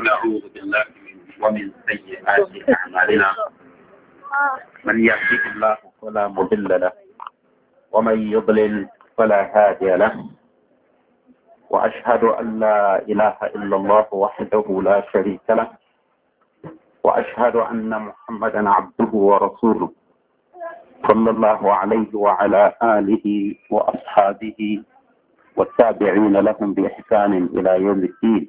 ونعوذ بالله من ومن سيئات أعمالنا من يهده الله فلا مضل له ومن يضلل فلا هادي له وأشهد أن لا إله إلا الله وحده لا شريك له وأشهد أن محمدا عبده ورسوله صلى الله عليه وعلى آله وأصحابه والتابعين لهم بإحسان إلى يوم الدين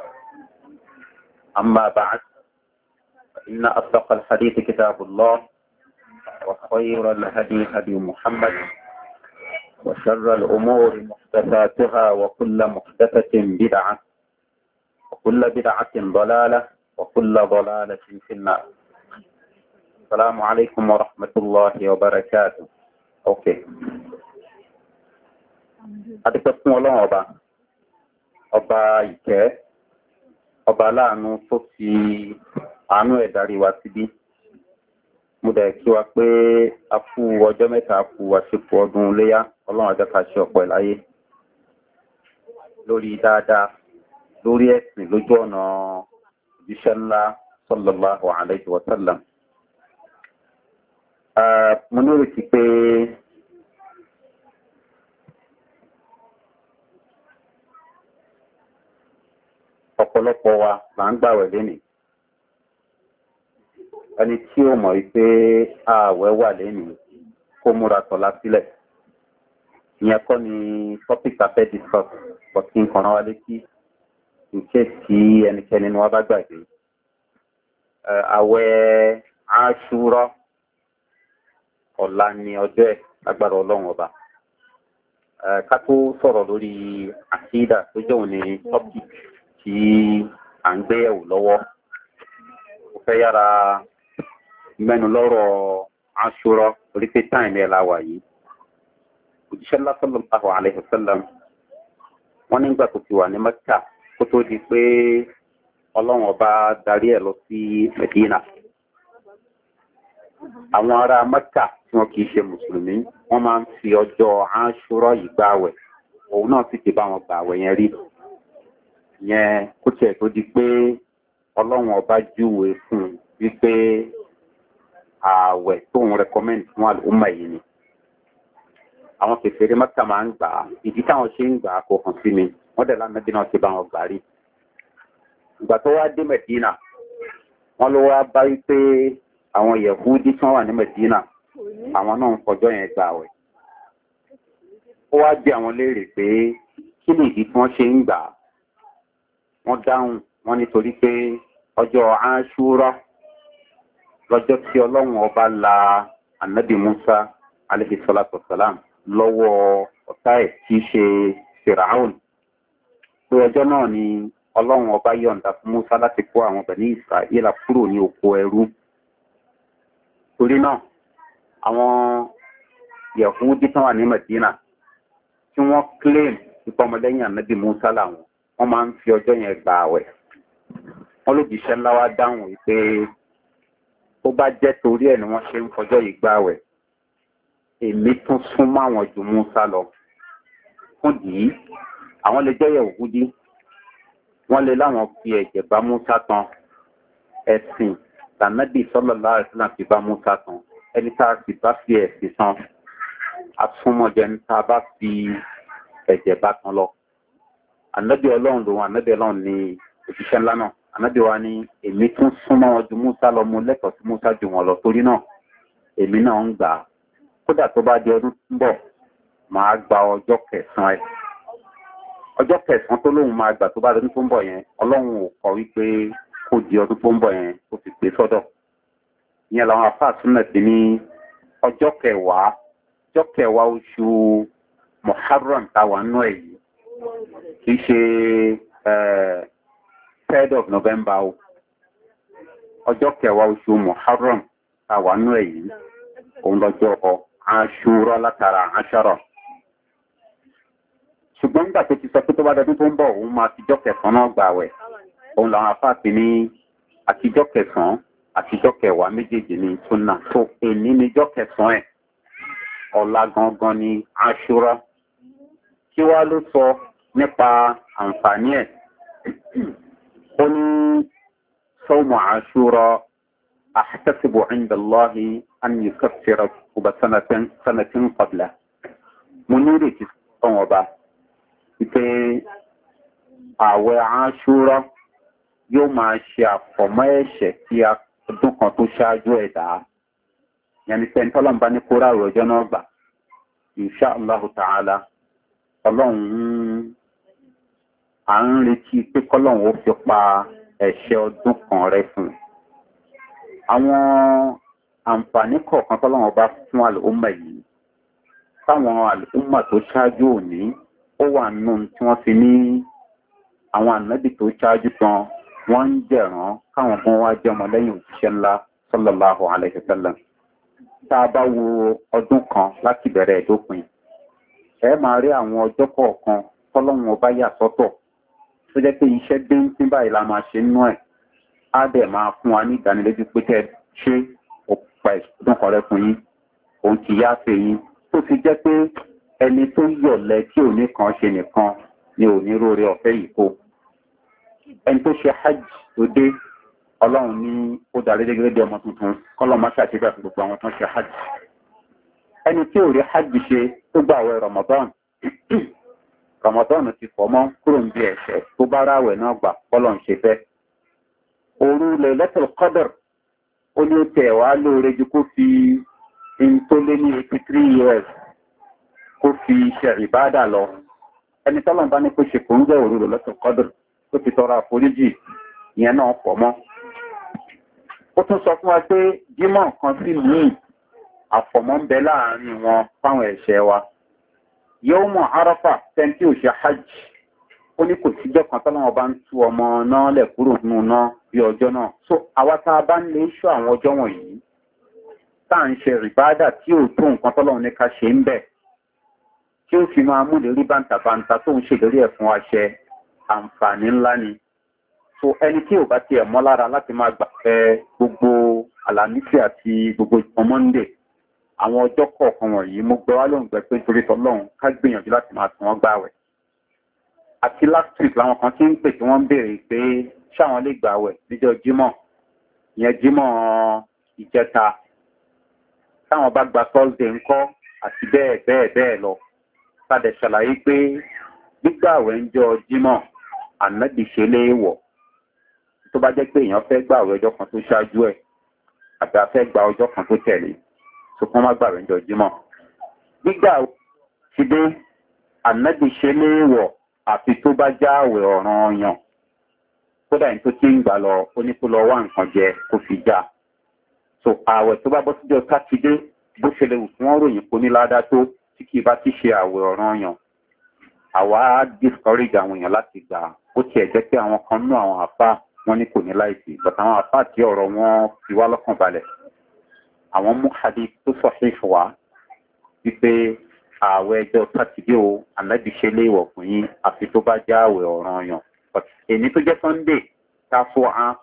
أما بعد فإن أصدق الحديث كتاب الله وخير الهدي هدي محمد وشر الأمور محدثاتها وكل محدثة بدعة وكل بدعة ضلالة وكل ضلالة في النار السلام عليكم ورحمة الله وبركاته أوكي هذا الله أبا أبا إيكي ọba aláàánú tó fi àánú ẹ̀ darí wa síbí mo dẹ̀ kí wa pé a kú ọjọ́ mẹ́ta a kú àṣepọ̀ ọdún léyá ọlọ́run ajá kàṣe ọ̀pọ̀ ìláyé lórí dáadáa lórí ẹ̀sìn lójú ọ̀nà ìjíṣẹ́ ńlá sọ́lọ́lá wàhálà ìjọba mo nírètí pé ọ̀pọ̀lọpọ̀ wa là ń gbàwẹ̀ lénìí ẹni tí ó mọ̀ wípé ààwẹ̀ wà lénìí kó múra tọ̀la sílẹ̀ ìyẹn kọ́ ni topic afẹ́ discuss but kí n kàn létí tí ẹnikẹ́ni ni wọ́n bá gbàgbé ọ̀la ni ọjọ́ ẹ̀ lágbára ọlọ́run ọba ká tó sọ̀rọ̀ lórí tó jẹ́ tí à ń gbé ẹ̀wò lọ́wọ́. Mo fẹ́ yára mẹ́nu lọ́rọ̀ aṣọ́rọ́ orí pé táìmì ẹ̀ láwà yìí. Òjíṣẹ́ lásánlọ́ láwọ̀ àlẹ́hìn sẹ́lẹ̀m. Wọ́n nígbà tó ti wà ní Mẹ́kà kó tó di pé ọlọ́run ọba darí ẹ̀ lọ sí Mẹ́dínà. Àwọn ará Mẹ́kà tí wọ́n kìí ṣe Mùsùlùmí wọ́n máa ń fi ọjọ́ aṣọ́rọ́ yìí gbàwẹ̀. Òun náà sì ti bá wọn gbàwẹ̀ yẹn rí lọ yẹn kó tiẹ̀ tó di pé ọlọ́run ọba júwe fún un wípé ààwẹ̀ tóun rẹkọmẹ́ǹd fún àlùmọ̀ yìí ni àwọn kẹfẹ́rẹ́ mọ́tà máa ń gbà á ìdí táwọn ṣe ń gbà á kò hàn sí mi wọ́n dẹ̀ lánàá bí náà ṣe bá wọn gbà rí ìgbà tó wá dé mẹ̀dínà wọ́n ló wá bá wípé àwọn yẹ̀húdí tí wọ́n wà ní mẹ̀dínà àwọn náà ń fọjọ́ yẹn gbà wẹ̀ ó wá bí àwọn léèrè pé kí ni ìdí tí wọ́n ṣe ń gbà á wọ́n dáhùn wọ́n nítorí pé ọjọ́ aṣúra lọ́jọ́ tí ọlọ́run ọba la anabi musa aleyhisalaam lọ́wọ́ ọ̀tá ẹ̀ tí í ṣe firaun pé ọjọ́ náà ni ọlọ́run ọba yọ̀ǹda fún musa láti kó àwọn ọbẹ̀ ní ìsàìlà kúrò ní oko ẹrú torí náà àwọn yẹ̀hún dítán wà ní medina tí wọ́n claim ìpamọ́lẹ́yìn anabi musa làwọn wọ́n máa ń fi ọjọ́ yẹn gba àwẹ̀ wọ́n ló jíṣẹ́ ńlá wá dáhùn wípé ó bá jẹ́ torí ẹ̀ ni wọ́n ṣe ń fọjọ́ yìí gba àwẹ̀ èmi tún sún mọ́ àwọn jù mú sá lọ fún dìí àwọn lè jẹ́yẹ̀ ògúdí wọ́n lè láwọn fi ẹ̀jẹ̀ bá múta tán ẹ̀sìn tànàbì sọ́lọ̀ láàrín sílà fi bá múta tán ẹni tá a sì bá fi ẹ̀sìn tán asúnmọ́jẹ ní tá a bá fi ẹ̀jẹ̀ bá tán lọ ànábì ọlọ́run lòun ànábì ọlọ́run ni òṣìṣẹ́ ńlá náà ànábì wa ni èmi tún súnmọ́ wọn ju musa lọ mo lẹ́kọ̀ọ́ sí musa ju wọn lọ torí náà èmi náà ń gbà á kódà tó bá di ọdún tó ń bọ̀ máa gba ọjọ́ kẹsàn-án ẹ̀ ọjọ́ kẹsàn-án tó lóun máa gbà tó bá di ọdún tó ń bọ̀ yẹn ọlọ́run ò kọ wípé kó di ọdún tó ń bọ̀ yẹn ó ti pè sọ́dọ̀ ìyẹn làwọn afáà súnmọ̀ sí ní ọjọ́ kẹwàá ọjọ́ kẹwàá oṣù muharram táwa nú ẹ̀yìn kìí ṣe third of november o ọjọ́ kẹwàá oṣù muharram àwánú ẹ̀yí òun lọ́jọ́ aṣúrọ́ látara aṣọ́rọ̀ ṣùgbọ́n nígbà tó ti sọ pé tó bá dọdún tó ń bọ̀ òun máa tijọ́ kẹsàn-án náà gbà wẹ̀ òun làwọn afáàfi ní àtijọ́ kẹsàn-án àtijọ́ kẹwàá méjèèjì ní túnà tó èní níjọ́ kẹsàn-án ẹ̀ ọ̀la gangan ni aṣúrọ́ kí wá ló sọ nípa àǹfààní ẹ̀. ó ní sọ́ọ̀mù àṣúrọ̀ àṣẹ́sìbò ìndàlọ́hì àníkàfẹ́rẹ́ ọba sanatin kọbla. mo ní ìrètí sọ́wọ́n ọba wípé ààwẹ̀ àṣúrọ̀ yóò máa ṣe àfọ̀mọ́ ẹ̀ṣẹ̀ tí a ọdún kan tó ṣáájú ẹ̀dá yẹni pé ntọ́lọ́mbá ní kó ráàrọ̀ náà gbà inṣàlá ta'ala ọlọ́run ń à ń retí pé kọ́lọ́hún ó fi pa ẹ̀ṣẹ́ ọdún kan rẹ fún un. àwọn àǹfààní kọ̀ọ̀kan kọ́lọ́hún bá fún àlùmọ̀ yìí táwọn àlùmọ̀ tó ṣáájú òní ó wà nù tí wọ́n fi ní àwọn ànábì tó ṣáájú kan wọ́n ń jẹ̀ràn káwọn kan wá jẹ́ ọmọ lẹ́yìn òṣìṣẹ́ ńlá sọ́lọ́láhùn alẹ́sẹ̀sẹ́lẹ̀ tá a bá wo ọdún kan láti bẹ̀rẹ̀ ìdópin ẹ máa rí àwọn ọjọ́ kọ̀ọ̀kan tọ́lọ́run ọba yà sọ́tọ̀ tó jẹ́ pé iṣẹ́ déńtín báyìí la máa ṣe nínú ẹ̀ á dẹ̀ máa fún wa ní ìdánilójú pé tẹ́ ṣé òpa ìdúnkọ̀ rẹ fún yín òun ti yá sí yín tó fi jẹ́ pé ẹni tó yọ̀lẹ̀ tí ò ní kan ṣe nìkan ni ò ní róore ọ̀fẹ́ yìí kó ẹni tó ṣe hajj tó dé ọlọ́run ní ó darí gẹ́gẹ́ bí ọmọ tuntun kọ́lọ́mọ ṣàṣeyọrí àti gbogbo àwọn tó ń ṣe hajj ẹni tí ò rí hajj ṣe tó gbà wẹ rọmọdán ramadan ti fọ́ mọ́ kúrò ń bí ẹ̀ṣẹ̀ tó bá ráwẹ̀ náà gbà kọ́lọ̀ ń ṣe fẹ́. òru lẹ́lẹ́tọ̀ kọ́dọ̀r ó ní ó tẹ̀ wá lóore ju kó fi in tó lé ní eighty three years kó fi ṣe ìbáàdà lọ ẹni tọ́lọ̀ bá ní kó ṣe kò ń gbọ́ òru lẹ́lẹ́tọ̀ kọ́dọ̀r tó fi tọrọ àforíjì ìyẹn náà fọ́ mọ́. ó tún sọ fún wa pé jimoh kan sí míì àfọ̀mọ́ ń bẹ láàrin wọn fáwọn ẹ̀ṣẹ̀ wa yóò mọ̀ arafa tẹ́ntì òṣè hajj ó ní kò síjọ́ kan tọ́lọ́wọ́ bá ń tu ọmọ náà lẹ̀ kúrò nínú náà bí ọjọ́ náà so àwa tá a bá ń lè ṣọ́ àwọn ọjọ́ wọ̀nyí tá à ń ṣe rìbáàdà tí ò tó nǹkan tọ́lọ́wọ́ ní ká ṣe ń bẹ̀ tí ó fi máa múlérí bàǹtàbàǹtà tó ń ṣèlérí ẹ̀ fún aṣẹ àǹfààní ńlá ni so ẹni tí ò bá tiẹ̀ mọ́ lára láti máa gbà fẹ́ gbogbo àlàmísì àti gbogbo ìpọ́nmọ́ndé àwọn ọjọ́ kọ̀ọ̀kan wọ̀nyí mo gbọ́ wá lóhùn gbẹ pé torí tọlọ́run ká gbìyànjú láti máa tún wọn gbàwẹ̀ àti last week làwọn kan ti ń pè tí wọ́n ń béèrè pé ṣáwọn lè gbàwẹ̀ níjọ́ jímọ̀ ìyẹn jímọ̀ ìjẹta táwọn bá gba thursday ńkọ́ àti bẹ́ẹ̀ bẹ́ẹ̀ bẹ́ẹ̀ lọ padà ṣàlàyé pé gbígbàwẹ̀ ń jọ jímọ̀ ànágbèsè lè wọ̀ tó bá jẹ́ pé èèyàn fẹ́ gbàwẹ̀ ọjọ́ kan tó ṣáájú ẹ̀ àti àfẹ́ gba ọjọ́ kan tó tẹ̀lé tó kún má gbàrú ìjọ jímọ̀. gbígbà ti dé ànábì ṣe léèwọ̀ àfi tó bá já àwẹ̀ ọ̀ràn ọyàn kódà ní tó ti ń gbà lọ ó ní nǹkan jẹ kó fi já so àwẹ̀ tó bá bọ́ síjọ́ sátidé bó ṣe lè wù kí wọ́n ròyìn kó ní ládàá tó tí kì í bá ti ṣe àwẹ̀ ọ̀ràn ọyàn àwa á discourage àwọn èèyàn láti gbà ó tiẹ̀ jẹ́ pé àwọn kan nú àwọn àfa wọn ní kò ní láìsí but àwọn àfa àti ọ̀rọ̀ wọn fi wá lọ́kàn balẹ̀ àwọn mú hadith tó sọ̀hí fún wa wípé ààwẹ̀ ẹjọ́ sátidé o ànábì ṣe lé ìwọ̀ fún yín àfi tó bá já ààwẹ̀ ọ̀ràn yàn èyí tó jẹ́ sunday tá a fọ́ án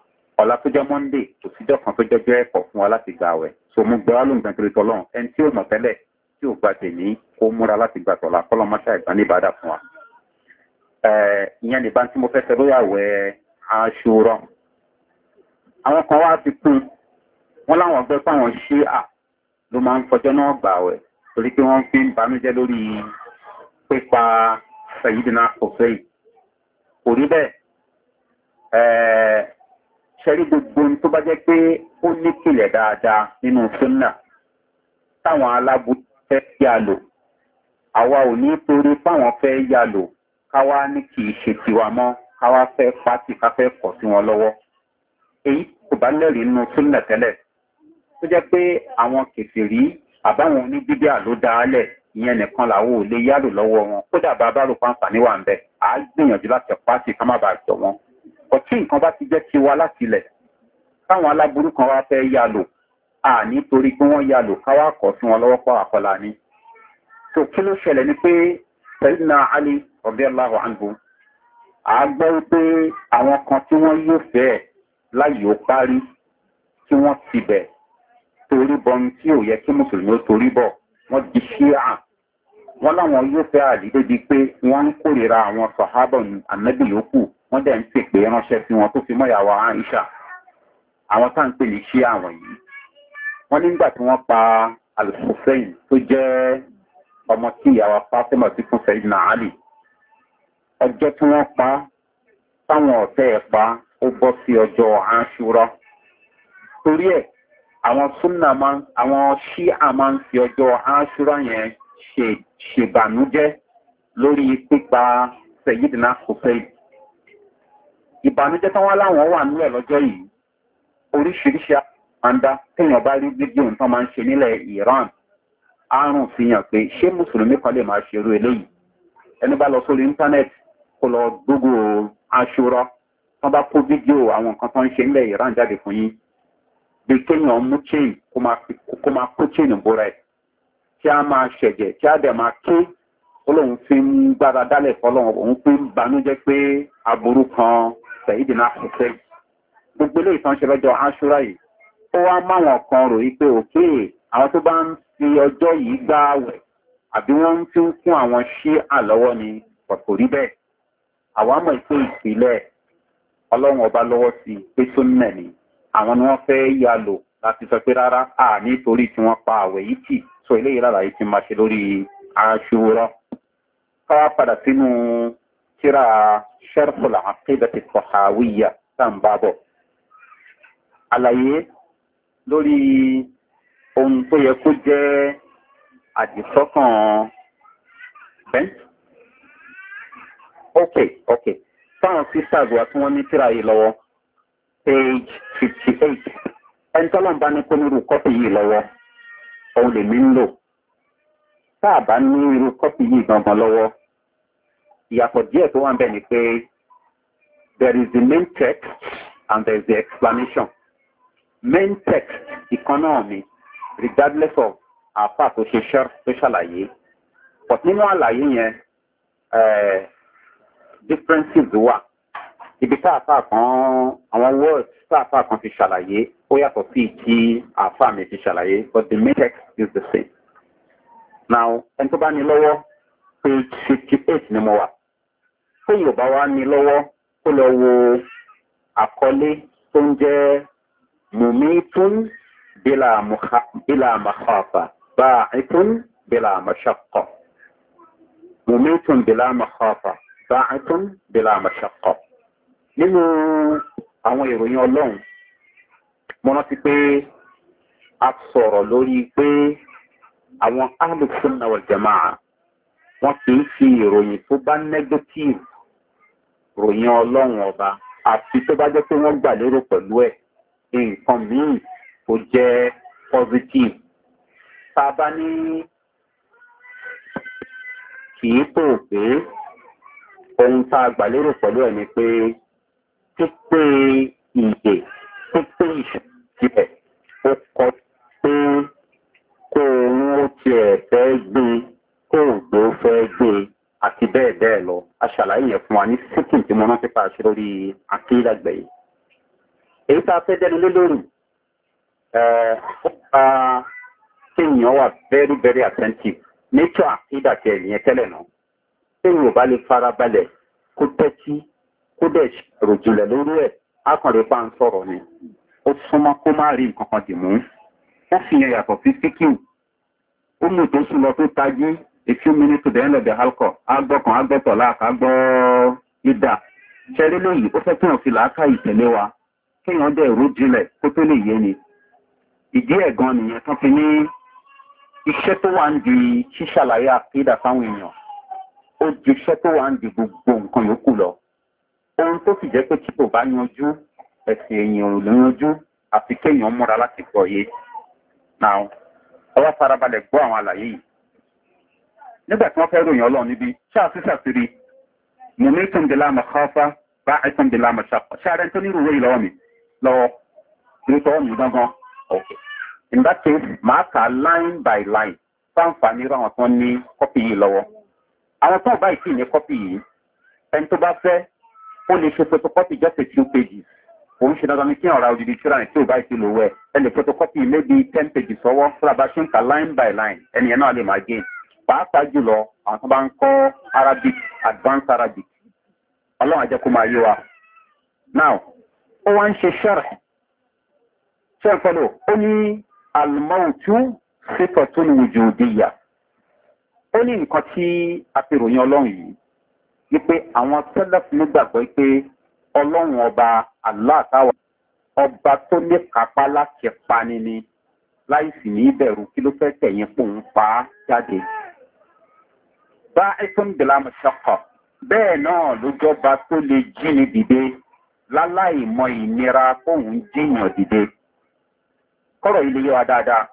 ọ̀la tó jẹ́ monday kò síjọ́ kan tó jẹ́jọ́ ẹ̀kọ́ fún wa láti gbà wẹ̀ so mo gbọ́ alóǹgbọ̀n kiri tọ́lọ́run ẹni tí ò mọ̀ tẹ́lẹ̀ tí ò gba tèmi kó múra láti gbà tọ̀la kọ́lọ́ mọ́ṣá ìgbà ní ìbàdà fún wa ìyẹn nìbá tí mo fẹ́ fẹ́ lóyàwó ẹ̀ aṣọ wọ́n láwọn gbẹ́ fáwọn ṣíà ló máa ń fọjọ́ náà gbà wẹ̀ torí pé wọ́n fi ń banújẹ́ lórí pípa ṣèyídìnà òfin kò rí bẹ́ẹ̀ ṣẹ́rí gbogbo tó bá jẹ́ pé ó nípìnlẹ̀ dáadáa nínú sunna táwọn aláboyún fẹ́ yá lò àwa ò ní torí fáwọn fẹ́ yá lò káwá ní kì í ṣe tiwa mọ́ káwá fẹ́ pátì ká fẹ́ sí wọn lọ́wọ́ èyí kò bá lẹ́rìí nínú sunna tẹ́lẹ̀ tó jẹ́ pé àwọn kẹfìrí àbáwọn oníbíbíà ló dá a lẹ̀ ìyẹn nìkan làwọn ò lè yálò lọ́wọ́ wọn kódà bá a bá rò pa àǹfààní wà ń bẹ̀ àá gbìyànjú láti pàṣẹ ká má bàa jọ wọn. ọtí nǹkan bá ti jẹ́ tiwa láti lẹ̀ táwọn aláburú kan wá fẹ́ yálò à nítorí pé wọ́n yálò káwá kọ̀ sí wọn lọ́wọ́ pọ̀ àkọlà ni. tó kí ló ṣẹlẹ̀ ni pé sẹ́yìn náà ali ọ̀bẹ́ aláwọ̀ àǹbù a gbọ́ wípé àwọn kan tí wọ́n yóò fẹ́ láyò parí tí wọ́n ti bẹ̀ torí bọ tí ò yẹ kí mùsùlùmí ó torí bọ wọn di ṣíà wọn láwọn yóò fẹ àdídé di pé wọn ń kórìíra àwọn sọhábọ ànábì yòókù wọn dẹ ń pèpè ránṣẹ sí wọn tó fi mọyàwó aisha àwọn tá à ń pè ní ṣíà wọnyí wọn nígbà tí wọn pa alhussein tó jẹ ọmọ tí ìyàwó fatima ti fún fẹ nà ali tí wọ́n pa táwọn ọ̀tẹ́ ẹ̀ pa ó bọ́ sí ọjọ́ aṣúra torí ẹ̀ àwọn súnà máa ń àwọn ṣíà máa ń fi ọjọ́ aṣúra yẹn ṣe ṣèbànújẹ́ lórí pípa sẹ̀yídìnnà kòfẹ́yì. ìbànújẹ́ táwọn aláwọ̀ wà nílẹ̀ lọ́jọ́ yìí oríṣiríṣi àǹdá téèyàn bá rí fídíò nǹkan máa ń ṣe nílẹ̀ iran àrùn fi hàn pé ṣé mùsùlùmí kan lè máa ṣerú eléyìí ẹni bá lọ sórí íńtánẹ́ẹ̀tì kó lọ gbógo aṣúra wọ́n bá kó fídíò àwọn nǹkan tó ń ṣe nílẹ̀ iran jáde fún yín bí kéèyàn mú chain kuma máa kó chain bóra ẹ̀ tí a máa ṣẹ̀jẹ̀ tí a dẹ̀ máa ké olóhùn fi ń gbára dálẹ̀ fọlọ́hùn òun fi ń banújẹ́ pé aburú kan sẹ̀yìdì náà kò sẹ́yìn gbogbo ilé ìtàn ṣe lọ́jọ́ aṣúra yìí ó wá máwọn kan rò yí pé àwọn tó bá ń fi ọjọ́ yìí gbá àwẹ̀ àbí wọ́n ń fi fún àwọn ṣí àlọ́wọ́ ni kò rí bẹ́ẹ̀ àwa mọ̀ pé ìpìlẹ̀ ọlọ́run ọba lọ́wọ́ sí pé tó ń nẹ̀ ni àwọn ni wọ́n fẹ́ yà lò láti sọ pé rárá à nítorí tí wọ́n pa àwẹ̀ yìí tì so eléyìí lálàyé ti máa ṣe lórí aṣòro káwá padà sínú kíra sẹ́rfùlà àkéèdàtì sọ̀háwìyà tá à ń bá bọ̀ àlàyé lórí ohun tó yẹ kó jẹ́ àdìsọ́kàn bẹ́ẹ̀ ok ok táwọn sisters tí wọ́n ní kíra yìí lọ́wọ́ page fifty eight ẹni tọ́lọ́n bá ní kó ní irú kọ́pì yìí lọ́wọ́ òun lèmi ń lò tá a bá ní irú kọ́pì yìí gangan lọ́wọ́ ìyàtọ̀ díẹ̀ tó wà ń bẹ̀ ni pé there is the main text and there is the explanation main text ìkan náà ni regardless of àpá tó ṣe tó ṣàlàyé but nínú àlàyé yẹn eh, differences wà ibi tá àfà kan àwọn words tá àfà kan fi ṣàlàyé ó yàtọ̀ sí kí àfà mi fi ṣàlàyé but the main text is the same. now ẹni tó bá ní lọ́wọ́ page fifty eight ni mo wà tó yorùbá wa ní lọ́wọ́ kó lọ wo àkọlé tó ń jẹ́ mumitun bila makhafa ba'itun bila mashaqqa mumitun bila makhafa ba'itun bila mashaqqa nínú àwọn ìròyìn ọlọ́run mo rántí pé a sọ̀rọ̀ lórí pé àwọn alùpùpù náà wọ̀ jẹ̀mọ́ à wọ́n kì í fi ìròyìn tó bá negative ròyìn ọlọ́run ọba àti tó bá jẹ́ pé wọ́n gbà lérò pẹ̀lú ẹ̀ nǹkan míì tó jẹ́ positive tá a bá ní kì í tó pé ohun tá a gbà lérò pẹ̀lú ẹ̀ ni pé pípé ìdè pípé ìṣẹ̀lẹ̀ ó kọ pé kó òun ó tiẹ̀ fẹ́ gbé kó ògbó fẹ́ gbé àti bẹ́ẹ̀ bẹ́ẹ̀ lọ a ṣàlàyé yẹn fún wa ní síkìn tí mo rántí pa àṣẹ lórí akíndàgbẹ̀ yìí èyí tá a fẹ́ dẹnu lé lórí ó gba kéèyàn wà very very attentive nature akíndàgbẹ̀ yẹn tẹ́lẹ̀ náà kéèyàn ò bá lè farabalẹ̀ kó tẹ́tí kó dẹ̀ lórí ẹ̀ ń sọ̀rọ̀ ni ó súnmọ́ kó má rí nǹkan kan dì mú ó fi yẹn yàtọ̀ sí síkìù ó mú tó sùn lọ a few minutes to the end of the alcohol agbọ́kan agbọ́tọ̀ láàkà gbọ́ lóyìí ó fẹ́ kí wọ́n fi làákà ìtẹ̀lé wa kéèyàn dẹ̀ rú jinlẹ̀ kó tó lè yé ni ìdí ẹ̀ gan iṣẹ́ tó wà ń di ṣíṣàlàyé fáwọn èèyàn ó iṣẹ́ tó wà ń gbogbo nǹkan lọ. ohun tó sì jẹ́ pé tí kò bá yanjú ẹ̀sìn èèyàn ò lè yanjú àti kéèyàn múra láti gbọ́ yé náà ọwọ́ farabalẹ̀ gbọ́ àwọn àlàyé yìí nígbà tí wọ́n fẹ́ ròyìn ọlọ́run níbi ṣáà sí ṣàṣírí mo ní tó ń dela àmọ́ káfá bá àìsàn ń dela àmọ́ ṣàpọ̀ ṣáàrẹ́ tó ní ìròwé yìí mi lọ́wọ́ ní tọ́wọ́ mi gangan ok in that kà line by line fáǹfààní rẹ àwọn tó ní kọ́pì yìí lọ́wọ́ àwọn tó bá ìtì ní kọ́pì yìí ẹni tó bá fẹ́ ó lè ṣe photocopy just a few pages òun ṣe dandan ni kí ọ̀ra òdìdí tíra ní tí ò bá ti lò wẹ̀ ẹ lè photocopy maybe ten pages ọwọ́ fúra bá ṣe ń ka line by line ẹni yẹn náà lè máa gain pàápàá jùlọ àwọn tó bá ń kọ́ arabic advanced arabic ọlọ́run àjẹ́ kó máa yé wa now ó wá ń ṣe ṣẹ́rẹ̀ ṣẹ́rẹ̀ fọlọ́ ó ní almautu sífọ̀ tó wùjú òdìyà ó ní nǹkan tí a fi ròyìn ọlọ́run yìí wípé àwọn tẹ́lẹ̀fù nígbàgbọ́ pé ọlọ́run ọba aláàtàwọ̀ ọba tó ní kápá láti pani ni láì sì ní ìbẹ̀rù kí ló fẹ́ tẹ̀yìn pò ń pa á jáde. bá ẹtún bìlà mọ̀ṣọ́kọ̀ bẹ́ẹ̀ náà ló jọba tó lè jí ni dìde láláì mọ ìnira kóun jíyàn dìde. kọ́rọ̀ ilé yẹ wa dáadáa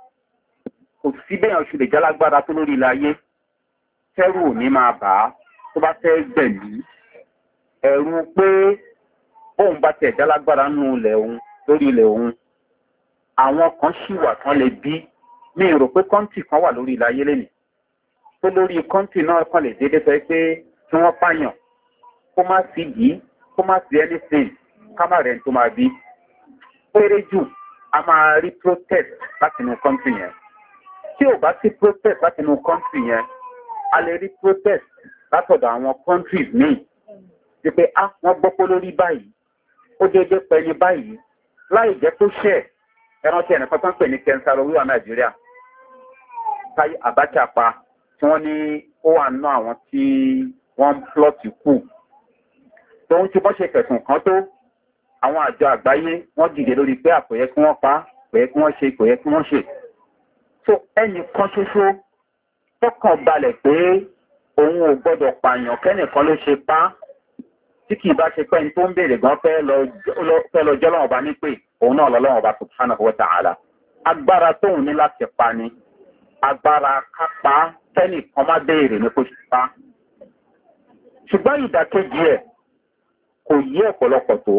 kò sí bẹ́ẹ̀ ọ̀ṣun lè jálágbára tó lórí ilé ayé tẹ́rù ò ní máa bà á tó bá fẹ́ gbẹ̀lú ẹ̀rù pé bóun bá tiẹ̀ dálágbára nù ilẹ̀ òun lórí ilẹ̀ òun àwọn kan sì wà tán lè bí mi rò pé kọ́ńtì kan wà lórí ilẹ̀ ayé lẹ́nu tó lórí kọ́ńtì náà kan lè dédé sọ pé kí wọ́n pààyàn kó má sí yìí kó má sí anything ká má rẹ̀ tó máa bí péré jù a máa rí protest láti inú kọ́ńtì yẹn tí ò bá sí protest láti inú kọ́ńtì yẹn a lè rí protest látọ̀dọ̀ àwọn countries míì wípé á ah, wọ́n gbọ́pọ́ lórí báyìí ó déédéé pẹ̀lú báyìí láì jẹ́ tó ṣẹ̀ ẹran tí ẹnìkan tó ń pè ní kẹnsaro wíwà nàìjíríà táyé àbájá pa tí wọ́n ní ó wà ná àwọn tí wọ́n ń plọ́ọ̀tì kù tóun tí wọ́n ṣe fẹ̀sùn kan tó àwọn àjọ àgbáyé wọ́n dìde lórí pé àpòyẹ ah, kí wọ́n pa àpòyẹ kí wọ́n ṣe kòyẹ kí wọ́n ṣe so ẹnì kan ṣoṣo tọkàn balẹ̀ pé òun ò gbọ́dọ̀ pààyàn kẹ́nìkan ló ṣe pa á tí kì í bá ṣe pẹ́ni tó ń béèrè gan fẹ́ lọ jọ́ lọ́wọ́ bá ní pé òun náà lọ́wọ́ bá subhana wa ta'ala agbára tóun ní láti pa ni agbára kápá kẹ́nìkan má béèrè ní kó ṣe pa ṣùgbọ́n ìdàkejì ẹ̀ kò yí ọ̀pọ̀lọpọ̀ tó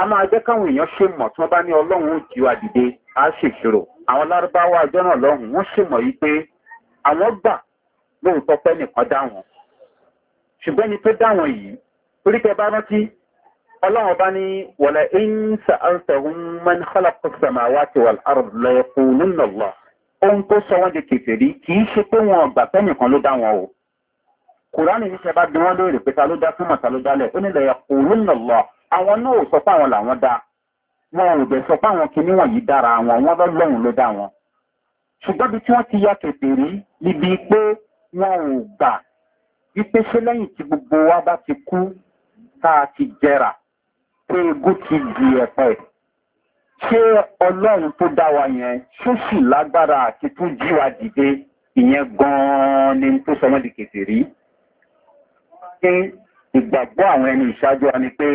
a máa jẹ́ káwọn èèyàn ṣe mọ̀ tí wọ́n bá ní ọlọ́run ó jí wa dìde á ṣèṣirò àwọn lárúbáwá ọjọ́ náà lọ́hùn-ún wọ́n ṣèmọ̀ yí pé àwọn gbà lóòótọ́ pẹ́ nìkan dá wọn ṣùgbọ́n ẹni tó dá wọn yìí torí pé bá rántí ọlọ́run ọba ní wọ̀lẹ̀ ìǹsà àǹtẹ̀hún mẹ́ni kọ́lákọ́sàmà wá ti wà lárùlẹ̀ fún lọ́lọ́ ohun tó sọ wọ́n di kẹfẹ́rí kì í ṣe pé wọn ọgbà pẹ́ nìkan ló dá wọn o kùránì níṣẹ́ bá bí wọ́n lóore pé ta ló dá súnmọ̀ ta ló dálẹ̀ ó nílẹ̀ fún lọ́lọ́ àwọn náà ò sọ wọn ò gbà wípé ṣé lẹ́yìn tí gbogbo wa bá ti kú tá a ti jẹrà pé egún ti di ẹ̀pẹ́ ṣé ọlọ́run tó dá wa yẹn ṣó sì lágbára àti tún jí wa dìde ìyẹn gan-an ni tó sọmọ́ di kètè rí. pé ìgbàgbọ́ àwọn ẹni ìṣáájú wa ni pé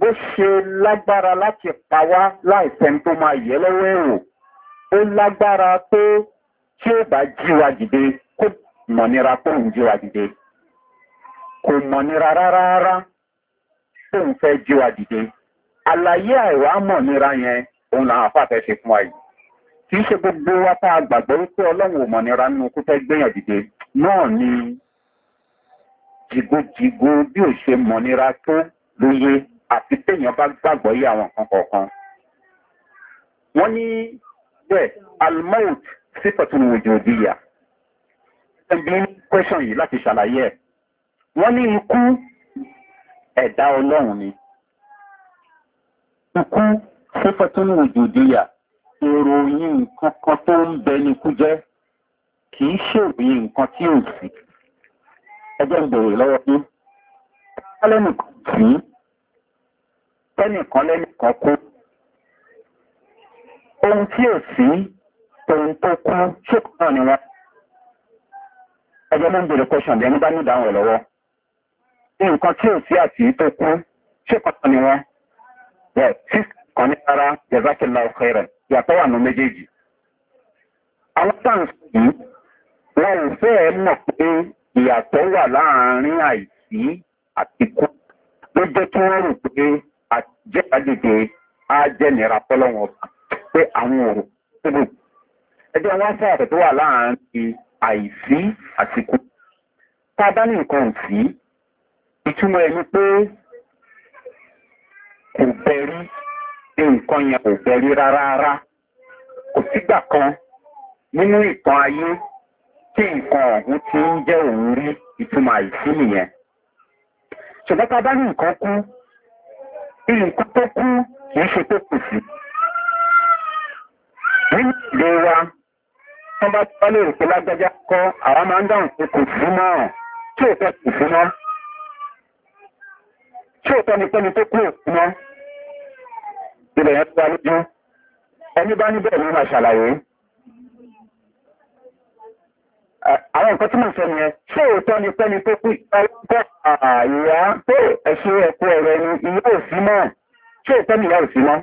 bó ṣe lágbára láti pa wá láìsẹ̀ tó máa yẹ lọ́wọ́ èrò ó lágbára pé tí ó bá jí wa dìde kó mọ̀nira tó ń jíwa dìde kò mọ̀nira rárá tó ń fẹ́ jíwa dìde àlàyé àìwá mọ̀nira yẹn òun làwọn afáfẹ́ ṣe fún wa yìí kì í ṣe gbogbo wa tá a gbàgbọ́ wípé ọlọ́run ò mọ̀nira nínú kó fẹ́ gbéyàn dìde náà ni jìgójìgó bí ò ṣe mọ̀nira tó lóye àti téèyàn bá gbàgbọ́ yé àwọn nǹkan kọ̀ọ̀kan wọ́n ní bẹ́ẹ̀ almout sífọ̀tún wòjòdìyà ẹgbẹ́ kwẹ́sàn yìí láti ṣàlàyé ẹ̀ wọ́n ní ikú ẹ̀dá ọlọ́run ni ikú sífẹ́túnú òjòdìyà ìròyìn nǹkan kan tó ń bẹ ní ikú jẹ́ kì í ṣèròyìn nǹkan tí ò sí ẹjẹ́ ń bèrè lọ́wọ́ bí kálẹ́nìkan sí tẹ́nìkan lẹ́nìkan kú ohun tí ò sí tòun tó kú ṣùgbọ́n ni wọ́n ẹgbẹ́ ló ń bèrè kọ́ṣọ̀n lẹ́ni bá ní ìdáhùn ẹ̀ lọ́wọ́ nǹkan tí ò sí àti tó kú ṣé kọ́tọ̀ ni wọ́n yẹ six kan ní rárá yẹzákìlá ọ̀fẹ́ rẹ̀ yàtọ̀ wà nù méjèèjì àwọn táǹsì yìí wọn ò fẹ́ ẹ mọ̀ pé ìyàtọ̀ wà láàárín àìsí àti kú ló jẹ́ kí wọ́n rò pé àjẹ́ àgbègbè á jẹ́ nira fọ́lọ́wọ́n pé àwọn òrò tó bù ẹjọ́ wọn fẹ́ àtẹ̀tọ́ wà láàárín àìsí àsìkò tá a bá ní nǹkan sí ìtumọ̀ ẹni pé kò bẹ̀rí nǹkan yẹn kò bẹ̀rí rárá kò sígbà kan nínú ìtàn ayé tí nǹkan ọ̀hún ti ń jẹ́ òun rí ìtumọ̀ àìsí nìyẹn ṣùgbọ́n tá a bá ní nǹkan kú nǹkan tó kú kì í ṣe tó kù sí nínú ìlera wọ́n bá bá lè rò pé lágbájá kọ́ àwọn máa ń dáhùn pé kò fún márùn tí ò fẹ́ kò fún mọ́ tí ò tọ́ni pẹ́ni tó kúrò fún mọ́ ilẹ̀ yẹn tó wá lójú ẹni bá níbẹ̀ ló máa ṣàlàyé àwọn nǹkan tí mò ń sọ nìyẹn ṣé òótọ́ ni pẹ́ni tó kú ọlọ́gbọ́ àyà pé ẹ̀ṣin ẹ̀kú ọ̀rọ̀ ẹni ìyá òsì mọ́ ṣé òótọ́ ni ìyá òsì mọ́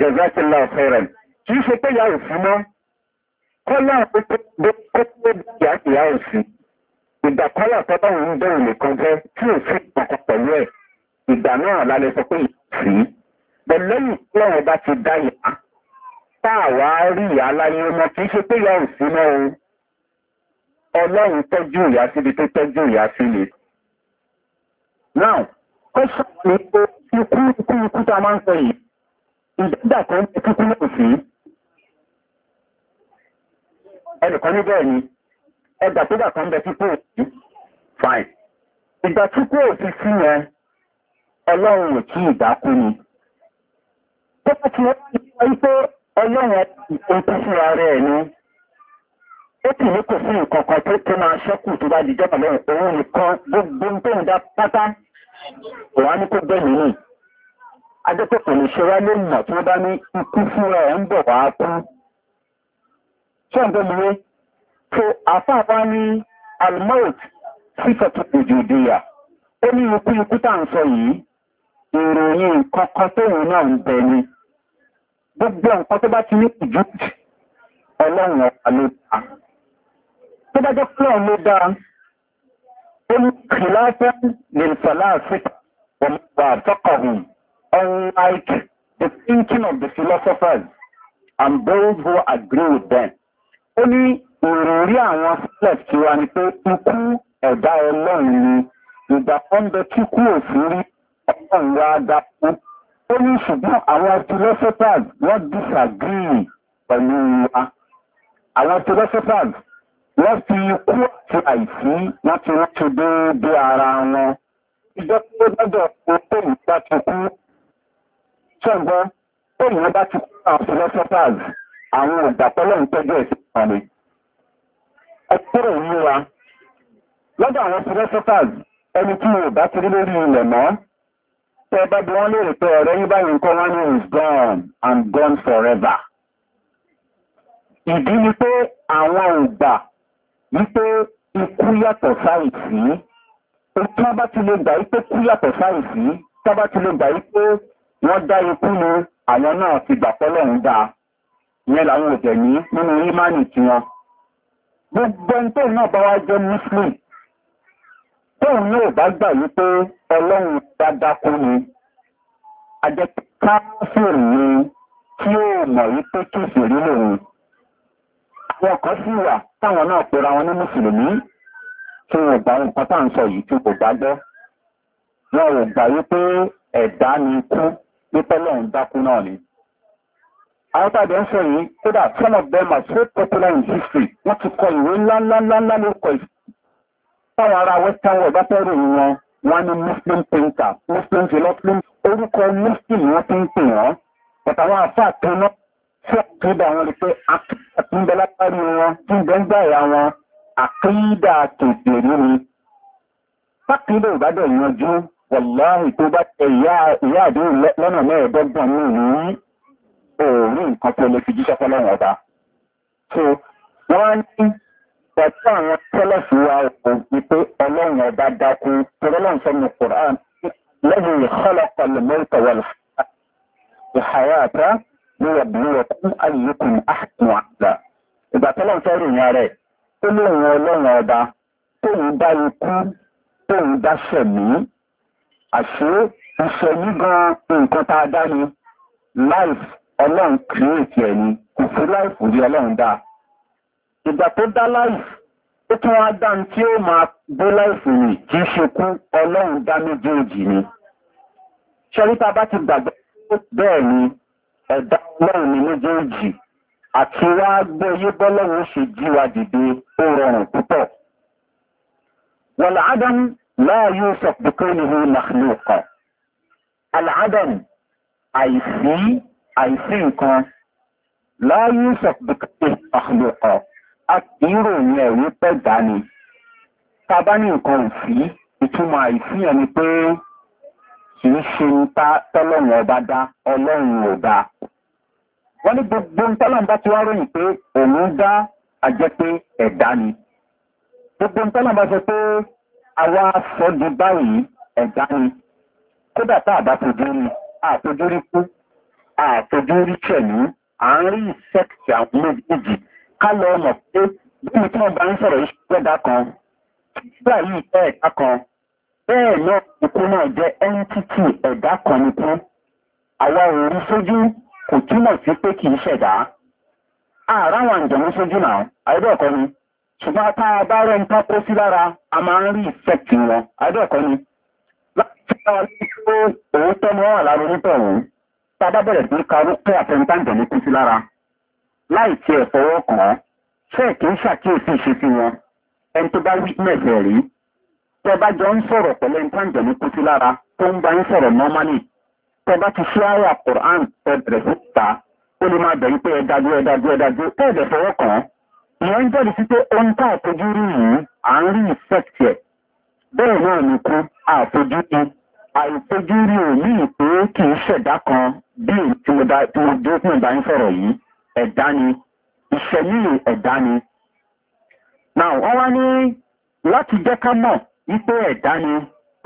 jẹ́zákìlá ọ̀fẹ́rẹ̀ kì í ṣe pé yà ò fún mọ́ kọ́lá àpótò ìyá ìyá òsì ìgbàkọ́lá tọ́lá òun bẹ̀rù nìkan jẹ́ tí ò sí ìpàkọ́ pẹ̀lú ẹ̀ ìgbà náà lálẹ́ sọ pé ìyá òsì bẹ̀ lẹ́yìn tí ọ̀rọ̀ bá ti dá ìyá tá a wá rí ìyá aláyé ọmọ kì í ṣe pé ìyá òsì mọ́ o ọlọ́run tọ́jú ìyá síbi tó tọ́jú ìyá sí ni. now kọ́sọ̀ ni ikú ikú ikú tá a máa ń sọ yìí ìdádà kan ní kúkú náà sí ẹnìkan ní bẹ́ẹ̀ ni ẹgbà tó dà kan bẹ tí kò sí fine ìgbà tí kò sí sí yẹn ọlọ́run ò tí ìgbà kú ni tó bá ti wọ́n ní wípé ọlọ́run ọkọ̀ fúnra rẹ̀ ni ó kì ní kò sí nǹkan kan tó tó máa ṣẹ́kù tó bá di jọ́pọ̀ lẹ́yìn òun nìkan gbogbo tó ń dá pátá òun á ní kó gbẹ̀mí nìyí ajẹ́pẹ́ kò lè ṣẹra lè mọ̀ tí wọ́n bá ní ikú fúnra ẹ̀ ń bọ̀ wá kú ṣọ́ǹdọ́mìnrin tó àfáàfá ní almout sífẹ̀tù ìjòdìyà ó ní ikú ikú tà ń sọ yìí ìròyìn kankan tóun náà ń bẹ ni gbogbo nǹkan tó bá ti ní ìjú ọlọ́run ọ̀pá ló dá tó bá jẹ́ pé ló dá ó ní kìláfẹ́ lè sọ unlike the thinking of the philosophers and those who agree with them. ó ní ìròrí àwọn slep tí wá ni pé ikú ẹ̀dá ọlọ́run ni ìgbà kan bẹ tí òfin rí ọlọ́run wá dá fún. ó ní ṣùgbọ́n àwọn philosophers wọ́n disagree pẹ̀lú wa. àwọn philosophers wọ́n fi ikú àti àìsí wọ́n ti rántí déédéé ara wọn. ìjọba lọ́dọ̀ ọ̀pọ̀ tó ìgbà ti kú ṣẹ́gbọ́n èèyàn bá ti kọ́ àwọn philosophers àwọn ìgbàpọ́lọ̀ ń tọ́jú ẹ̀sìn àwọn philosophers ẹni tí wọn bá ti rí lórí ilẹ̀ mọ́ tẹ bá bí wọ́n lérò pé ọ̀rẹ́ yín báyìí nǹkan wọn ni is gone and gone forever ìdí ni pé àwọn ògbà wípé ikú yàtọ̀ sáyìsí tí wọ́n bá ti lè gbà wípé kú yàtọ̀ sáyìsí tí wọ́n bá ti lè gbà wípé wọ́n dá ikú ni àwọn náà ti gbàpọ́lọ̀ ń dáa yẹn làwọn òjẹ̀ ní nínú ìmánì tí wọn gbogbo ẹni tóun náà bá wá jẹ́ muslim tóun náà bá gbà wípé ọlọ́run kú ni ajẹ́ káfíìrì ni tí ó mọ̀ wípé rí lòun Àwọn kan sì wà táwọn náà pera wọn ní mùsùlùmí tí wọn gbà nǹkan tá à ń sọ yìí tí kò gbàgbọ́ wọn ò gbà wípé ẹ̀dá ni kú nípa lọ́run dákú náà ni. Àwọn tàbí ń sọ yìí, kódà some of them are so popular in history, wọ́n ti kọ ìwé ńláńláńlá ló kọ ìfẹ́. Táwọn ará Western world bá fẹ́ ròyìn wọn, wọ́n Muslim painter, Muslim philosopher, orúkọ Muslim wọ́n ti ń pè wọ́n. Bàtà wọn àfa àtẹnà sí àtúndà wọn rí pé àkíńdà tí ń bẹ látàrí wọn, tí ń bẹ ń gbà ìyá wọn, àkíńdà tòṣèlú ni. Fákìndé ìbádọ̀ yanjú wàláhì tó bá tẹ ìyá àdéhùn lọ́nà mẹ́ẹ̀ẹ́dọ́gbọ̀n ní ìlú yìí òòrùn nǹkan tó lè fi jíṣẹ́ fọlọ́run ọba. so wọ́n ní pẹ̀lú àwọn tẹ́lẹ̀sì wa ò ní pé ọlọ́run ọba dákú tọ́lọ́run sọ́nu quran lẹ́yìn ìkọlọ́kọ̀ lẹ́mọ́tò wà lọ́fà ìhàyàtà ní ọ̀bùnrin ọ̀kú àkùn àgbà. ìgbà àṣé iṣẹ́ yí gan nǹkan tá a dá ni life ọlọ́run kìrìtì ẹ̀ ni kò sí life rí ọlọ́run dá ìgbà tó dá life ó tún wá dá ní tí ó máa gbé life rì kì í ṣe kú ọlọ́run dá méjèèjì ni ṣẹ́ríta bá ti gbàgbé bẹ́ẹ̀ ni ẹ̀dá ọlọ́run ni méjèèjì àti wá gbé yé bọ́lọ́run ṣe jí wa dìde ó rọrùn púpọ̀ wọ̀lá ádámù لا يوصف بكونه مخلوقا العدم àìsí àìsí nǹkan لا يوصف بكونه مخلوقا a kì í ròyìn يكون في ni ta bá ní nǹkan ò sí ìtumọ̀ àìsí ẹ̀ ni pé kì í ṣe ń ta tọ́lọ́run ọba dá ọlọ́run ò wọ́n ní gbogbo tọ́lọ́run bá ti wá ròyìn pé òun dá àjẹpé ẹ̀dá ni gbogbo tọ́lọ́run bá sọ pé Awa sọ́dún báyìí ẹ̀dá ni kódà tá àbá fojú rí àfojú rí kú àfojú rí tẹ̀lú à ń rí ìsẹ́kìtì àwọn méjì ká lọ mọ̀ pé bíbi tí wọ́n bá ń sọ̀rọ̀ yìí gbẹ́dá kan nígbà yìí jẹ́ ẹ̀dá kan bẹ́ẹ̀ náà ikú náà jẹ́ ẹ́ńtítì ẹ̀dá kan nìkú àwa ò sójú kò túmọ̀ sí pé kì ṣẹ̀dá àrà àwọn náà àyẹ́bẹ̀ ọ̀kọ́ ni ṣùgbọ́n tá a bá rẹ̀ ń pápó sí lára a máa ń rí ìfẹ́kì wọn adẹ́ẹ̀kọ́ ni láti fún wa lórí pé òótọ́ ni wọ́n lára onítọ̀ òun tá a bá bẹ̀rẹ̀ sí karú pé àtẹnitáǹdẹ̀ ní kú sí lára láì ti ẹ̀ fọwọ́ kàn án ṣé kì í ṣàkíyèsí ìṣesí wọn ẹni tó bá witness ẹ̀ rí tẹ bá jọ ń sọ̀rọ̀ pẹ̀lú ẹnitáǹdẹ̀ ní kú sí lára tó ń bá ń sọ̀rọ̀ normally tẹ bá ti ṣe àyà quran tẹ bẹ̀rẹ̀ sí ta ó lè máa bẹ̀rù pé ẹ dájú ẹ dájú fọwọ́ kàn án ìyẹn ń jẹ́rìí sí pé ohun tá àfojú rí yìí à ń rí ìfẹ́kì ẹ̀ bẹ́ẹ̀ náà ni kú àfojú rí àìfojú rí òní ìpé kì í ṣẹ̀dá kan bí tí mo dúró fún ìbá ń sọ̀rọ̀ yìí ẹ̀dá ni ìṣẹ̀lẹ̀ ẹ̀dá ni. now wọ́n wá ní láti jẹ́ ká mọ̀ wípé ẹ̀dá ni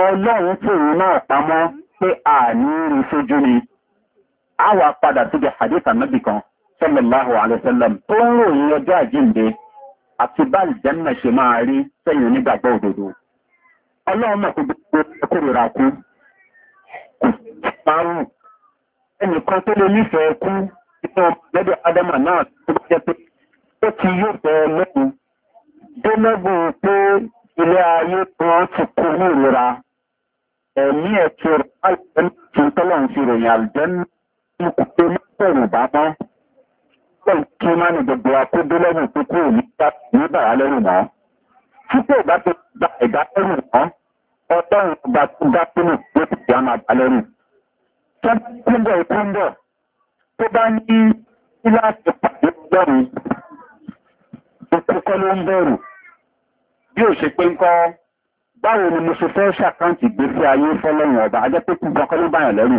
ọlọ́run fòun náà pamọ́ pé àní rí sójú ni a wà padà síbi àdéhùn ànábì kan sọ́lọ̀láhùn àlẹ́sẹ́lẹ̀m tó ń ròyìn ọjọ́ àjíǹde àti bá ìjẹ́mọ̀ ṣe máa rí sẹ́yìn onígbàgbọ́ òdòdó. ọlọ́run mọ̀ pé gbogbo ẹkùnrìnrà kú kò márùn-ún ẹnìkan tó lè nífẹ̀ẹ́ kú nínú lẹ́dọ̀ ádámà náà tó bá jẹ́ pé ó ti yóò bẹ lẹ́kùn dé lẹ́bùn pé ilé ayé kan ti kú ní ìlera ẹ̀mí ẹ̀tọ́ àìsàn tó ń tọ́lọ̀ ń fi ròyìn àlùjẹ́ ní kò tó mọ́tò rùbá náà pọ̀ kí ó máa ní gbogbo akódó lẹ́yìn tó kúrò ní bàrá lẹ́rù mọ́. tí kò bá ti gba ẹ̀dá lẹ́rù mọ́ ọlọ́run ọba tó dá sínú ló ti fi àmà bá lẹ́rù. tó bá ní kúńbọ̀ kúńbọ̀ tó bá ní kíláàsì pàdé ọlọ́run ìkókọ́ ló ń bẹ̀rù. bí ó ṣe pé ń kọ́ báwo ni mo ṣe fẹ́ ṣàkáǹtì ìgbésí ayé fọlọ́run ọba ajẹ́ pé kúńbọ̀ kọ́ ló báyàn lẹ́rù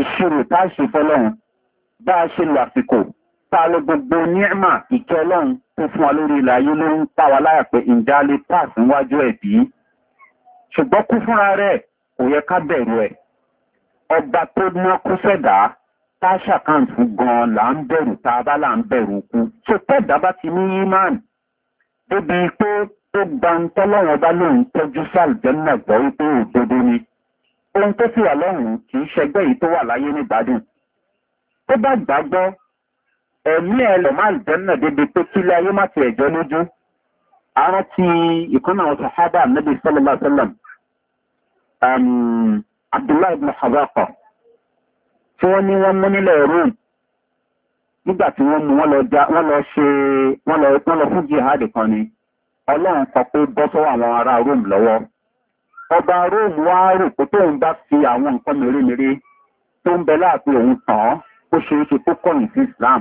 ìṣirò tá a ṣe fọlọ́run bá a ṣe lò àsìkò ta ló gbogbo níẹ̀mà ìkẹ́ ọlọ́run tó fún wa lórí ilẹ̀ ayé ló ń pa wa láyà pé ìjà lè pass níwájú ẹ̀ bí ṣùgbọ́n kú fúnra rẹ̀ kò yẹ ká bẹ̀rù ẹ̀ ọba tó ná kú sẹ̀dá tá a ṣàkàn fún gan là ń bẹ̀rù tá a bá là ń bẹ̀rù kú tó tẹ̀dá bá ti ní imán débi pé tó gba ń tọ́lọ́run ọba lòun tọ́jú sàlùjẹ́nà gbọ́ wípé òdodo ni ohun tó sì wà lọ́rùn kì í ṣẹgbẹ́ yìí tó wà láyé nígbàdùn tó bá gbàgbọ́ ẹ̀mí ẹ̀ lọ máa ń jẹ́nà débi pé kí ilé ayé má ti ẹ̀jọ́ lójú ara ti ìkànnà àwọn sàhábà níbi sọlọ́lá sọlọ́m abdullahi ibn habakar tí wọ́n ní wọ́n mú nílẹ̀ rome nígbà tí wọ́n mú wọ́n lọ ṣe wọ́n lọ fún jihad kan ni ọlọ́run kọ pé bọ́ sọ́wọ́ àwọn ará rome lọ́wọ́ ọba rome wá rò pé tóun bá fi àwọn nǹkan mèremère tó ń bẹ láàpẹ òun tàn án ó ṣeé tó kọ̀yìn sí islam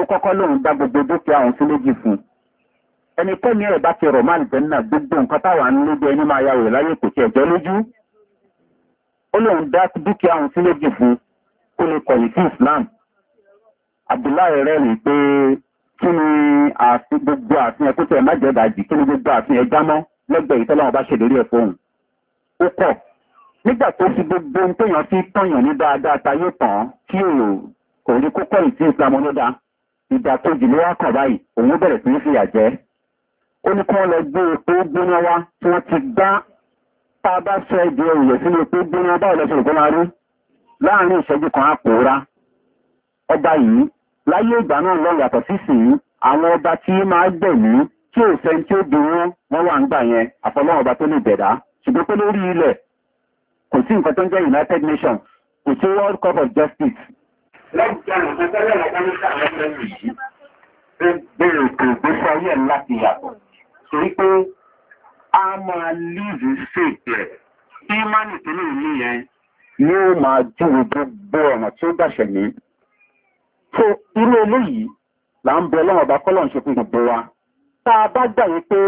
ó kọ́kọ́ lóun dá gbogbo dúkìá òun sí méjì fún un ẹni tẹ́mi ẹ̀ bá ti rọ̀ máa lè jẹ́nà gbogbo nǹkan táwa ń lójú ẹni máa ya òye láyé kò tiẹ̀ jẹ́ lójú ó lóun dá dúkìá òun sí méjì fún un kó lè kọ̀yìn sí islam abdullahi rẹ̀ rí i pé kí ni ààfin gbogbo ààfin ẹkú tẹ̀ má jẹ́ dàjì kí ni gbogbo ààfin ẹja mọ́ lẹ́gbẹ̀ẹ́ yìí tọ́lọ́wọ́n bá ṣèlérí ẹ̀ fóun ó kọ̀ nígbà tó fi gbogbo ohun téèyàn fi tọ̀yàn ní dáadáa ta yóò tàn án tí kò rí kókó ìtí islam onídàá ìdàkejì ló wá kọ̀ báyìí òun bẹ̀rẹ̀ sí ń fìyà jẹ́ ó ní kí wọ́n lọ gbé epo gbóná wá tí wọ́n ti gbá tá a bá sọ ẹ̀jẹ̀ òyẹ̀ sínú epo gbóná báwo lọ́sọ̀rọ̀ tó máa rí láàrin ìṣẹ́jú kan á pòórá ọba yìí láyé ìgbà náà lọ yàtọ̀ sísìn àwọn ọba tí máa gbẹ̀mí tí ò fẹ́ tí ó di wọn wọ́n wà ń gbà yẹn àfọlọ́wọ́n ọba tó lè bẹ̀dá ṣùgbọ́n pé lórí ilẹ̀ kò sí nǹkan tó ń jẹ́ united nations kò sí world cup of justice lẹ́gbẹ̀rún pẹ́pẹ́lẹ́ ọ̀gá ní sàmọ́lẹ́ yìí ó a máa líìzì fèèpì rẹ̀ tí mánì tó lè ní yẹn yóò máa júwe gbogbo ọ̀nà tí ó gbàṣẹ̀ ní. tó irú eléyìí là ń bẹ ọlọ́run ọba kọ́lọ́run ṣe fún gbogbo tá a bá gbà yín pé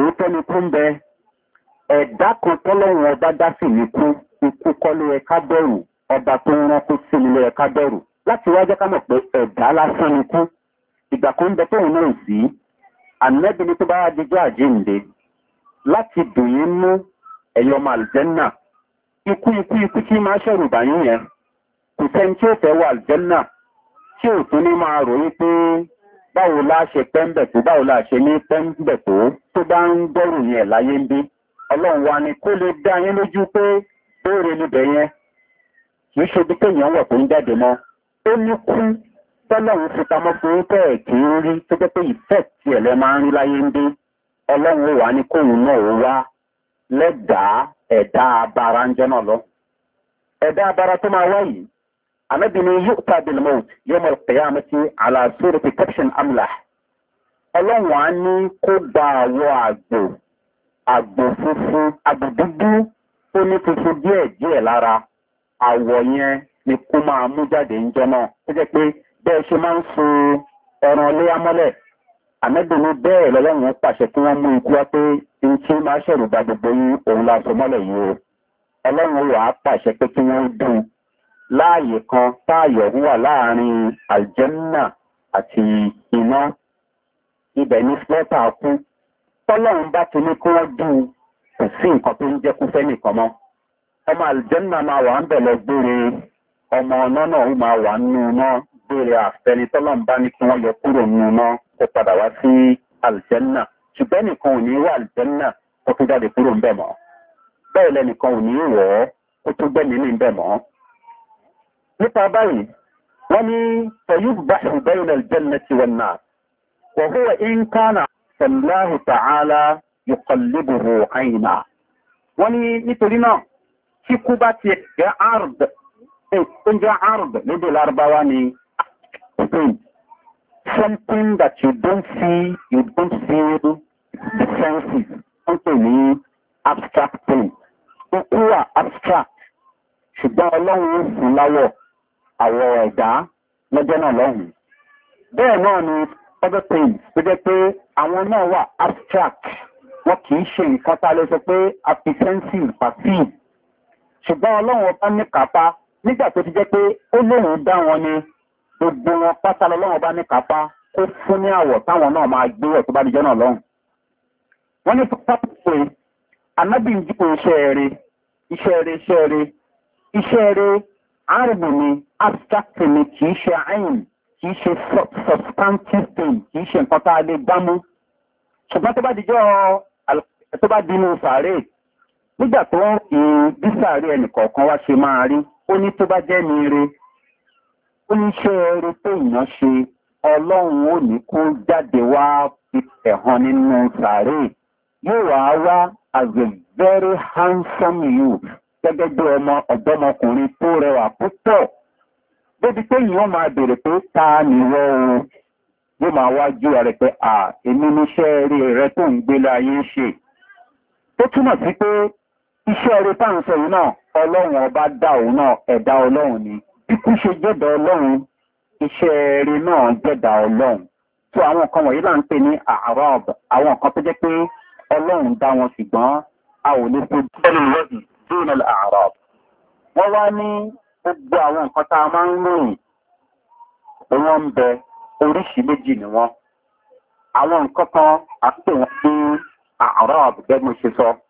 òótọ́ ni kú ń bẹ ẹ̀dá kan tọ́lọ́run ọba dá sí ní kú ikú kọ́ ló bẹ̀rù ọba tó ń rán kó sí nílé bẹ̀rù láti wájẹ́ ká mọ̀ pé ẹ̀dá lásán ni kú ìgbà kan bẹ tóun náà sí ànẹ́bí tó bá adigun àjíǹde láti dùn yín mú ẹ̀yọ́ màlìjẹ́nà ikú ikú ikú tí máa ṣẹ̀rù bàyín yẹn kò sẹ́ni tí ó fẹ́ wà àlìjẹ́nà tí ò tún báwo la ṣe pẹ́ńbẹ̀ báwo la ṣe ní pẹ́ńbẹ̀ tó tó bá ń gbọ́rù yẹn láyé ni kó lè dá yín lójú pé bóore níbẹ̀ yẹn kì í ṣe bí téèyàn wọ̀ tó ń jáde mọ́ ó ní kú tọ́lọ́run fi pamọ́ fún un tẹ́ẹ̀ tí ń rí tó jẹ́ pé ìfẹ́ tiẹ̀ lẹ máa ń rí láyé abara ń jẹ́ náà lọ. abara tó máa wá yìí anábìnrin yóò ta bilmout yóò mọ̀ pẹ̀yà ala àlàsóró protection amla ọlọ́run á ní kó àgbò àgbò funfun àgbò dúdú ní àwọ̀ yẹn ni kó máa mú jáde níjọ náà ó jẹ́ pé bẹ́ẹ̀ ṣe máa ń so ẹran ọlẹ́yà mọ́lẹ̀ àmẹ́dùnú bẹ́ẹ̀ lọ́lọ́run pàṣẹ kí wọ́n mú ikú wá pé n tí máa ṣẹ̀rù ba gbogbo yín òun la sọ mọ́lẹ̀ yìí o ọlọ́run wà á pàṣẹ pé kí wọ́n dùn láàyè kan táàyè ọ̀hún wà láàrin àlìjẹ́nà àti iná ibẹ̀ ní slọ́tà kú tọ́lọ́run bá ti ní kí wọ́n dùn kò sí nǹkan tó ń jẹ́ kú fẹ́ nìkan mọ́ ọmọ àlìjẹ́nà máa wà ń bẹ̀lẹ̀ gbére ọmọ ọ̀nà náà ó máa wà nínú náà gbére àfẹni tọ́lọ̀ ń bá ní kí wọ́n yọ kúrò nínú náà kó padà wá sí àlìjẹ́nà ṣùgbọ́n nìkan ò ní wà àlìjẹ́nà kó tó jáde kúrò ń bẹ̀ mọ́ bẹ́ẹ̀ lẹ́nìkan ò ní wọ̀ ọ́ kó tó gbẹ̀mí ní ń mọ́. nípa báyìí wọ́n ní fẹ̀yú bá ṣùgbọ́n àlìjẹ́nà ti wọ̀ náà wọ̀ húwa in wọ́n ní nítorí náà tí kú bá ti jẹ́ arb ó jẹ́ arb níbi lárúbáwá ni pain something that you don't see you don't feel the senses ó pè ní abstract pain okú wà abstract ṣùgbọ́n ọlọ́run ń fún láwọ̀ àwọ̀ ẹ̀dá lọ́jọ́ náà lọ́hùn-ún bẹ́ẹ̀ náà ni other things. tó jẹ́ pé àwọn náà wà abstract wọ́n kì í ṣe nǹkan tá a lè sọ pé a fi senses perceive ṣùgbọ́n ọlọ́run ọba ní kápá nígbà tó ti jẹ́ pé ó lóun dá wọn ni gbogbo wọn pátá lọ́lọ́run ọba ní kápá kó fún ní àwọ̀ táwọn náà máa gbé ọ̀ tó bá dijọ́ náà lọ́hùn. wọ́n ní pápákọ̀ pé anábì ń dípò iṣẹ́ rẹ iṣẹ́ rẹ iṣẹ́ rẹ iṣẹ́ rẹ àrùbù ni abstract ni kì í ṣe àyìn kì í ṣe substantive thing kì í ṣe nǹkan tá a lè gbámú ṣùgbọ́n tó bá dijọ́ tó bá dinú sàárè nígbà tó ń rìn bí sàárè ẹnìkọ̀ọ̀kan wá ṣe máa rí ó ní tó bá jẹ́ ní ire ó ní ṣe eré tó èèyàn ṣe ọlọ́run ò ní kó jáde wá fi ẹ̀hàn nínú sàárè yóò wá wá as a very handsome youth gẹ́gẹ́ bí ọmọ ọ̀dọ́mọkùnrin tó rẹwà púpọ̀ débi pé èèyàn máa bèrè pé ta ni wọ́ o yóò máa wá ju pé à èmi níṣẹ́ eré rẹ tó ń gbé láyé ṣe tó túmọ̀ sí pé iṣẹ́ rẹ̀ táǹsọ̀ yìí náà ọlọ́run ọba dá òun náà ẹ̀dá ọlọ́run ni bí kú ṣe jẹ́dà ọlọ́run iṣẹ́ rẹ̀ náà jẹ́dà ọlọ́run tó àwọn nǹkan wọ̀nyí là ń pè ní arab àwọn nǹkan tó jẹ́ pé ọlọ́run dá wọn ṣùgbọ́n a ò lè fojú ẹnu lọ́dún dúnà arab wọ́n wá ní gbogbo àwọn nǹkan tá a máa ń ròyìn wọ́n ń bẹ oríṣi méjì ni wọ́n àwọn nǹkan kan àti àwọn arab gẹ́gẹ́ ṣe sọ. So.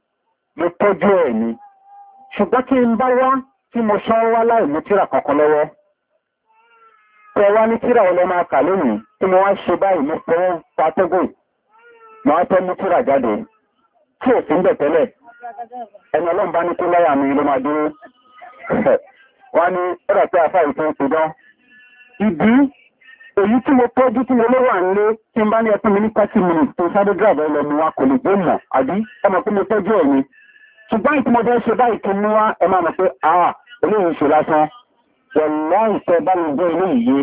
mo tọ́jú ẹ̀ ṣùgbọ́n kí n bá wá tí mo ṣọ́ wá láì tíra kankan lọ́wọ́ tẹ wá ní tíra ọlọ́ máa kà lónìí tí mo wá ń ṣe báyìí mo fẹ́ patẹ́gùn mo wá fẹ́ mú tíra jáde tí ò sí ń bẹ̀ tẹ́lẹ̀ ẹni ọlọ́run bá ní tó láyà mi ló máa dúró wá ní ọ̀rọ̀ tí afá yìí tó ń ṣùgbọ́n ìdí èyí tí mo tọ́jú tí mo ló wà nílé tí n bá ní mi ní tó sáré kò lè gbé mọ̀ àbí ọmọ pé mo tọ́jú ṣùgbọ́n ìtìmọ̀fẹ́ ṣe báyìí tó mú wá ẹ máa mọ̀ pé àà ah, eléyìí ṣe lásán wọ̀lọ́ ìfẹ́ bá mi gbọ́ eléyìí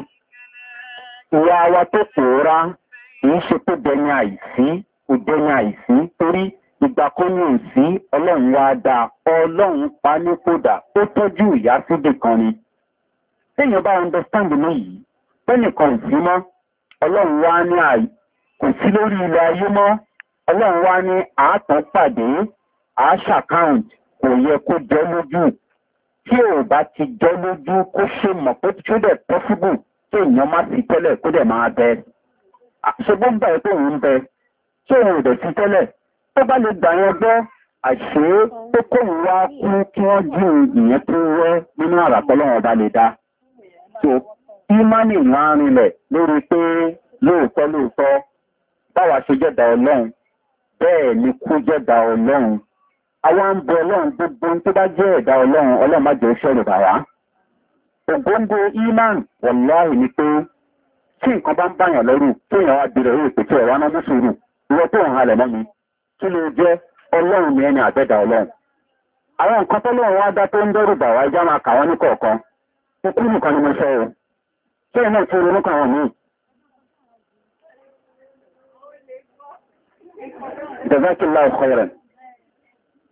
ìyá wa tó pòórá kì í ṣe pé dẹni àìsí ìbẹni àìsí torí ìgbà ní òsí ọlọ́run wá ọlọ́run pa ní kódà ó tọ́jú ìyá síbì kan ni téèyàn bá yìí tẹ́nìkan ìsí mọ́ ọlọ́run wá ní àì kò sí lórí ilẹ̀ ayé mọ́ ọlọ́run wá ní pàdé àṣàkáùnt kò yẹ kó jẹ́ lójú tí ò bá ti jẹ́ lójú kó ṣe mọ̀ pé tí ó dẹ̀ pọ́síbù tí èèyàn má sí tẹ́lẹ̀ kó dẹ̀ máa bẹ ṣùgbọ́n bá ẹ pé òun bẹ tí òun ò dẹ̀ sí tẹ́lẹ̀ tó bá lè gbà yẹn gbọ́ àṣé pé kóun wá kú kí wọ́n jí ìyẹn tó wẹ́ nínú àràpọ́lọ́wọ́n bá lè dá so ìmánì wọn á rinlẹ̀ lórí pé lóòótọ́ lóòótọ́ báwa ṣe jẹ́dà ọlọ́run bẹ́ẹ̀ ni kú jẹ́dà ọlọ́run àwa ń bọ ọlọ́run gbogbo tó bá jẹ́ ẹ̀dá ọlọ́run ọlọ́run má jẹ́ iṣẹ́ iman wọ̀láhì ni pé tí nǹkan bá ń bàyàn lẹ́rù kéèyàn wá bèrè orí ìpètè ẹ̀rọ aná sùúrù ìwọ tó halẹ̀ mọ́ mi kí ló jẹ́ ọlọ́run ni ẹni àbẹ́dà ọlọ́run àwọn nǹkan tó lóun wá dá tó ń dẹ́rù bà kà wọ́n ní kọ̀ọ̀kan nìkan ni mo ronú kan wọn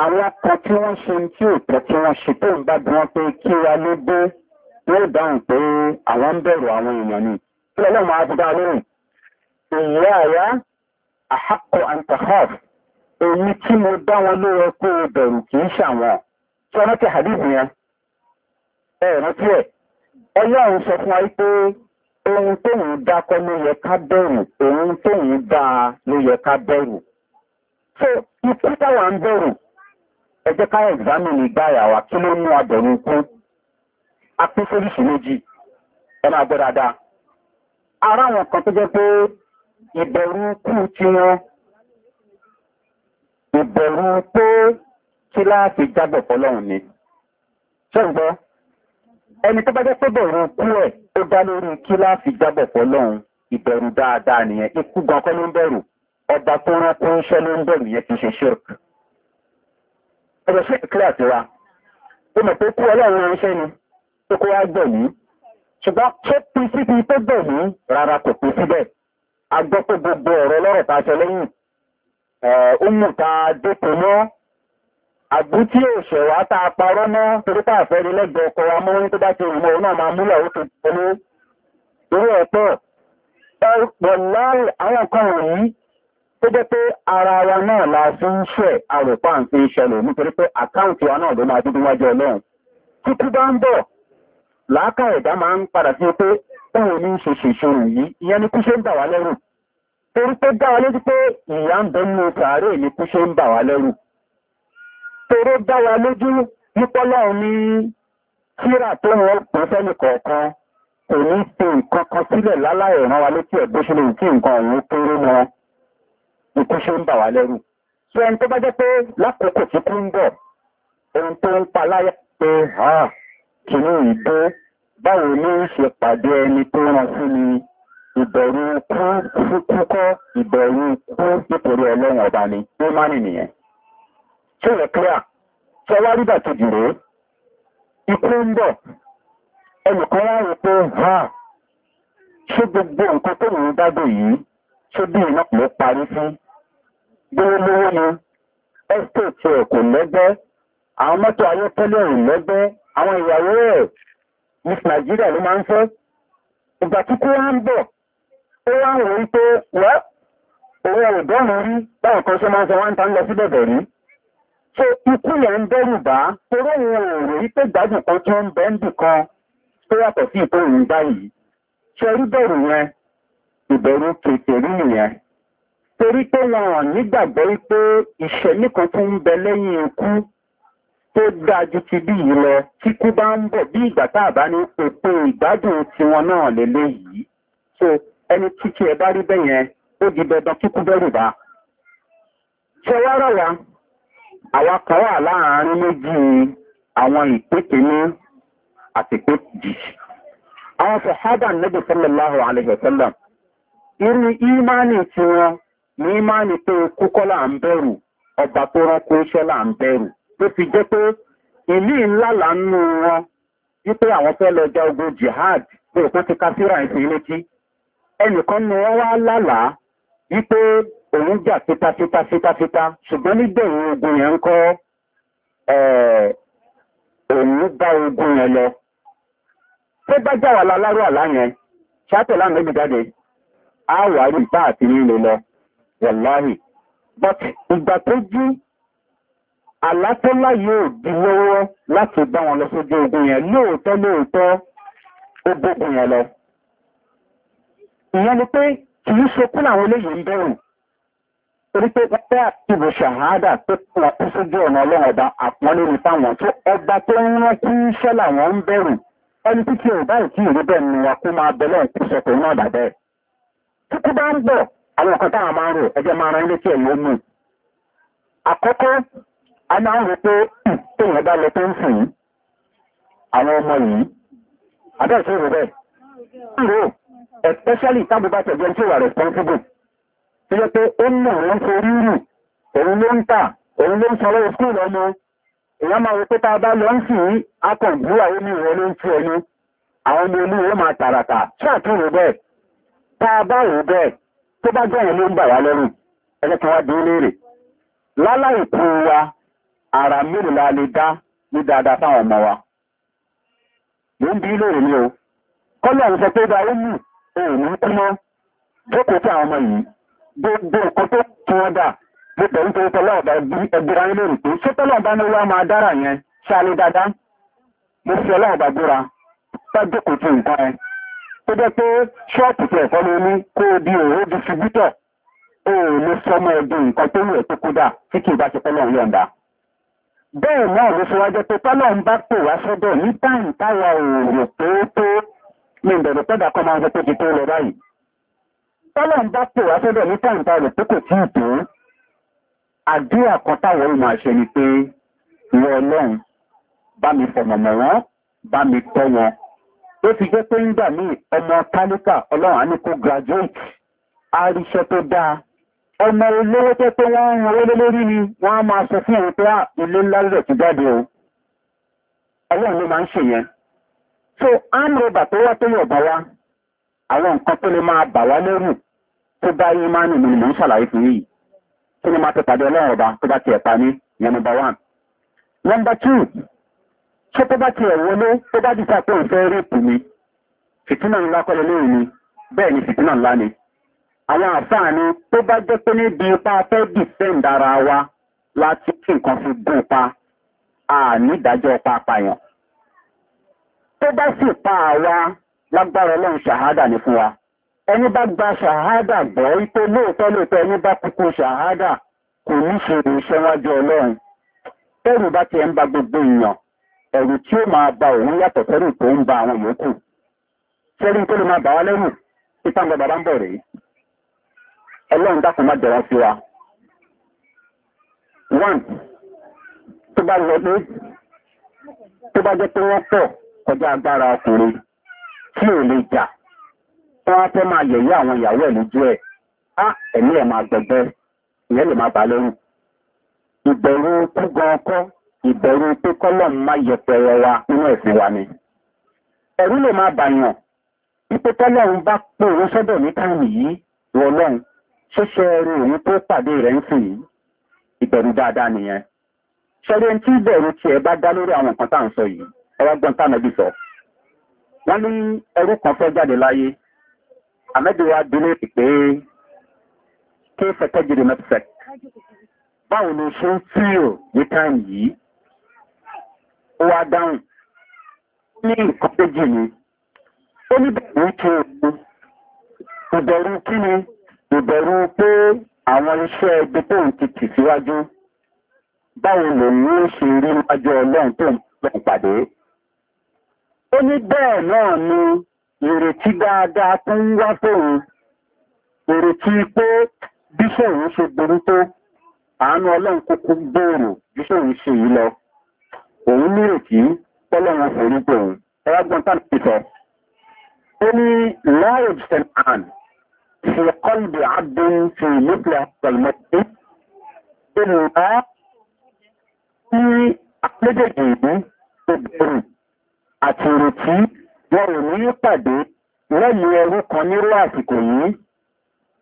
àwọn ọkọ̀ tí wọ́n ṣe tí ò tọ́ tí wọ́n ṣe tó ń bá bí wọ́n pé kí wa ló dé wọ́n dáhùn pé àwọn ń bẹ̀rù àwọn èèyàn ni kí ọlọ́run á fi dá lóhùn ìyá àyá àhàkọ antahaf èyí tí mo dá wọn ló yẹ o bẹ̀rù kì í ṣàwọn tí wọn ti hadith yẹn ẹ rántí ẹ ọlọ́run sọ fún wa pé ohun tóun dákọ́ ló yẹ ká bẹ̀rù ohun tóun dáa ló yẹ ká bẹ̀rù so ikú táwa ń bẹ̀rù ẹ jẹ́ ká ẹ̀gbámì ní gbáyà wa kí ló mú abẹ̀rù ikú a pín sóríṣi méjì ẹ máa gbọ́ dáadáa ara àwọn kan tó jẹ́ pé ìbẹ̀rù ikú tí wọ́n ìbẹ̀rù pé kí láti jábọ̀ fọlọ́run ni ṣẹ́gbọ́ ẹni tó bá jẹ́ pé bẹ̀rù ikú ẹ̀ tó dá lórí kí láti jábọ̀ fọlọ́run ìbẹ̀rù dáadáa nìyẹn ikú gan kọ́ ló ń bẹ̀rù ọba tó rán kó ń ló ń bẹ̀rù yẹn ti ṣe ṣírk ọ̀rọ̀ sí ìkílẹ̀ àtiwá ó mọ̀ pé kú ọlọ́run ránṣẹ́ ni tó kó wá gbẹ̀ yìí ṣùgbọ́n tó pin síbi tó gbẹ̀ yìí rárá kò pin síbẹ̀ a gbọ́ pé gbogbo ọ̀rọ̀ ọlọ́rọ̀ tá a sọ lẹ́yìn ó mú ta dépò mọ́ tá a parọ́ mọ́ torí tá a fẹ́ ni lẹ́gbẹ̀ẹ́ ọkọ̀ wa mọ́ ní tó bá ti rìn mọ́ òun náà máa tó jẹ́ pé ara wa náà la fi ń ṣẹ̀ àròpá à ń fi ń ṣẹlẹ̀ nítorí pé àkáǹtì wa náà ló máa dúdú wájú ọlọ́run títí bá ń bọ̀ làákà ẹ̀dá máa ń padà sí pé báwo ní ṣe ṣèṣòro yìí ìyẹn ni kú ṣe ń bà wá lẹ́rù torí pé dá wa lójú pé ìyá ń bẹ nínú sàárè ni kú ṣe ń bà wá lẹ́rù toró dá wa lójú nípọ́lọ́ ní tíra tó wọ́n pín sẹ́nì kọ̀ọ̀kan kò ní fi nǹkan kan sílẹ̀ láláì ràn wa létí ẹ̀ bó nǹkan òun kéré wọn ikú ṣe ń bà wá lẹ́rù ṣé ẹni tó bá jẹ́ pé lákòókò tí kú ń bọ̀ ohun tó ń pa láyà pé kìíní ìdó báwo ló ń ṣe pàdé ẹni tó rán sí ni ìbẹ̀rù kú kúkọ́ ìbẹ̀rù kú nítorí ọlọ́run ọba ni ó má nìyẹn ṣé ìyẹn clear ṣé wá rí bàtejì rèé ikú ń bọ̀ ẹnìkan wá rò pé ṣé gbogbo nǹkan tó ń dágbò yìí ṣé bí iná ló parí fún gbogbo ọnụ ẹ́stéètì ẹ̀ kò lẹ́gbẹ́ àwọn mọ́tò ayọ́kẹ́lẹ́ ò lẹ́gbẹ́ àwọn ìyàwó miss nigeria ló máa ń ìgbà tí kó wá ń ó wá ń pé òun rí báwọn kan ṣe máa ń so ikú yẹn ń dẹ́rù bá torí òun ò rò rí pé gbádùn kan ń ń tó yàtọ̀ sí torí pé wọn ò nígbàgbọ́ wípé ìṣẹ̀lẹ̀ kan tó ń bẹ lẹ́yìn ikú tó dáa ti bí yìí lọ bá ń bọ̀ bí ìgbà tá bá ní òpin ìgbádùn tiwọn náà yìí. so ẹni títí ẹ bá rí ó di dandan kíkú bá. ṣé wá rọ̀ wá àwa kan wà láàárín méjì àwọn àwọn sọ̀hábà sọ́lá aláhùn àlejò sọ́lá irú ní máa ní pé okú kọ́là ń bẹ̀rù ọba tó ránkó ṣọ́là ń bẹ̀rù tó fi jẹ́ pé ìlú ńlá là ń nu wọn wípé àwọn fẹ́ lọ ja ogun jihad pé òkú ti ka síra ìsìn létí ẹnìkan ni wọ́n wá lálàá wípé òun jà fitafita fitafita ṣùgbọ́n nígbẹ̀yìn ogun yẹn ń kọ́ òun bá ogun yẹn lọ tó bá já wà lálárò àlá yẹn ṣáàtẹ̀ láàmú ẹgbẹ̀ á wà rí bá àti nílò lọ wọ̀láhì but ìgbà tó jí àlátọ́lá yóò di lọ́wọ́ láti bá wọn lọ sójú ogun yẹn lóòótọ́ lóòótọ́ ó gbógun yẹn lọ ìyẹn ni pé kì í ṣe làwọn eléyìí ń bẹ̀rù torí pé pẹ́ àtìbò ṣàhádà tó kún kú sójú ọ̀nà ọlọ́run ọba àpọ́nlé ní fáwọn tó ọba tó ń rán kí iṣẹ́ làwọn ń bẹ̀rù ẹni tí kí ọba ìkí ìrí bẹ́ẹ̀ ni wọn kó máa bẹ lọ́run kú sọ pé náà dàbẹ́. kíkú bá ń bọ̀ àwọn nǹkan táwọn máa ń rò ẹjẹ́ máa ran ilé tí ẹ̀yìn ó mú àkọ́kọ́ a máa ń rò pé tóyàn bá lọ tó ń sìn àwọn ọmọ yìí abẹ́ẹ̀ especially tábù bá tẹ̀jẹ́ tí ó wà responsible tó yẹ pé ó nà ó ń forí rù òun ló ń tà òun ló ń sanwó skul ọmọ èèyàn máa rò pé tá a bá lọ ń sìn yìí a kàn àwọn omi ló ń tú ẹni àwọn ọmọ olúwo máa tààràtà ṣáà tó bẹ́ẹ̀ tá bá rò bẹ́ẹ̀ tó bá jẹ́ ìlú ń bà wá lẹ́rù ẹgbẹ́ tí dín léèrè láláì kú wa ara mélòó la lè dá ní dáadáa fáwọn ọmọ wa ló ń bí léèrè ni o kọ́lọ̀ ń sọ pé bá ó mú òun ń kú mọ́ jókòó tí àwọn ọmọ yìí gbogbo nǹkan tó kí wọ́n dà mo pẹ̀lú tó tọ́lọ́ ọ̀bá ẹgbẹ́ra yín lérò pé ṣé tọ́lọ́ ọ̀bá ni wá máa dára yẹn ṣáà lè dáadáa mo fi ọlọ́ọ̀bá gbóra bá jókòó tí nǹkan ẹ tó jẹ́ pé ṣọ́ọ̀tì tẹ̀fọ́ ló ní kó o di òwò distributọ̀ o ò lè sọmọ ẹ̀dùn nǹkan tó wù ẹ́ tó kó dà tí kì í bá ṣe pẹ́ lọ́run yọ̀ǹda. bẹ́ẹ̀ náà ló fi wá jẹ́ pé tọ́lọ̀ ń bá pè wá sọ́dọ̀ ní táyì táwa ò rò pé pé mi ń bẹ̀rẹ̀ pẹ́dà kan máa ń sọ pé ti tó lọ báyìí. tọ́lọ̀ ń bá pè wá sọ́dọ̀ ní táyì táwa rò tó ti jẹ́ pé ńgbà míì ọmọ tálíkà ọlọ́run ní kó graduate àríṣẹ́ tó dáa ọmọ olówó tó pé wọ́n ń rọ́lé lórí ni wọ́n á máa sọ fún pé ilé o ọlọ́run ló máa ń ṣe yẹn so amrọ̀bà tó wá tó yọ bá wá àwọn nǹkan tó lè máa bà wá lẹ́rù tó bá yín máa nìmọ̀ nìmọ̀ ń ṣàlàyé ọba tó bá tiẹ̀ pa ní ṣé tó bá ti ẹ̀ wọlé tó bá dìtà pé òfẹ́ rèpù mi fìtínà ńlá kọ́lẹ̀ lóòrùn ni bẹ́ẹ̀ ni fìtínà ńlá ni àwọn àfáàní tó bá jẹ́ pé níbi ipa fẹ́ dìfẹ́ǹd ara wa láti kí nǹkan fi gún pa àní tó bá sì pa àwa lágbára ọlọ́run ṣàhádà ni fún wa ẹni bá gba ṣàhádà gbọ́ wípé lóòótọ́ lóòótọ́ ẹni bá kúkú ṣàhádà kò ní ṣe ìṣẹ́wájú ọlọ́run tẹ́rù bá ti ẹ̀ ń gbogbo èèyàn ẹ̀rù tí ó máa ba òun yàtọ̀ sẹ́rù tó ń ba àwọn yòókù sẹ́rù tó lè máa bà wá lẹ́rù títà ń bọ bàbá ń bọ̀ rèé ọlọ́run dákun má jẹ̀rọ sí wa. one tó bá lọ tó bá jẹ́ pé wọ́n pọ̀ kọjá agbára ọkùnrin tí ò lè jà wọ́n á fẹ́ máa yẹ̀yẹ́ àwọn ìyàwó ẹ̀ lójú ẹ̀ á ẹ̀mí ẹ̀ máa gbẹgbẹ́ ìyẹn lè máa bà lẹ́rù ìbẹ̀rù kú gan ọkọ́ ìbẹ̀rù pé kọ́lọ̀ má yẹpẹrẹ wa nínú ẹ̀sìn wa ni. ẹ̀rú lè máa bàyàn wípé tọ́lọ́run bá pé òun sọ́dọ̀ ní táìmù yìí rọlọ́run ṣíṣe ẹrú òun tó pàdé rẹ̀ ń sìn yìí ìbẹ̀rù dáadáa nìyẹn. ṣẹ́rí tí ìbẹ̀rù tiẹ̀ bá dá lórí àwọn nǹkan tá à ń sọ yìí ẹ̀rọ gbọ́n tá àmẹ́bí sọ. wọ́n ní ẹrú kan fẹ́ jáde láyé àmẹ́bí wa dúró pé kí fẹ́kẹ́ jìrì mẹ́tẹ́sẹ̀ báwo ni ṣe ń fíò ní táìmù yìí ó wá dáhùn ní nǹkan méjì ni ó ní bẹ̀rù kí o ìbẹ̀rù kí ni ìbẹ̀rù pé àwọn iṣẹ́ ẹgbẹ́ tó ń ti tì síwájú báwo lòun ó ṣe rí wájú ọlọ́run tó ń lọ́n pàdé ó ní bẹ́ẹ̀ náà ni ìrètí dáadáa tó ń wá fóun ìrètí pé bí sóun ṣe burú tó àánú ọlọ́run kúkú gbòòrò bí sóun ṣe yìí lọ òun nírètí pọ́lọ́run forí pé òun ẹgbọ́n tán ìsọ ó ní láàrùn sẹ́nàn fi kọ́lùbì àdún fi nípìlẹ̀ pẹ̀lúmọ́tí ìlà tí àpéjèjì ìlú ìbẹ̀rù àti ìrètí wọn ò ní pàdé lẹ́yìn ẹrú kan nírú àsìkò yìí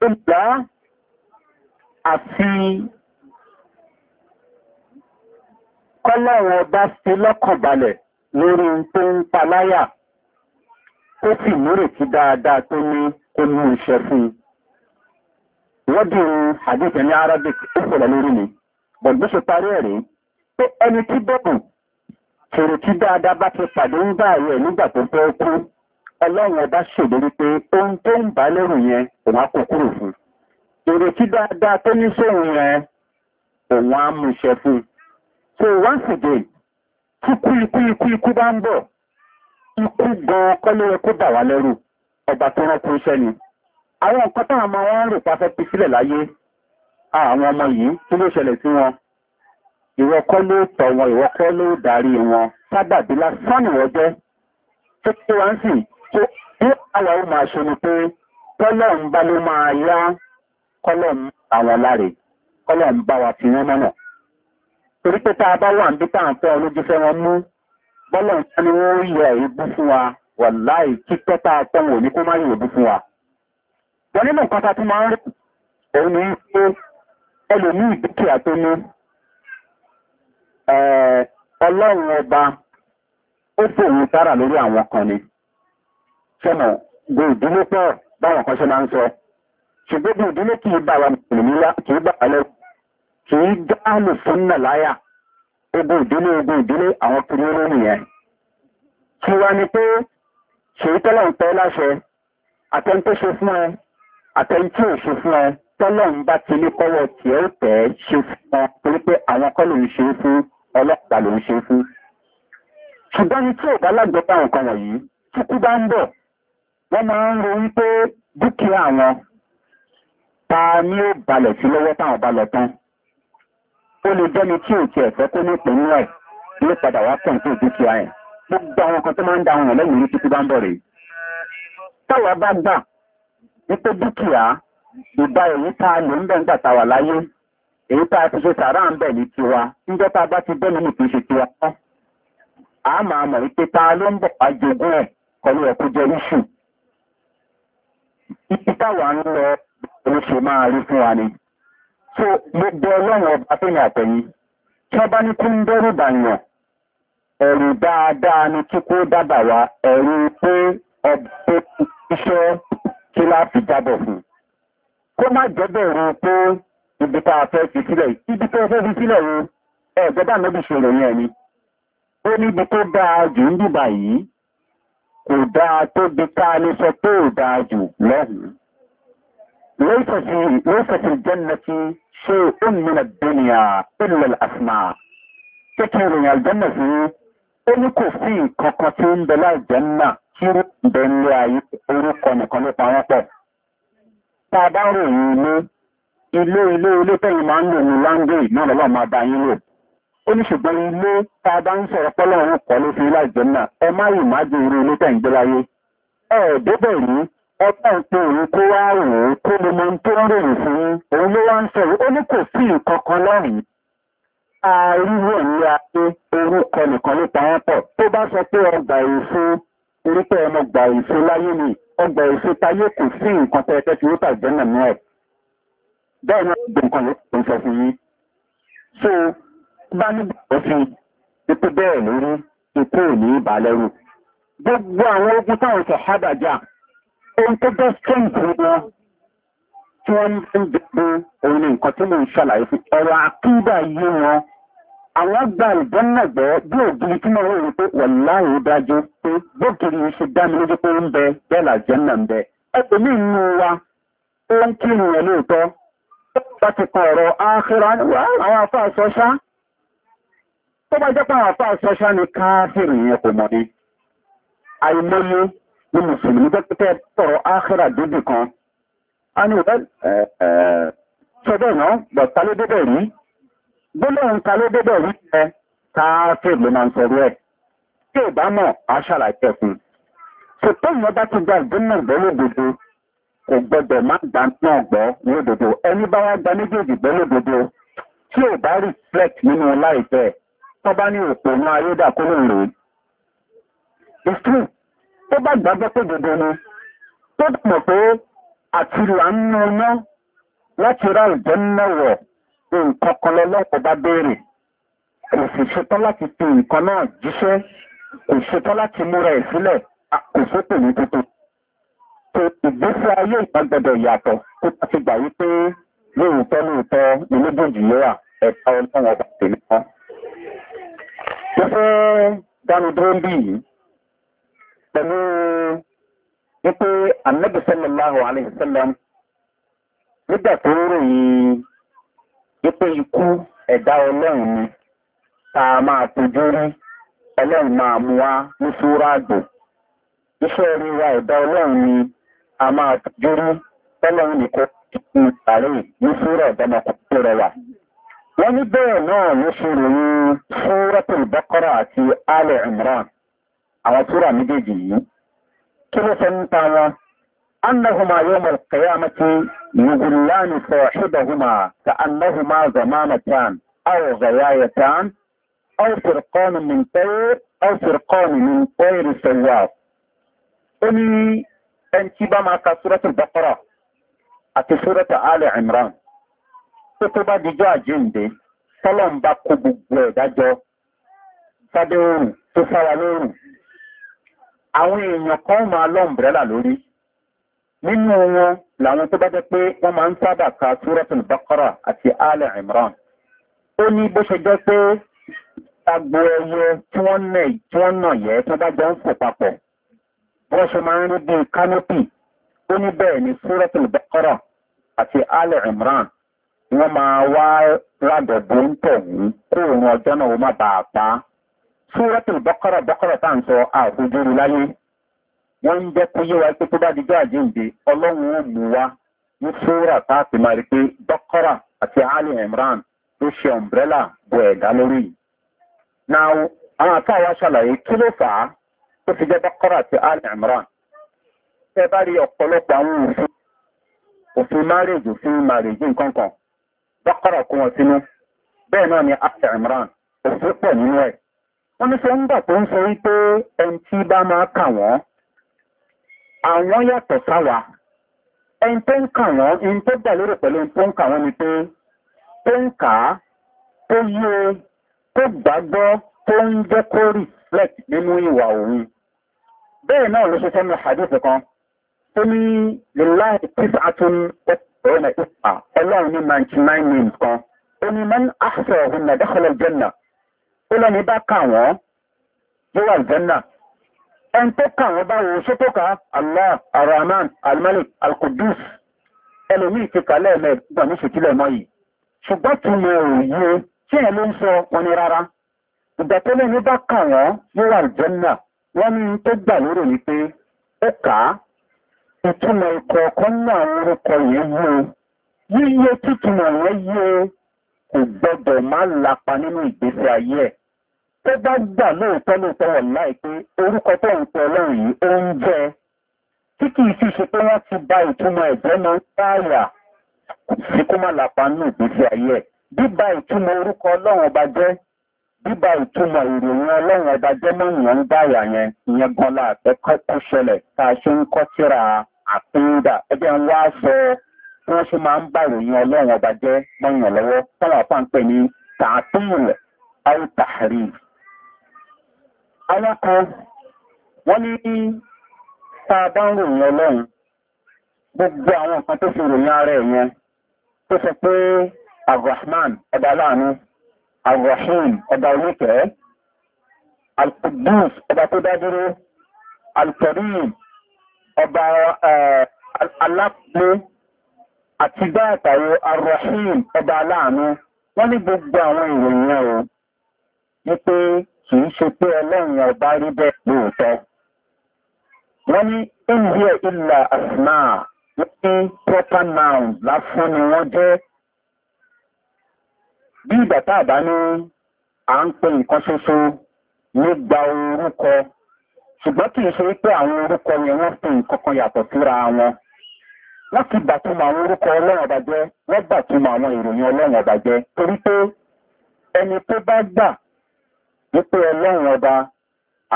ìlà àti kọ́lọ́run ọba fi lọ́kàn balẹ̀ lórí tó ń paláyà ó sì múrètí dáadáa tó ní kó mú iṣẹ́ fún un. wọ́n dùn àdéhùn ní arabic ó sọ̀rọ̀ lórí mi bọ̀dún ṣe parí ẹ̀rí pé ẹni tí bẹ́ẹ̀ fèrè tí dáadáa bá ti pàdé ń bá ààrẹ nígbà tó fẹ́ kú ọlọ́run ọba ṣèlérí pé ohun tó ń bá lẹ́rù yẹn òun á kó kúrò fún un. èrè dáadáa tó ní sóhun yẹn òun á mú iṣẹ́ fún un so once again tí kú ikú ikú ikú bá ń bọ̀ ikú gan-an kọ́ ló yẹ kó bà wá lẹ́rù ọba tó rán fún iṣẹ́ ni àwọn nǹkan táwọn ọmọ wọn ń rò pàfẹ́ fi sílẹ̀ láyé àwọn ọmọ yìí tí ló ṣẹlẹ̀ sí wọn ìwọ kọ́ ló tọ̀ wọn ìwọ ló darí wọn sábàbí lásán ìwọ jẹ́ tó tó wá ń tó bí àwọ̀ ó máa pé kọ́lọ̀ ń bá ló máa yá kọ́lọ̀ ń bá wọn láre kọ́lọ̀ ń bá wa fi wọ́n mọ́nà torí pé tá a bá wà níbi tá à ń fẹ́ olójúfẹ́ wọn mú bọ́lọ̀ nǹkan ni wọ́n yẹ ìbú fún wa wà láì kíkẹ́ tá a tọ́ kó má yẹ ìbú fún wa. wọ́n nínú nǹkan tá a tún máa ń rí òun ní pé ẹlòmíì dúkìá tó ní ọlọ́run ọba ó fòun sára lórí àwọn kan ni sọ́nà gbé ìdílé pọ̀ báwọn kan ṣe máa ń sọ ṣùgbọ́n bí ìdílé kì í bá wa kì í bá wa lẹ́wọ̀ kì í dá àlùfún náà láyà ogun ìdílé ogun ìdílé àwọn kiri olómi yẹn kí wá ni pé ṣèyí tọ́lọ̀ ń pẹ́ láṣẹ àtẹ́ni tó ṣe fún ẹ àtẹ́ni tí ò ṣe fún ẹ tọ́lọ̀ ń bá ti ní kọ́wọ́ tí ẹ ó tẹ̀ ẹ́ ṣe fún ọ torí pé àwọn kọ́ ló ń ṣe fún ọlọ́pàá ló ń ṣe fún. ṣùgbọ́n ní tí ò bá lágbẹ́pẹ́ àwọn kan wọ̀nyí tí kú bá ń bọ̀ wọ́n máa ń ronú pé dúkìá àwọn ta ni ó balẹ̀ sí lọ́wọ́ táwọn bá tán ó lè dẹ́ni tí ò tiẹ̀ fẹ́ kó ní ìpínlẹ̀ ẹ̀ ní padà wá pọ̀ tó dúkìá ẹ̀ gbogbo àwọn kan tó máa ń da àwọn lẹ́yìn orí títí bá ń bọ̀ rèé táwa bá gbà wípé dúkìá ìbá èyí tá a lò ń bẹ̀ ń gbà táwa láyé èyí tá a ti ṣe sàrà ń bẹ̀ ní tiwa níjọ́ tá a bá ti bẹ́ẹ̀ nínú kì í ṣe tiwa kọ́ a máa mọ̀ wípé ta ló ń bọ̀ wá jogún ẹ̀ kọlu ẹ̀ kó jẹ́ iṣu ibi ń lọ ló máa rí fún wa ni so gbogbo ọlọ́run ọba tó ní àtẹ̀yìn tí wọ́n bá ní kó ń bàyàn ẹ̀rù dáadáa ni tí kó dábàá wa ẹ̀rù pé ọbẹ̀ iṣẹ́ tí láti jábọ̀ fún kó má jẹ́bẹ̀ ro pé ibi tá a fẹ́ fi sílẹ̀ ibi tó fẹ́ fi sílẹ̀ o ẹ̀gbọ́dà níbi ìṣòro yẹn ni ó níbi tó dáa jù ń dùbà yìí kò dáa tó bi ká ní sọ pé ò dáa jù lọ́hùn-ún lóṣèṣì jẹ́ nàkí شيء من الدنيا إلا الأسماء kékeré ìròyìn àlùjẹ́nà sí ó ní kò sí nǹkan kan tí ó ń bẹ láàjẹ́nà tí ó ń bẹ nílé ayé orúkọ nìkan ló pa wọ́n pọ̀. tá a bá ròyìn ilé ilé ilé ilé tẹ́yìn máa ń lò ní láńgé náà lọ́wọ́ máa bá yín lò. ó ní ṣùgbọ́n ilé tá a bá ń sọ̀rọ̀ pọ́lọ́ kọ́ ló fi láàjẹ́nà ẹ má yìí má jẹ́ irú ilé tẹ́yìn gbé láyé. ẹ̀ẹ́dẹ́gbẹ̀rún ọgbọ́n pé òun kó wá rò ó kó lè mọ tó ń rèrè fún òun ló wá ń sọ ó ní kò sí ìkankan lọ́rùn ariwo ní ayé orúkọ nìkan ló pa wọn pọ̀ tó bá sọ pé ọgbà èso orípẹ́ ọmọ gbà èso láyé ni ọgbà èso táyé kò sí nǹkan tẹ́ tẹ́ fi rúkà ìjọ́nà ní ẹ̀ bẹ́ẹ̀ ni ọgbà nǹkan ló ń sọ fún yín so bá ní bọ̀ ipò bẹ́ẹ̀ lórí ipò ò ní ìbàlẹ́rù gbogbo àwọn ogun táwọn sọ̀hádà ohun tó jẹ́ strength wọn tí wọ́n ń gbogbo òun ni nǹkan tí mò ń ṣàlàyé fún ọ̀rọ̀ àkídà yé wọn àwọn gba ìdánilẹ́gbẹ́ bí ògiri tí wọ́n rò pé wọ́n láàyè dájú pé gbókiri ṣe dá mi lójú pé ń bẹ bẹ́ẹ̀ làjẹ́ náà ń bẹ ẹgbẹ́ mi nù wa ó ń kírun ẹ̀ lóòótọ́ bá ti kan ọ̀rọ̀ áhẹ́rọ àwọn àwọn àfáà ní mùsùlùmí tó pẹ́ tọ̀rọ̀ áhẹ́rà dédé kan a ní wọ́n sọ bẹ́ẹ̀ náà bọ̀ ta ló débẹ̀ rí gbólóhùn ta ló débẹ̀ rí ẹ káàkiri ló máa ń sọrú ẹ̀ tí ò bá mọ̀ á ṣàlàyé ẹ̀kún tó tóyìn ọba ti gba ìgbóná gbọ́ lódodo kò gbọdọ̀ má gbà náà gbọ́ tó bá gbàgbọ́ pé dòdò ni tó mọ̀ pé àti làánú iná láti rá ìjẹ́ mẹ́wọ̀ nǹkan kan lọ́lọ́pọ̀ bá béèrè kò sì ṣetán láti fi nǹkan náà jíṣẹ́ kò ṣetán láti múra ẹ̀ sílẹ̀ kò sókè ní tuntun tó ìgbésí ayé ìgbàgbọ́dọ̀ yàtọ̀ tó bá ti gbà wípé lóòótọ́ lóòótọ́ ni méjèèjì ló wà ẹ̀ka ọlọ́run ọba tèmi kan. mo fẹ́ dánu dúró ń bí yìí pẹ̀lú wípé anabi sallallahu alayhi wa sallam nígbà tó ròyìn wípé ikú ẹ̀dá ọlọ́run ni tá a máa tojú rí ọlọ́run máa mú wá ní súra àgbò iṣẹ́ ríra ẹ̀dá ọlọ́run ni a máa tojú rí tọ́lọ́run nìkan ikú tààrí ní súra ọ̀dọ́mọkùnrin rẹwà wọ́n ní bẹ́ẹ̀ náà ló ṣe ròyìn súra tó bọ́kọ́rọ̀ àti alẹ́ imran àwọn túrà méjèèjì yìí kí ló sọ nípa wọn annahuma yóò mọ̀ kẹyàmọ́tí yugulani sọ̀ṣídọ̀húmà ka annahuma zamanatan aw zayayatan aw firqanu min tayr aw firqanu min tayr sayyaf ó ní ẹni tí bá máa ka súrẹ́tù bọ́kọ́rọ̀ àti súrẹ́tù alẹ́ imran tó tó bá dijọ́ àjíǹde tọ́lọ̀ ń bá kó gbogbo ẹ̀dájọ́ sáde oòrùn tó sára lóòrùn àwọn èèyàn kan máa lọ ǹbẹ̀rẹ́là lórí nínú wọn làwọn tó bá jẹ́ pé wọ́n máa ń sábà ka túrọ́tùn bọ́kọ́rà àti alẹ́ imran ó ní bó ṣe jẹ́ pé agbo ẹyẹ tí wọ́n nà tí wọ́n nà yẹ tí wọ́n bá jọ ń fò papọ̀ wọ́n ṣe máa ń rí bíi kánópì ó ní bẹ́ẹ̀ ni túrọ́tùn bọ́kọ́rà àti alẹ́ imran wọ́n máa wá rádọ̀dọ̀ ń tọ̀ yìí kó òun ọjọ́ náà wọ́n má bàa pa á súrọ́tùn bọ́kọ́rọ̀ bọ́kọ́rọ̀ tá ń sọ àfojúrí láyé wọ́n ń jẹ́ kó yé wa pé tó bá dijọ́ àjíǹde ọlọ́run ó mú wa ní súrà tá a ti máa rí pé bọ́kọ́rà àti ali imran ló ṣe ọ̀mbrẹ́là bo ẹ̀dá lórí yìí. náà àwọn àtàwọn wa ṣàlàyé kí ló fà á tó fi jẹ́ bọ́kọ́rà àti ali imran. tẹ bá rí ọ̀pọ̀lọpọ̀ àwọn òfin òfin márèjì òfin márèjì nǹkan kan bọ́kọ́rà kó wọn wọ́n ní sẹ́ńdà tó ń sọ wípé ẹni tí bá máa kà wọ́n àwọn yàtọ̀ sáwà ẹni tó ń kà wọ́n ẹni tó gbà lérò pẹ̀lú ẹni tó ń kà wọ́n ni pé tó ń kà á tó yé e, tó gbàgbọ́ tó ń jẹ́ kó reflect nínú ìwà òun bẹ́ẹ̀ náà ló ṣe sẹ́nu hadith kan tó ní lèláì tíṣà tún ó lẹ́ni bá kà wọ́n ló wà jẹ́nà ẹni tó kà wọ́n báwo ṣé tó kà allah arahman almalik alkudus ẹlòmíì ti kà lẹ́ẹ̀mẹ́ gbà ní ṣètìlẹ̀ mọ́ yìí ṣùgbọ́n tí mo rò yé tí ẹ̀ ló ń sọ wọn ni rárá ìgbà tó lẹ́ni bá kà wọ́n ló wà wọ́n ní tó gbà lérò ni pé ó kà á ìtumọ̀ ìkọ̀ọ̀kan náà orúkọ yìí yé yíyé títúmọ̀ wọ́n yé kò gbọ́dọ̀ má lapa nínú ìgbésí ayé ẹ̀ tó bá gbà lóòótọ́ lóòótọ́ wọ̀ láì pé orúkọ tó ń pẹ ọlọ́run yìí ó ń jẹ tí kìí sì ṣe pé wọ́n ti ba ìtumọ̀ ẹ̀jẹ̀ mọ́ táyà sí kó má lapa nínú ìgbésí ayé ẹ̀ bíba ìtumọ̀ orúkọ ọlọ́run ọba jẹ́ bíba ìtumọ̀ ìròyìn ọlọ́run ọba jẹ́ mọ́yìn ń dáyà yẹn ìyẹn gan la àfẹ́ kó ṣẹlẹ̀ tá a ṣe ń kọ́ síra àpéǹdà ẹgbẹ́ ń wá sọ bí wọ́n ṣe máa ń bá ìròyìn ọlọ́run ọba jẹ́ mọ́yàn lọ́wọ́ táwọn àpá ń pè ní tààtúmùlẹ̀ àìtàrí. àwọn kan wọ́n ní tá a bá ń ròyìn ọlọ́run gbogbo àwọn nǹkan tó fi ròyìn ara ẹ̀ yẹn tó sọ pé abrahman ọba láàánú abrahim ọba oníkẹ́ alkudus ọba tó dádúró alkarim ọba eh, alápẹ́ àti bá àtàwọ arrahim ọba aláàánú wọ́n ní gbogbo àwọn ìròyìn ẹ̀ o wípé kì í ṣe pé ọlọ́run ọba rí bẹ́ẹ̀ lóòótọ́ wọ́n ní india ilà asma wọ́n ní proper noun lásán ni wọ́n jẹ́ bí ìgbà àbá ní à ń pe nǹkan ṣoṣo ló gba orúkọ ṣùgbọ́n kì í ṣe pé àwọn orúkọ yẹn wọ́n fi nǹkan kan yàtọ̀ síra wọn. láti bàtúmọ̀ àwọn orúkọ ọlọ́run ọba jẹ́ wọ́n bàtúmọ̀ àwọn ìròyìn ọlọ́run ọba jẹ́ torí pé ẹni tó bá gbà wípé ọlọ́run ọba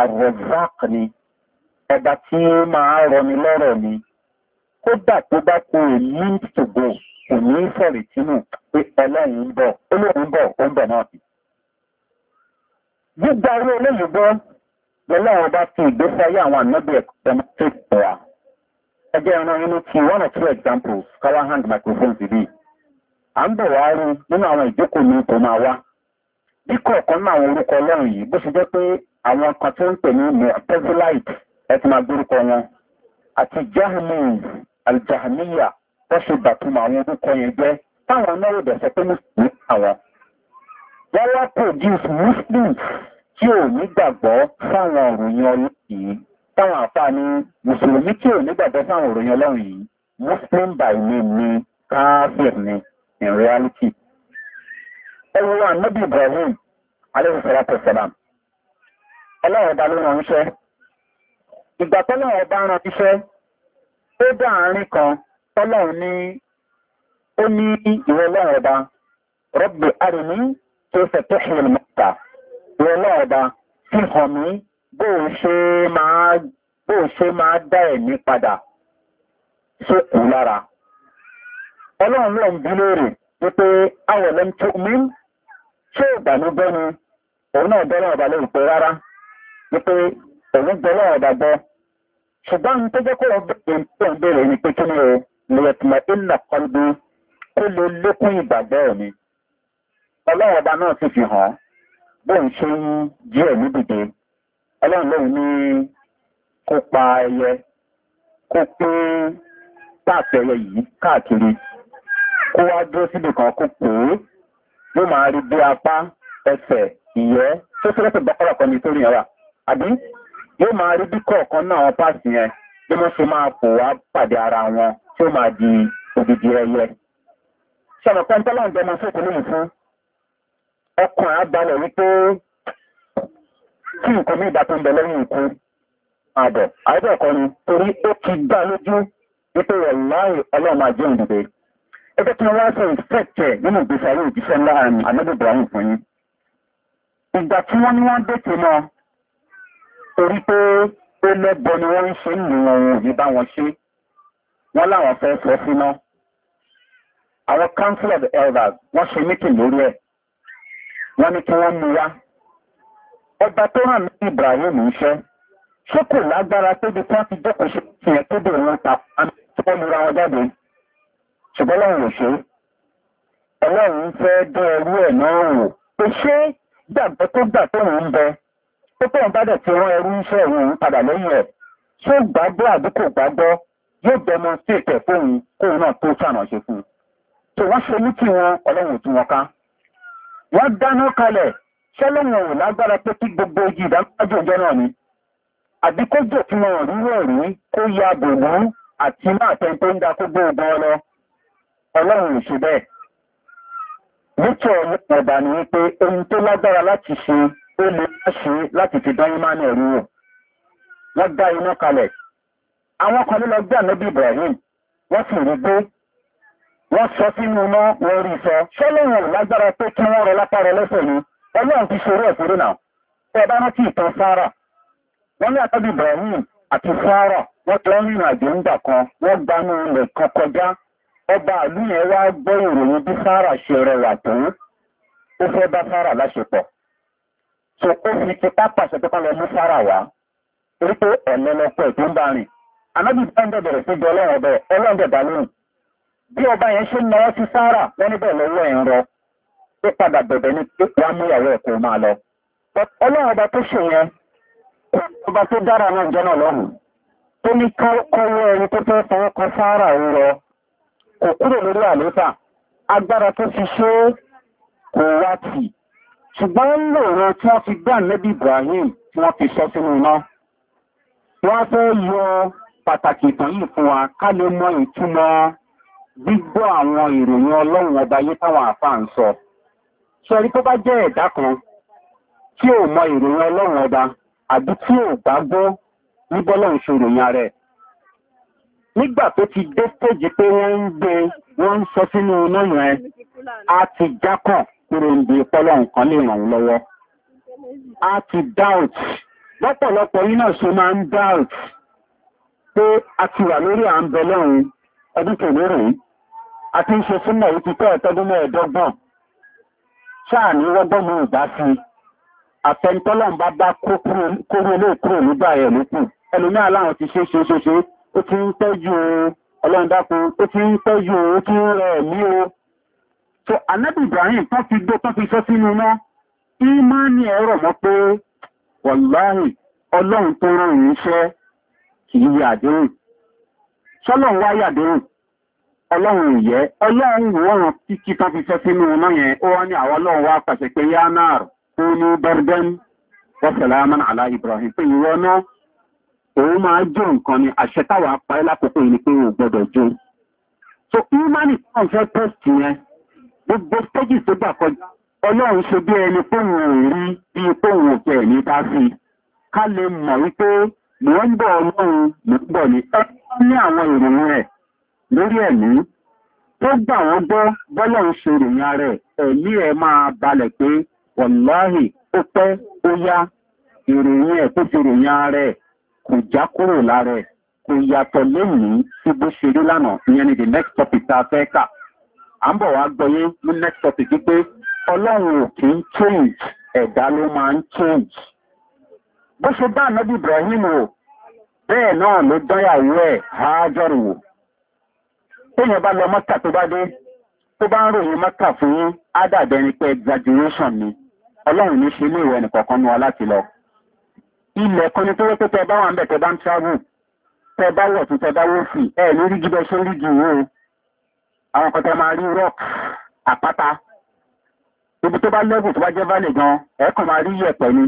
àrẹ̀zák ni ọba tí ó máa rọni lọ́rọ̀ ni kódà tó bá kó o need to go kò ní í sọ̀rì pé ọlọ́run ń bọ̀ olóòrùn bọ̀ ó ń bọ̀ náà sí. gbígba orí olóyìnbó lọ́lọ́run ọba fi ìgbésí ayé àwọn ànábì ẹ̀kọ́ tẹ̀mọ́tò ìpọ̀ ẹgbẹ́ a inú ti one or two examples color hand microphone sí A à ń bọ̀ nínú àwọn ìjókòó ní ipò máa wá bí kọ̀ọ̀kan àwọn orúkọ ọlọ́run yìí bó jẹ́ pé àwọn kan tó ní mọ̀tẹ́síláìtì ẹ ti wọn àti jahmiz aljahmiya wọ́n muslims táwọn àfà ní mùsùlùmí tí ò nígbàgbọ́ sáwọn òròyìn ọlọ́run yìí muslim by name ni káfíìn ni in reality ẹwọ wa nabi ibrahim aleyhisselam ọlọ́run ọba ló ràn iṣẹ́ ìgbà tọ́lọ́run ọba ràn iṣẹ́ ó dá àárín kan tọ́lọ́run ní ó ní ìwọ ọlọ́run ọba rọ́bì arìnrìn tó fẹ́ tó ṣe lè mọ́ta ìwọ ọlọ́run ọba fi hàn mí bó ṣe máa dá ẹ̀mí padà sókù lára ọlọ́run lọ́n bí lóòrè wípé awọ̀lẹ́ tó mí ṣé ìgbàlóbẹ́ni òun náà bẹ́rẹ̀ ọ̀bà lóòrè pé rárá wípé òun bẹ́rẹ̀ ọ̀bà gbọ́ ṣùgbọ́n ní tó jẹ́ kó ń bèèrè ni pé kí ni o lèyẹ̀tìmọ̀ ìlà kọlu kó lè lékún ìgbàgbọ́ mi ọlọ́run ọba náà ti fi hàn bóun ṣe ń jí ẹ̀mí ọlọ́run lóun ní kó pa ẹyẹ kó pín páàpì ẹyẹ yìí káàkiri kó wá dúró síbì kan kó pè é ló máa rí bí apá ẹsẹ̀ ìyẹ́ tó sọ́dọ̀tì bọ́kọ́lọ̀ kan ní torí yẹn wà àbí yóò máa rí bí kọ̀ọ̀kan náà wọn páàsì yẹn bí wọ́n ṣe máa pò wá pàdé ara wọn tí ó máa di òdìdí ẹyẹ ṣàmùpẹ́ńtọ́lọ́ǹdẹ́mọ fún ìpínlẹ̀ fún ọkùnrin àbálẹ̀ wípé tí nǹkan ní ìbátan bẹ̀ lẹ́yìn ikú àbọ̀ àìbẹ̀kọ́ ni torí ó ti gbà lójú wípé ọ̀láì ọlọ́run ajé òǹdìdè ẹgbẹ́ tí wọ́n wá sọ ìfẹ́ẹ̀tẹ̀ nínú ìgbésí ayé òjíṣẹ́ ńlá ànábì ibrahim fún yín ìgbà tí wọ́n ní wọ́n dètè mọ́ torí pé ó lẹ́bọ ni wọ́n ń ṣe ń lùwọ̀n òun ní bá wọn ṣe wọ́n láwọn fẹ́ fẹ́ síná àwọn council of elders wọ́n ṣe mítìn lórí ẹ̀ wọ́n ní kí wọ́n mú wá ọba tó hàn ní ibrahim iṣẹ́ ṣé kò lágbára tóbi tí wọ́n ti jókòó ṣe fún yẹn tóbi òun ta tí wọ́n lura wọn jáde ṣùgbọ́n lọ́run ò ṣe ọlọ́run fẹ́ dán ẹrú ẹ̀ náà wò pé ṣé gbàgbọ́ tó gbà tóun ń bẹ tó tóun bá dẹ̀ ti rán ẹrú iṣẹ́ òun padà lẹ́yìn ẹ̀ ṣé gbàgbọ́ àbí kò gbàgbọ́ yóò demonstrate ẹ̀ fóun kóun náà tó ṣàránṣe fún un tó wọ́n ṣe ní kí wọn ọlọ́run ò tún wọn ká wọ́n dáná kalẹ̀ ṣẹ́lẹ̀wọ̀n ò lágbára pé kí gbogbo igi ìdágbájọ́ ọjọ́ náà ni àbí kó jò fún wọn rí wọ̀n rí kó ya bòbú àti máa tẹ́ tó ń da kó gbé ogun ọlọ ọlọ́run ò bẹ́ẹ̀ nítorí ọ̀dà ni wípé ohun tó lágbára láti ṣe ó lè má ṣe láti fi dán imáni ẹ̀rú wò wọ́n dá iná kalẹ̀ àwọn kan lọ gbé ànábì ibrahim wọ́n sì rí gbé wọ́n sọ sínú iná wọ́n rí sọ ṣọ́lọ́run lágbára pé kí wọ́n rọ lápá ọlọ́run ti ṣe orí ẹ̀kúrú náà tẹ́ bá rántí ìtàn sára wọ́n ní àtọ́bí Ibrahim àti sára wọ́n tó ń kan wọ́n gbanú ilẹ̀ kan kọjá ọba àlú yẹn wá gbọ́ ìròyìn bí sára ṣe rẹwà tó ó fẹ́ bá fi pípa lọ mú wá torí pé tó ń bá bá ń bẹ̀rẹ̀ sí jọ ọlọ́run ọbẹ̀ ọlọ́run bẹ̀ lóhùn bí ọba yẹn ṣe náwó sí pé padà bẹ̀bẹ̀ ni pé wàá mú ìyàwó lọ. ọlọ́run ọba tó ṣe ọba tó dára náà jẹ́ náà lọ́rùn tó ní kọ́wọ́ ẹni tó fẹ́ fọwọ́ kan sáárà ń lọ kò kúrò lórí àlééfà agbára tó fi ṣe é kò wá tì ṣùgbọ́n ń tí wọ́n fi gbà nẹ́bí ibrahim tí wọ́n fi sọ sínú iná wọ́n fẹ́ yọ pàtàkì ìtàn yìí fún ṣẹ́rí tó bá jẹ́ ẹ̀dá kan tí ò mọ ìròyìn ọlọ́run ọba àbí tí ò gbàgbọ́ níbọ́lọ̀ ń ṣe ìròyìn ààrẹ nígbà tó ti dé stéjì pé wọ́n ń gbé wọ́n ń sọ sínú iná yẹn a ti jákàn kúrò ń di pọ́lọ̀ nǹkan lè ràn lọ́wọ́ a ti doubt lọ́pọ̀lọpọ̀ yín náà ṣe máa ń doubt pé a ti wà lórí à ń bẹ lọ́run ọdún kẹlẹ́rìn àti ń ṣe súnmọ̀ yìí ti sáà ní rọ́gbọ́n mú ìgbà sí i àtẹnitọ́lọ́n bá bá kóró ilé kúrò nígbà rẹ̀ lókù ẹlòmíà láwọn ti ṣe ṣe ó ti ń tẹ́jú ọlọ́ndàkú ó ti ń tẹ́jú ó ti ń rẹ̀ mí o so anabi ibrahim tó fi gbé tó fi sọ sínú náà ìmánì ẹ̀rọ mọ́ pé wàláhì ọlọ́run tó rán ìrìnṣẹ́ ọlọ́run yẹ́ ọlọ́run wọ́n kíkí tán fi fẹ́ sínú ọmọ yẹn ó wá ní àwọn ọlọ́run wá pàṣẹ pé yá náà ó ní bẹ́rẹ̀dẹ́n wọ́sẹ̀láàmán àlá ibrahim pé ìwọ náà òun máa jó nǹkan ni àṣẹ táwà parí lákòókò yìí ni pé òun gbọ́dọ̀ jó so imani kan fẹ́ test yẹn gbogbo stages tó gbà kọjá ọlọ́run ṣe bí ẹni pé òun ò rí bí pé òun ò tẹ̀ ní bá sí ká lè mọ̀ wípé mò ń bọ̀ ọlọ́run mò ń bọ̀ ní ẹ ní àwọn ìròyìn rẹ̀ lórí ẹ̀mí tó gbà wọ́n gbọ́ bọ́lọ̀ ń ṣe ròyìn ara ẹ̀mí ẹ̀ máa balẹ̀ pé wọ̀láhì ó pẹ́ ó yá ìròyìn ẹ̀ tó fi ròyìn ara kò já kúrò lára ẹ̀ kò yàtọ̀ lónìí tí bó ṣe rí lánàá ìyẹn ni the next topic tá a fẹ́ kà à ń bọ̀ wá gbọ́yé ní next topic pé ọlọ́run ò kì í change ẹ̀dá ló máa ń change bó ṣe bá ànábì ibrahim wò bẹ́ẹ̀ náà ló dán ẹ̀ hájọ́rù téèyàn bá lọ mọ́tà tó bá dé tó bá ń ròyìn mọ́tà fún yín ni pé exaggeration ni ọlọ́run ní ṣe ilé ìwẹ̀ nìkọ̀ọ̀kan nu wa láti lọ. ilẹ̀ kan ni tó wọ́n pé tẹ bá wà ń bẹ̀ tẹ bá ń travel tẹ bá wọ̀ tún tẹ bá wọ́ fì ẹ ní rí jíbẹ ṣe ń rí jù wọ́n àwọn kan tẹ máa rí rock àpáta ibi tó bá lẹ́bù tó bá jẹ́ válè gan ẹ kàn máa rí yẹ̀pẹ̀ ni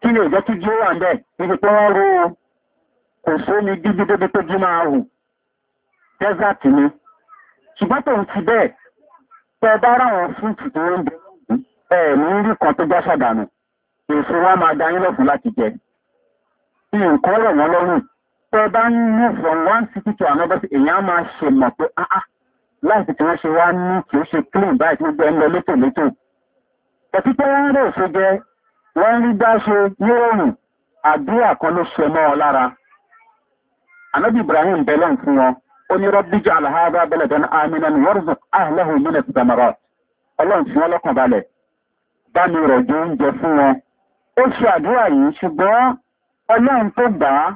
kí ni ìjọ́ kí jí ó wà ń bẹ̀ níbi pé wọ́n ro kò sómi dídí débi tó jí máa hù desert ni ṣùgbọ́n tó ń ti bẹ́ẹ̀ tẹ bá ráwọn fúrúùtù tó ń bẹ ẹ ní rí kan tó já ṣàdánù èso wa máa da yín lọ́fun láti jẹ nǹkan rọ̀ wọ́n lọ́rùn tẹ bá ń mú from one city to another èèyàn á máa ṣe mọ̀ pé áá ah, ah, láìsí tí wọ́n ṣe wá ní kí ó ṣe clean báyìí tí gbogbo ẹ̀ ń lọ létò létò ẹ̀tí pé wọ́n rẹ̀ ṣe jẹ wọ́n rí dáṣe nírọ̀rùn àdúrà kan ló ṣe mọ́ ọ lára ànábì ibrahim bẹ́lẹ̀ fún wọn onírọ́bí jà àlàáhà bẹ́lẹ̀dẹ́n aminan wọ́rùsùn àhìlẹ́hùn mílẹ̀ damarat ọlọ́run tí wọ́n lọ́kàn balẹ̀ bá mi rọ̀ jẹ oúnjẹ fún wọn ó ṣe àdúrà yìí ṣùgbọ́n ọlọ́run tó gbà á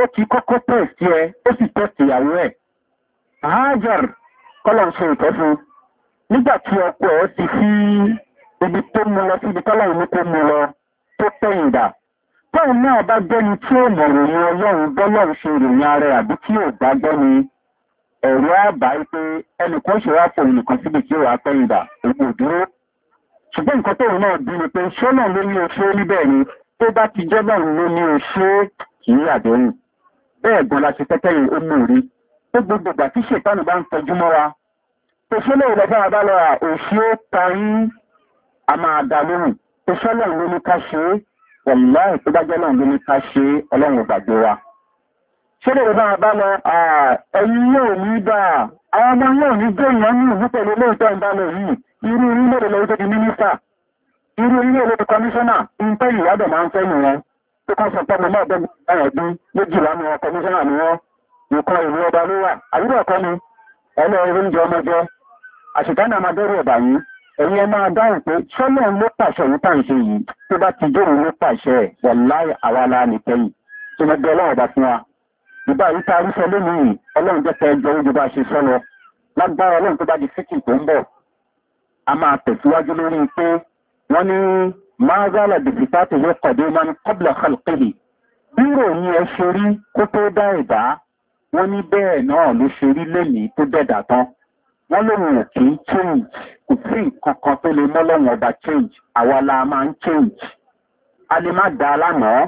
ó ti kọ́kọ́ tẹ̀sí ẹ ó sì tẹ̀sí ìyàwó ẹ̀ hajar kọ́lọ̀ ń ṣe ìtọ́ fún nígbà tí ọkọ ẹ̀ ti fi ibi tó mu lọ síbi tọ́lọ́run ní kó mu lọ tó tẹ̀yìn dà tóun náà bá gbẹ́ni tí ó mọ̀ ròyìn ọlọ́run bọ́lọ́run ṣe ròyìn ara ẹ̀ àbí tí ò bá gbẹ́ni ẹ̀rọ àbá pé ẹnìkan ṣe wá fòun nìkan síbi tí ó wà pẹ́yìndà òun ò dúró ṣùgbọ́n nǹkan tóun náà bí ni pé ṣọ́nà ló ní oṣó níbẹ̀ ni tó bá ti jẹ́ náà ló ní oṣó kì í àdéhùn bẹ́ẹ̀ gan la ṣe tẹ́tẹ́yìn ó mú rí tó gbogbo ìgbà tí ṣètọ́nù bá ń tọjú mọ́ wa oṣó lè lọ fún abá lọ́ra oṣó parí a máa dá lóhùn oṣó náà ló ní ká ṣe é wọ̀lá ìpínlẹ̀ náà ló ní ká ṣe ọlọ́run ò wa ṣẹ́lẹ̀ ìbá àbámọ́ ẹ̀yìn yóò ní bá àwọn ọmọ yóò ní gbé ìyàn ní ìlú pẹ̀lú olóòtọ́ ìbálẹ̀ yìí irú orílẹ̀-èdè lọ́wọ́ tó di mínísà irú orílẹ̀-èdè kọmíṣánná ìpẹ́ ìwádọ̀ máa ń fẹ́ nù wọn tó kọ́ sọ pé mo náà bẹ́ẹ̀ báyọ̀ bí méjìlá ni wọn kọmíṣánná ni wọn nǹkan ìlú ọba ló wà àbúrò ọkọ ni ẹlẹ́ oúnjẹ ọmọ jẹ àṣìkánná máa dẹ́rù ọ̀bà yìí ẹ̀yin ẹ máa dáhùn pé sọ́lọ́ ló pàṣẹ yìí táǹṣe yìí tó bá ti jóòrò ló pàṣẹ wọ̀láì àwa la tó mọ bẹ́ẹ̀ bá fún wa ìbá yìí tá a rí sọ lónìí ọlọ́run jẹ́ pé ẹjọ́ oúnjẹ bá ṣe sọ lágbára ọlọ́run tó bá di síkì tó ń bọ̀ a máa tẹ̀síwájú lórí pé wọ́n ní mazala dìbìtà tó yẹ kọ̀dé máa ń kọ́bìlà kọlùkìlì bí ròyìn ẹ ṣe rí kó tó dá ìdá wọ́n ní bẹ́ẹ̀ náà ló ṣe rí lénìí tó dẹ̀dà tán wọ́n lóun ò kì í change kò sí nǹkan kan tó lè mọ́lọ́run ọba change àwa la máa ń change a lè má dá a lánàá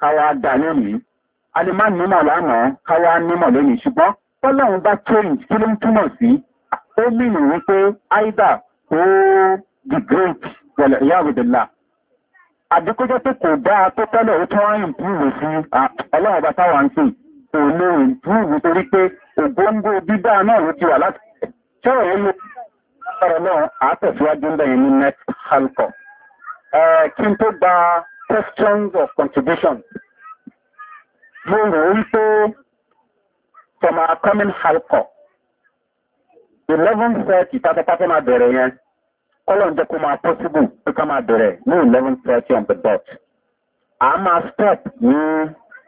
káwa dá lónìí a lè má nímọ̀ lánàá káwá nímọ̀ lónìí ṣùgbọ́n tọ́lọ́run bá change kí ló ń túmọ̀ sí ó mìíràn wípé either ó degrade wẹ̀lẹ̀ ìyá àwòdìlà àdékójọ́ pé kò dáa tó tẹ́lẹ̀ ó tún wá improve sí ọlọ́run bá táwa ń sìn kò lè improve torí pé ògbóngbó bíbá náà ló ti wà láti ṣọ́rọ̀ yẹn ló sọ̀rọ̀ náà àátẹ̀síwájú ń bẹ̀yìn ní next halcon. kí n tó gba questions of contribution mo rò wípé tọmọ akọ́mìn halkọ̀ eleven thirty pátápátá máa bẹ̀rẹ̀ yẹn kọ́lọ̀ ń jẹ́ kó máa possible pé ká máa bẹ̀rẹ̀ ní eleven thirty on the dot a máa step ní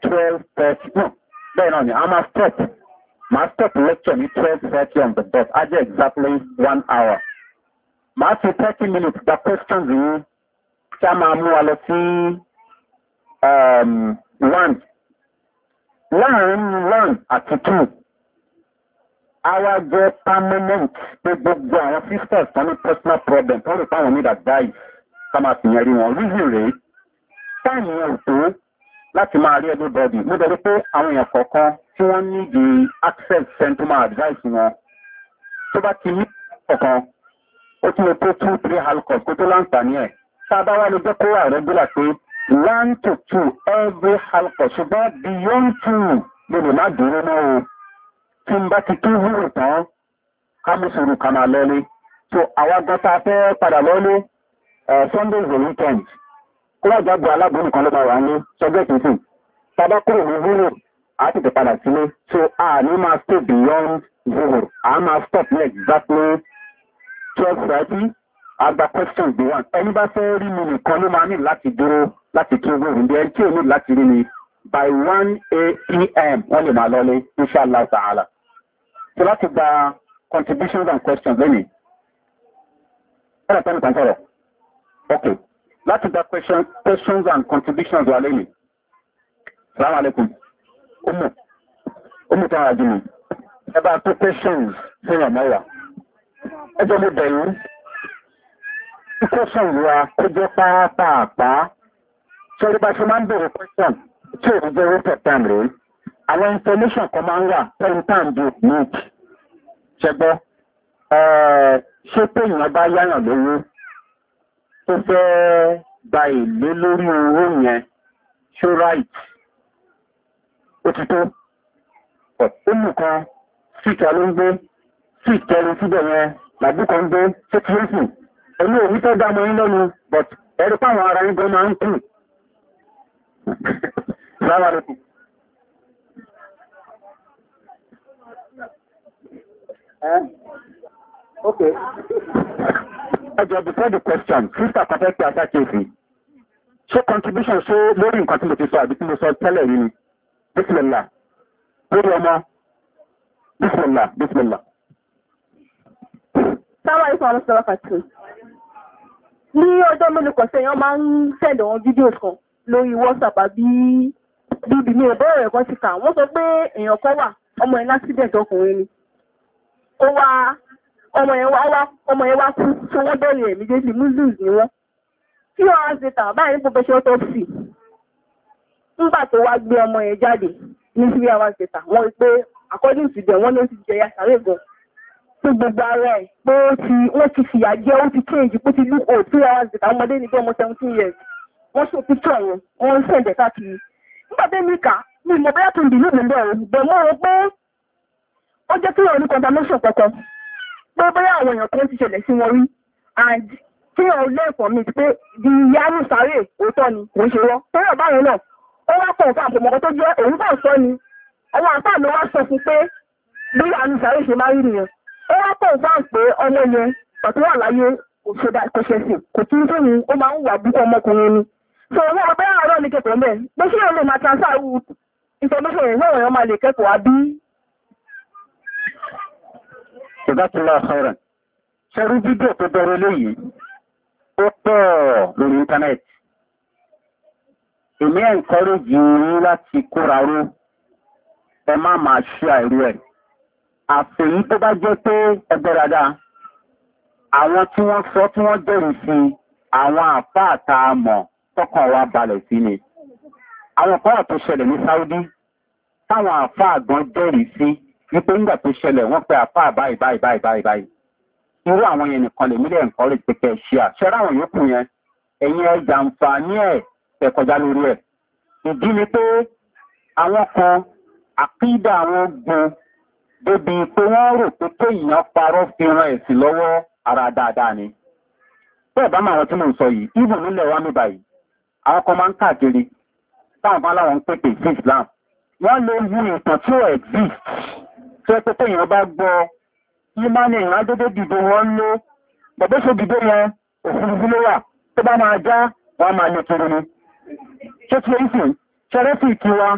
twelve thirty no bẹ́ẹ̀ náà ni a máa step máa step lecture ní twelve thirty on the dot á jẹ́ exactly one hour máa fi thirty minutes gba questions yìí kí a máa mú wa lọ sí um, one láàrin one àti two àwa jẹ permanent pé gbogbo àwọn sisters tó ní personal problem tó lè fáwọn ní dàgbáyì ká máa fìyàn rí wọn reason rèé táìmù yẹn ò tó láti máa rí everybody mo dẹ̀rọ pé àwọn èèyàn kọ̀ọ̀kan tí wọ́n ní di access central advice wọn tó bá ti ní ọ̀kan ó tún lè tó two three alcohol kó tó láǹfààní ẹ̀ tá a bá wá lè jẹ́ kó pé one to two every halqa ṣùgbọ́n beyond two ló lè má dúró náà o tí n bá ti tó húrò tán ká mú lọ́lé so àwọn agbọ́ta fẹ́ padà lọ́lé eh, sunday is the weekend kó wá jágbe aláàbò nìkan ló máa wà ní subject meeting tábà kúrò ní húrò á ti tẹ̀ padà sílé so a ní máa stay beyond húrò a máa stop ní exactly twelve thirty agba question gbé wà ẹni bá fẹ́ rí mi nìkan ló máa ní láti dúró láti kí wọ́n rí ẹni tí ò ní láti rí ni by one apm wọ́n lè máa lọlé inshallah ta'ala. so láti gba contributions and questions lónìí. ọ̀rọ̀ tẹ́lẹ̀ kan sọ̀rọ̀ ok láti gba question, questions and contributions wà lónìí. salaam alaikum umu umu tó ara jùlọ ẹ bá tó questions fún ọmọ wa ẹ jẹ́ mo bẹ̀rù questions wa kó jẹ́ pàápàá sọ́rí bá ṣe máa ń bèrè question tí ò ní jẹ́ waste of time rèé àwọn information kan máa ń wà ten time di meet ṣẹgbọ́ ṣé eh, téèyàn bá yáyàn lówó tó fẹ́ gba èlé lórí owó yẹn ṣó right ó ti tó ọ̀pọ̀lù kan síkà ló ń gbé síkẹrin síbẹ̀ yẹn làbí kan gbé ṣé kí ó sì ẹni òwú tó dá mọ́ yín lọ́nu but ẹ̀rí pàwọn ara yín gan máa ń kù Assalamu alaikum. Eh? Okay. Ẹjọ́ before the question, Krista Kọ́fẹ́kì Asákèsì, ṣé contribution ṣó lórí nǹkan tí mo ti sọ àbí tí mo sọ tẹ́lẹ̀ yìí ni? Bísílẹ̀lá. Lórí ọmọ. Bísílẹ̀lá. Bísílẹ̀lá. Sáwọn àìsàn ọlọ́sọ̀rọ̀ fàtí. Ní ọjọ́ mélòó kan sẹ́yìn, wọ́n máa ń tẹ̀lé wọn fídíò kan lórí whatsapp àbí bíbí mi ò bọ́ọ̀rọ̀ ẹ̀kọ́ ti kà wọ́n sọ pé èèyàn kan wà ọmọ yẹn lásìdẹ̀ǹt ọkùnrin ni ó wá ọmọ yẹn wá wá ọmọ yẹn wá kú tí wọ́n bẹ̀rẹ̀ ẹ̀mí déjì muslims ni wọ́n tí wọ́n á ṣe tàn báyìí ní professional autopsy nígbà tó wá gbé ọmọ yẹn jáde ní three hours later wọ́n rí pé according to them wọ́n ló ti jẹyà sàrẹ́ gan pé gbogbo ara ẹ̀ pé ó ti wọ́n ti fìyà jẹ ó ti change ó ti look old three hours later ọmọdé ní bí ọmọ seventeen years wọ́n ṣe píkọ̀ yẹn wọ́n ń sẹ̀ǹdẹ̀ káàkiri nígbà tí mi kà mi mọ̀ bóyá kí n bìlú mi bẹ̀rù bẹ̀ mọ́ ro pé ó jẹ́ kí wọ́n ní condamnation kankan pé bóyá àwọn èèyàn kan ti ṣẹlẹ̀ sí wọn rí and kí wọ́n lé ẹ̀kọ́ mi pé di yanu sáré òótọ́ ni kò ń ṣe wọ́n torí ọ̀bá yẹn náà ó wá pọ̀ nǹkan àpòmọ̀kọ́ tó jẹ́ òun bá sọ ni ọmọ àpá ló wá sọ fún pé bí yanu sáré ṣe máa rí nìyẹn ó wá pọ̀ nǹkan pé ọmọ yẹn pàtó wà láyé kò ṣe kò tún tóyún ó máa ń wà búkọ́ ọmọkùnrin ni so wọ́n pẹ́ àárọ̀ ní kẹ́kọ̀ọ́ mẹ́ pé ṣé o lè máa transfer information yẹn náà èèyàn máa lè kẹ́kọ̀ọ́ àbí. ìdákùnlá ọ̀sán ṣẹ́rí fídíò tó bẹ̀rẹ̀ léyìí ó pọ̀ lórí íńtánẹ́ẹ̀tì èmi ẹ̀ǹkọ́rẹ́jì yín láti kóra ró ẹ má máa ṣe àìrú ẹ̀ àfẹ̀yí tó bá jẹ́ pé ẹgbẹ́ dáadáa àwọn tí wọ́n sọ tí wọ́n jẹ́rìí sí àwọn àfáà tá a mọ̀ tọ́kọ̀ wa balẹ̀ sí ni àwọn kọrọ tó ṣẹlẹ̀ ní saudi táwọn àfáà gan jẹ́rìí sí wípé ńgbà tó ṣẹlẹ̀ wọ́n pe àfáà báyìí báyìí báyìí báyìí báyìí irú àwọn yẹn nìkan lè mílẹ̀ nǹkan rè pé ṣe à ṣẹ́rá àwọn yòókù yẹn ẹ̀yin ẹ̀ ẹ̀ kọjá lórí ẹ̀ ìdí ni pé àwọn kan àwọn gun débi pé wọ́n rò pé kéèyàn parọ́ fi ran ẹ̀sìn lọ́wọ́ ara dáadáa ni bẹ́ẹ̀ bá máa tí yìí nílẹ̀ mi báyìí àwọn kan máa ń káàkiri táwọn bá láwọn ń pèpè sí islam wọ́n lè wu ìtàn tí ó exist tó ẹ pé téèyàn bá gbọ́ ìmánì èèyàn dédé dìbò wọn ló bàbá ṣe dìbò wọn òfurufú ló wà tó bá máa já wọn máa lè kiri ni ṣé tí èyí sì ṣẹrẹ́sì kí wa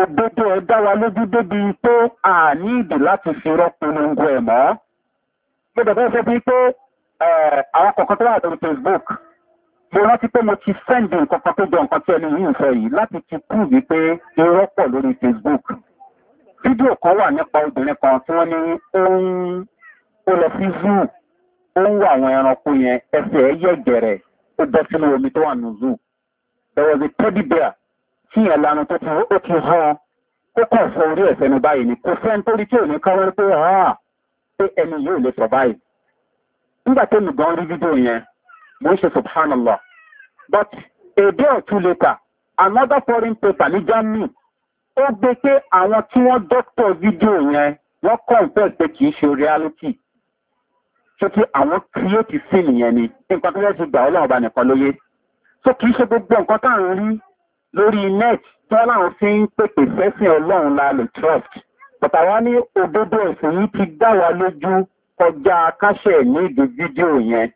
òdodo ẹ̀ wa lójú débi pé a ní ìdí láti fi rọ́polongo ẹ̀ mọ́ gbọ́dọ̀ bẹ́ẹ̀ fẹ́ bí pé àwọn kọ̀ọ̀kan tó wà lórí facebook mo rántí pé mo ti sẹ́ndì nǹkan kan tó jọ nǹkan tí ẹni yìí ń fẹ́ yìí láti ti kú wípé irọ́ pọ̀ lórí facebook fídíò kan wà nípa obìnrin kan tí wọ́n ní ó lọ sí zoo ó ń wà àwọn ẹranko yẹn ẹsẹ̀ ẹ yẹ gẹ̀rẹ̀ ó bọ́ sínú omi tó wà nù zoo there was a teddy bear tí yẹn lanu tó ti ó ti hàn ó kàn fọ orí ẹ̀sẹ̀ nu báyìí ni kò sẹ́ni tó rí tí ò ní káwọ́ pé ah, pé ẹni yóò lè sọ báyìí nígbà tó mi gan rí fídíò yẹn mo ń ṣe subhanallah but a day or two later another foreign paper ní germany ó gbé pé àwọn tí wọ́n doctor video yẹn wọ́n confess pé kì í ṣe reality ṣé kí àwọn create scene yẹn ni nǹkan tó yẹ ti gbà ọlọ́run ọba nìkan lóye so kì í ṣe gbogbo nǹkan tá à ń rí lórí net tí wọ́n láwọn fi ń pèpè sẹ́sìn ọlọ́run la lè trust but àwọn ní òdodo ẹ̀sìn yìí ti dá wa lójú kọjá káṣẹ̀ ní ìdí fídíò yẹn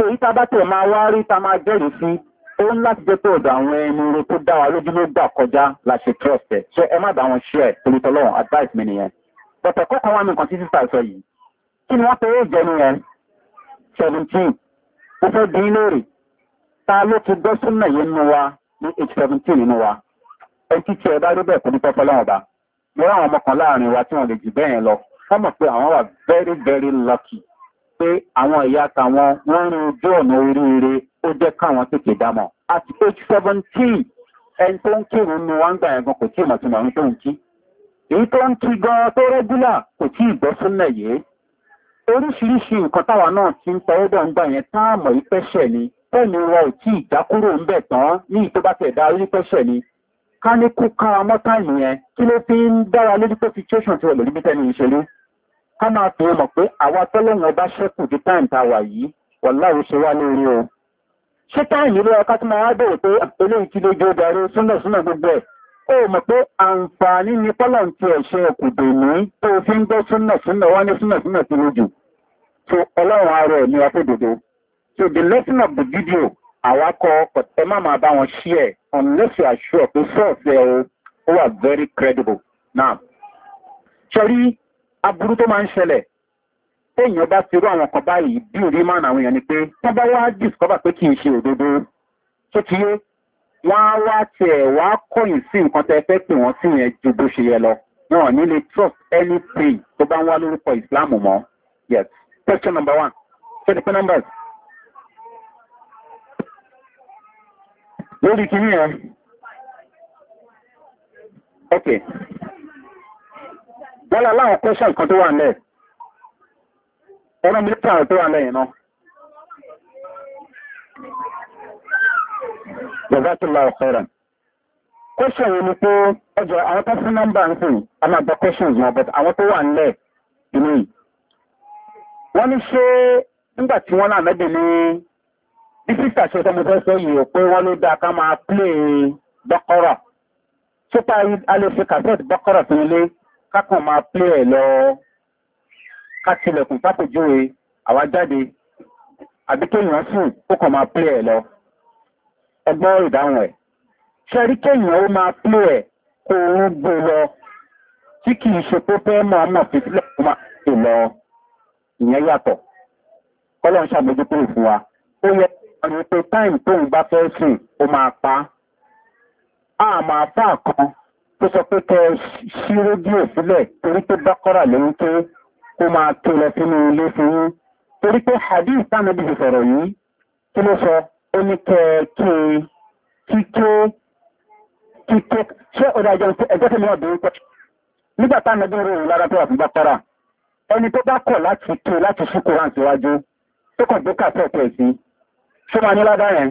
so yíká bá tẹ̀ máa wá rí ta máa jẹ́rìí sí ó ń láti jẹ́ pé ọ̀dọ̀ àwọn ẹni oró tó dá lójú ló gbà kọjá la ṣe trust ẹ̀ so ẹ má bá wọn ṣe ẹ̀ torí advice mi nìyẹn bọ̀tẹ̀ kọ́kọ́ wá mi nǹkan tí sísà sọ yìí kí ni wọ́n pe ó jẹnu yẹn seventeen ó fẹ́ dín lórí ta ló ti gbọ́ súnmọ̀ yìí nínú wa ní age seventeen nínú wa ẹni tí tiẹ̀ bá rí bẹ́ẹ̀ kò ní pẹ́ fọlọ́wọ̀n bá yọrọ àwọn ọmọkàn láàrin wa tí wọ́n lè jù bẹ́ẹ̀ lọ wọ́n pé àwọn wà very very lucky pé àwọn ìyá tàwọn wọ́n rin ojú ọ̀nà oríire ó jẹ́ káwọn tètè dámọ̀. at age seventeen ẹni tó ń kírun nu wá ń gbà ẹ̀gbọ́n kò tí ì mọ̀tún àwọn tó ń kí. èyí tó ń kí gan-an tó rẹ́gúlà kò tí ì gbọ́ súnlẹ̀ yìí. oríṣiríṣi nǹkan táwa náà ti ń tọwọ́dọ̀ ń gbà yẹn táàmù ìpẹ́ṣẹ̀ ni fẹ́ẹ̀ni wa ò tí ì dákúrò ń bẹ̀ tán ní ìtọ́bátẹ̀ dá orí pẹ́ṣẹ̀ ni ká ní kú kára mọ́tàn yẹn kí ló fi ń dára lójú pé situation ti wọ̀ lórí bí tẹ́ni ìṣèlú ká máa tó mọ̀ pé àwa tọ́lọ́run ọba ṣẹ́kù di táìm a wà yìí wọ́n láwo ṣe wá lórí o ṣé táìm ilé ọkà tí máa bẹ̀rẹ̀ pé eléyìí ti lójú ọdarí súnà súnà gbogbo ẹ̀ ó mọ̀ pé àǹfààní ni tọ́lọ̀ ti ẹ̀ṣẹ́ òkùdè ní tó fi ń gbọ́ súnà súnà wá ní súnà súnà ti lójú tó ọlọ́run ara ẹ̀ ní afẹ́dòdó so the lesson of the video àwa kọ ẹ má máa bá wọn ṣí ẹ unless you are sure pé sọ́ọ̀sì ẹ o wà very credible now. sọrí aburú tó máa ń ṣẹlẹ̀ téèyàn bá ti rú àwọn kan báyìí bí òrí máa àwọn èèyàn ni pé wọ́n bá wá discover pé kì í ṣe òdodo tó ti yé wọ́n á wá tiẹ̀ wá kọ̀yìn sí nǹkan tẹ́ fẹ́ pè wọ́n sí yẹn ju bó ṣe yẹ lọ wọn ní lè trust anything tó bá ń wá lórúkọ ìsìláàmù mọ́ yes question number one ṣé ti pé numbers. lórí kìíní yẹn ok wọ́n lá láwọn kọ́ṣẹ́ nǹkan tó wà lẹ̀ ọ̀rọ̀ mítà tó wà lẹ́yìn náà jọzátìlá ọ̀fẹ́ràn kọ́ṣẹ́ wọn ni pé ọjọ́ àwọn tó fún nọ́mbà ń sìn alágbà kọ́ṣẹ́ wọn but àwọn tó wà lẹ̀ inú yìí wọ́n ní ṣé nígbà tí wọ́n náà mẹ́bí ní bí sísà ṣe sọmọ fẹ́ sọ yìí pé wọ́n ló dáa ká a lè fi kàṣẹ́ẹ̀tì bọ́kọ́rọ̀ kákan máa pé ẹ̀ lọ kátìlẹ̀kùn sápèjúwe àwa jáde àbí kéèyàn sùn ó kàn máa pé ẹ̀ lọ ẹgbọ́n ìdáhùn ẹ̀ ṣẹ́rí kéèyàn ó máa pé ẹ̀ kó o ń gbé lọ tí kì í ṣe pé fẹ́ mọ̀ ọmọ fífílẹ̀ kó máa pè lọ ìyẹn yàtọ̀ kọ́lọ́ ń ṣàmójútó ìfún wa ó yẹ ọ̀rẹ́ pé táìmù tóun bá fẹ́ sùn ó máa pa á máa fà kan tó sọ pé kẹ ṣí rédíò sílẹ̀ torí pé bákọ́rà ló ń ké kó máa tó lọ sínú ilé fún yín torí pé hadith tánàbí ti sọ̀rọ̀ yìí kí ló sọ ó ní kẹ kí kíké kíké ṣé ọ̀dà ìjọ ẹgbẹ́ tí mi ọ̀dọ̀ ń pẹ́ nígbà tánàbí ń ròyìn lára tó wà fún bákọ́rà ẹni tó bá kọ̀ láti ké láti ṣí koran síwájú tó kàn gbé kàtẹ́ ẹ̀kẹ́ sí ṣé máa ní ládàá yẹn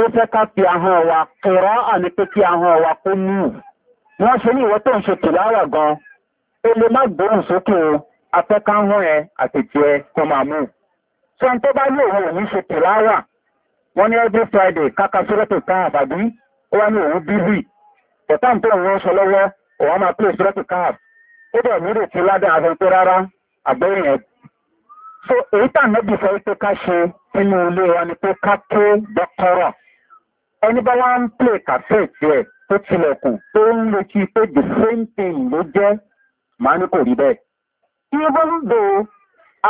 ó fẹ́ ká fi ahọ́n wa kẹ̀rọ àní pé kí ahọ́n wa kó mú wọ́n ṣe ní ìwọ́ tó ń ṣe tìláwà gan ó lè má gbóhùn sókè o afẹ́káhọ́n ẹ àtẹ̀tì ẹ kan máa mú sọ tó bá ní òun òun ṣe tìláwà wọ́n ní every friday káka sọ́rọ́tò kan àbàdí ó wá ní òun bíbí ọ̀tàn tó ń sọ lọ́wọ́ òun máa pè sọ́rọ́tò kan ó bẹ̀ mí rò fún ládàá àfẹ́ńtó rárá àgbẹ̀yìn ẹ̀kọ́ so èyí tà nẹ́bì sọ wípé ká ṣe nínú ilé wa ni pé ká tó gbọ́kọ́rọ̀ ẹni bá wá ń pè kàfẹ́ ìpẹ́ tó tilẹ̀kùn tó ń retí pé the same thing ló jẹ́ màá ní kò rí bẹ́ẹ̀. even though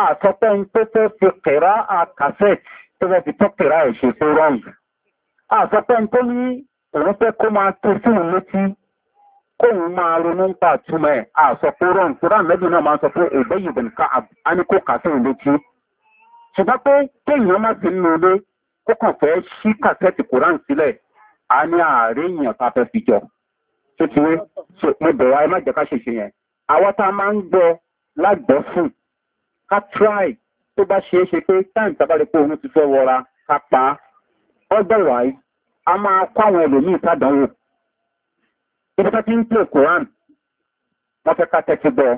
àsọpẹ́ ń pé fẹ́ fi kẹ̀rá àkàfẹ́ tó fẹ́ fi tó kẹ̀rá ìṣètò rọ́ọ̀lù àsọpẹ́ ń tó ní òun fẹ́ kó máa tó sí òun létí kóun máa ronú ń pa àtúmọ̀ ẹ̀ àsọpọ̀ rọrùn na ráà mẹ́bí náà máa ń sọ pé èdè yìí kó fi jọ. tó ti mo bẹ̀rẹ̀ ayé má jẹ́ yẹn. a máa ń gbọ́ lágbọ́ fún ká try tó bá ṣeé ṣe pé táìmù tábàlẹ̀ pé òun ti fẹ́ ka ká pa otherwise a àwọn ibi tó ti ń pè koran wọ́n fẹ́ ká tẹ́tí gbọ́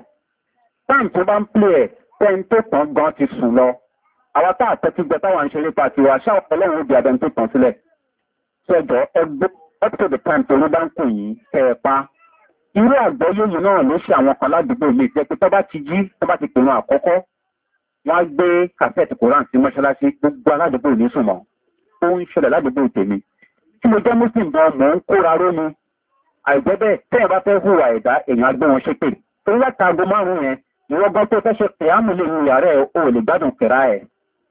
táàmù tó bá ń pè ẹ̀ tẹ́ni tó tàn gan ti sùn lọ àwa tá àtẹ́tí gbọ́ táwọn ìṣeré pa ti wà ṣáà ọlọ́run ó di abẹ́ni tó tàn sílẹ̀ sọ́jọ́ ẹgbẹ́ up to the time tó ló bá ń kò yín tẹ́ ẹ pa irú àgbọ́yé yìí náà ló ṣe àwọn kan ládùúgbò yìí jẹ́ pé tó bá ti jí tó bá ti pè wọn àkọ́kọ́ wọ́n á gbé kàfẹ́ẹ̀tì koran sí mọ́ṣáláṣí gbogbo aládùúgbò ní sùn mọ́ ó ń ṣẹlẹ̀ ládùúgbò tèmi tí mo jẹ́ muslim gan mò ń kóra rómi àìjẹ́ bẹ́ẹ̀ tẹ́ ẹ bá fẹ́ hùwà ẹ̀dá èèyàn agbé wọn ṣépè torí láti aago márùn-ún yẹn ìwọ́n gbọ́ pé fẹ́ ṣe kìámù lè nu yàrá ẹ̀ o lè gbádùn kẹ̀rá ẹ̀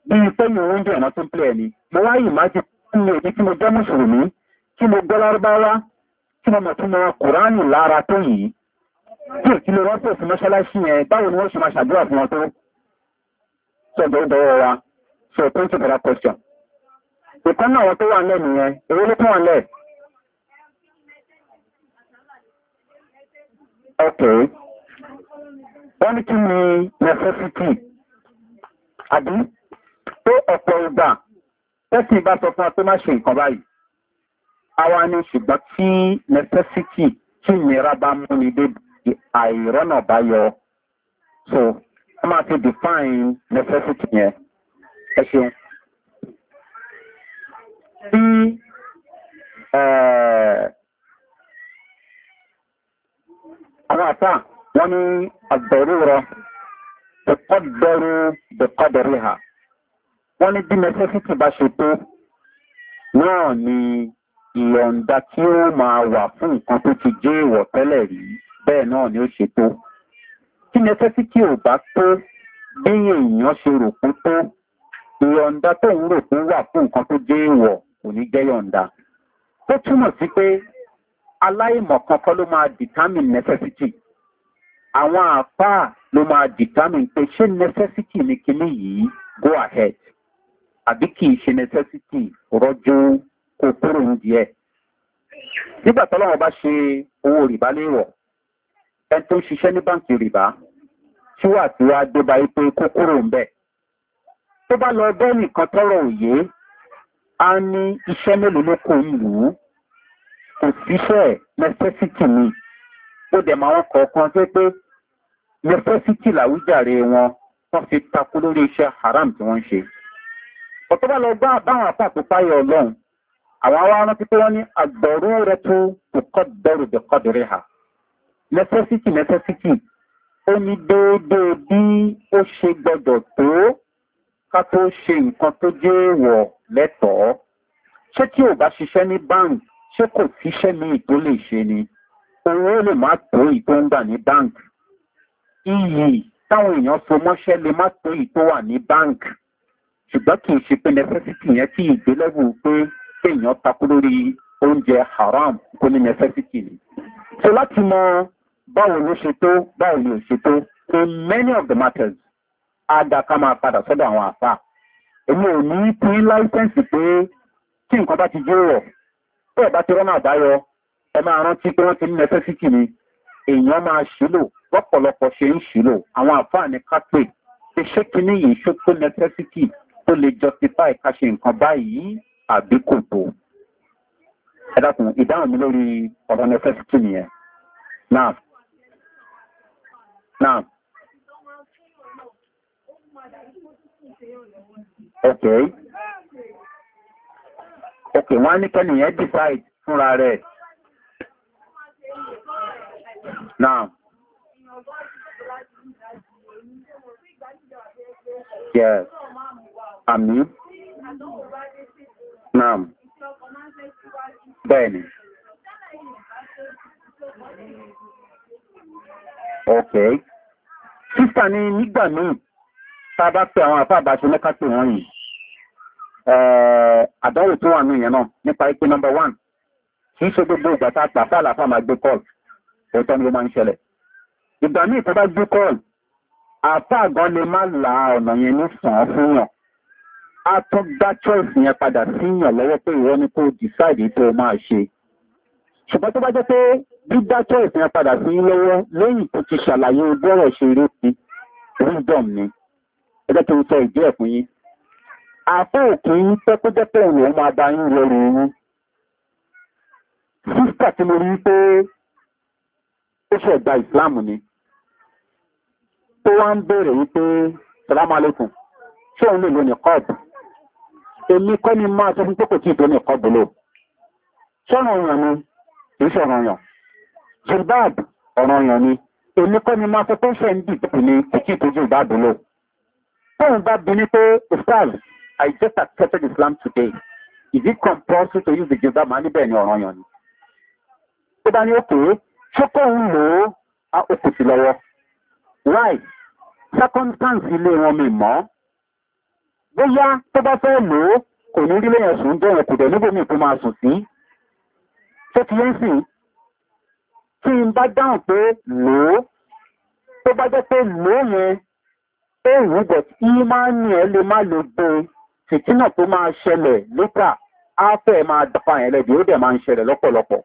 bí sẹ́yìn oúnjẹ ọ̀nà tó ń pè ní mo wá yìí má jù kí mi èdè tí mo jẹ́ mùsùlùmí tí mo gbọ́ lárúbáwá tí mo mọ̀ tí mo kùránì lára tó yìí tí ò kí lè rọ́pò fún mọ́ṣáláṣí yẹn báwo ni wọ́n ṣe máa ṣàdúrà fún wọn tó sọ̀dọ̀ ìdọ̀wọ́ wa so principal question ìkan náà wọn tó wà lẹ́nu yẹn èrè ló tún wà lẹ́ẹ̀ Okay. Wọ́n ní kí ni necessity? Àbí pé ọ̀pọ̀ ìgbà tẹ́sí ìbá sọ fún wa pé má ṣe nǹkan báyìí. Àwa ni ṣùgbọ́n tí necessity tí ìnira bá mú ni débi àìrọ́nà bá yọ. So, wọ́n máa ti define necessity yẹn. Ẹ ṣeun. Tí àwọn àtà wọ́n ní àgbẹ̀rúra ìkọ́dọ̀rú ìkọ́dọ̀rí ha wọ́n ní bí necessity bá ṣe náà ni ìyọ̀nda tí ó máa wà fún nǹkan tó ti jẹ́ ìwọ̀ tẹ́lẹ̀ rí bẹ́ẹ̀ náà ni ó ṣe tó tí necessity ò bá tó bí èèyàn ṣe rò pé tó Ìyọ̀nda tó ń rò pé wà fún nǹkan tó jẹ́ ìwọ̀ kò ní jẹ́ yọ̀ǹda ó túmọ̀ sí pé aláìmọ̀ kankan ló máa determine necessity àwọn àáfàá ló máa determine pé ṣé necessity ni kíní yìí go ahead àbí kì ṣe necessity rọ́jú kó kúrò ń díẹ̀ nígbà tọ́lọ́wọ́ bá ṣe owó rìbá léwọ̀ ẹni tó ń ṣiṣẹ́ ní báǹkì rìbá tí wà tí wàá dé báyìí pé kó kúrò ń bẹ̀ tó bá lọ bẹ́ẹ̀ nìkan tọrọ òye á ní iṣẹ́ mélòó ló kò ń lù ú kò síṣẹ́ necessity ni ó dẹ̀ máa wọn kọ̀ọ̀kan tó pé necessity làwíjàre wọn wọ́n fi takú lórí iṣẹ́ haram tí wọ́n ń ṣe. ọ̀tọ́ bá lọ gbá báwọn àpapọ̀ páyọ̀ ọlọ́run àwọn ará rántí pé wọ́n ní àgbọ̀rú rẹ tó kò dẹrù dẹ̀kọ́dẹ̀rẹ̀ ha necessity necessity ó ní déédéé bí ó ṣe gbọdọ̀ tó ká tó ṣe nǹkan tó jẹ́ èèwọ̀ lẹ́tọ̀ọ́ ṣé tí ò bá ṣiṣẹ́ ní báńkì ṣé kò síṣẹ́ míì tó lè ṣe ni owó lè má tó ìtó ń gbà ní báǹkì iyì táwọn èèyàn so mọ́ṣẹ́ lè má tó ìtó wà ní báǹkì ṣùgbọ́n kì í ṣe pé nẹfẹ́sìtì yẹn tí ìgbélẹ́wò pé kéèyàn takú lórí oúnjẹ haram kó ní nẹfẹ́sìtì ni. so láti mọ báwo ló ṣe tó báwo ni ṣe tó in many of the matters á dá ká máa padà sọ́dọ̀ àwọn àfà èmi ò ní pín láìsẹ̀nsì pé tí nǹkan bá ti jẹ́ rọ̀ bẹ́ẹ̀ bá ti rọ́nà àbáyọ ẹ máa rántí pé wọ́n ti ní nẹ́fẹ́sìtì ni èèyàn máa ṣílò lọ́pọ̀lọpọ̀ ṣe ń ṣílò àwọn àfáàní ká pè ṣe ṣé kinní yìí ṣó tó nẹ́fẹ́sìtì tó lè justify ká ṣe nǹkan báyìí àbí kò tó. ẹ dákun ìdáhùn mi lórí ọ̀rọ̀ nẹ́fẹ́sìtì nìyẹn. náà náà. Okay òkè wọ́n ní kẹ́nì yẹn decide fúnra rẹ̀ now yes àmì now bẹ́ẹ̀ni ok sísà ní nígbà míì tá a bá pẹ àwọn àfáàbáṣe mẹ́ká pè wọ́n yìí Eh, àdáwò tó wà ní ìyẹn náà nípa ipe nọmba wán kì í ṣe gbogbo ìgbà tá a gbà tá àlàfà máa gbé kọ́ọ̀lù òótọ́ ni ó máa ń ṣẹlẹ̀ ìgbà míì tó bá gbé kọ́ọ̀lù àfa àgọ́ lè má la ọ̀nà yẹn ní sàn án fún yàn a tún dá choice yẹn padà sí yàn lọ́wọ́ pé ìwọ ni kò decide tó máa ṣe ṣùgbọ́n tó bá jẹ́ pé dídá choice yẹn padà sí lọ́wọ́ lẹ́yìn tó ti ṣàlàyé ojú ọ̀rọ̀ ṣe rí wisdom ni ẹgbẹ́ tó ń sọ ìdí ẹ̀kún yín àpò òkè yí pẹ́pẹ́jẹ́pẹ́ ìwọ̀n máa bá yín lọ́rọ̀ yín sísítà tí mo rí pé ó ṣẹ̀ gba ìsìláàmù ni tó wá ń béèrè wípé sàlámàlẹ́kùn ṣé òun lè lo ní kọ́ọ̀bù èmi kọ́ ni máa sọ fún pé kò tí ì tó ní kọ́ọ̀bù lò ṣọ́ràn ọ̀yàn ni kì í ṣọ̀ràn ọ̀yàn jilbab ọ̀ràn ọ̀yàn ni èmi kọ́ ni máa sọ pé ṣe ń dìbò ni kò tí ì tó jilbab lò tóun bá bi ní pé ustaz I just accepted Islam today. Is it compulsory to use the jilbab? Màá níbẹ̀ ni ọ̀ràn yàn ni. Tó bá ní òkè, ṣé ń lò ó? A ó sí lọ́wọ́. Why? Circumstance ilé wọn mi mọ́. Bóyá tó bá fẹ́ lò ó, kò ní rí lẹ́yìn sùn jẹ́ òkú dẹ̀ níbo mi kò máa sùn sí. Ṣé ti yẹn sìn? Tí n bá dáhùn pé lò ó, tó bá jẹ́ pé lò ó yẹn, ó wù ú bọ̀ máa ń yẹn lè má lo gbé e fìtínà tó máa ṣẹlẹ̀ lẹ́tà á fẹ́ máa dafa yẹn lẹ́bi ó dẹ̀ máa ń ṣẹlẹ̀ lọ́pọ̀lọpọ̀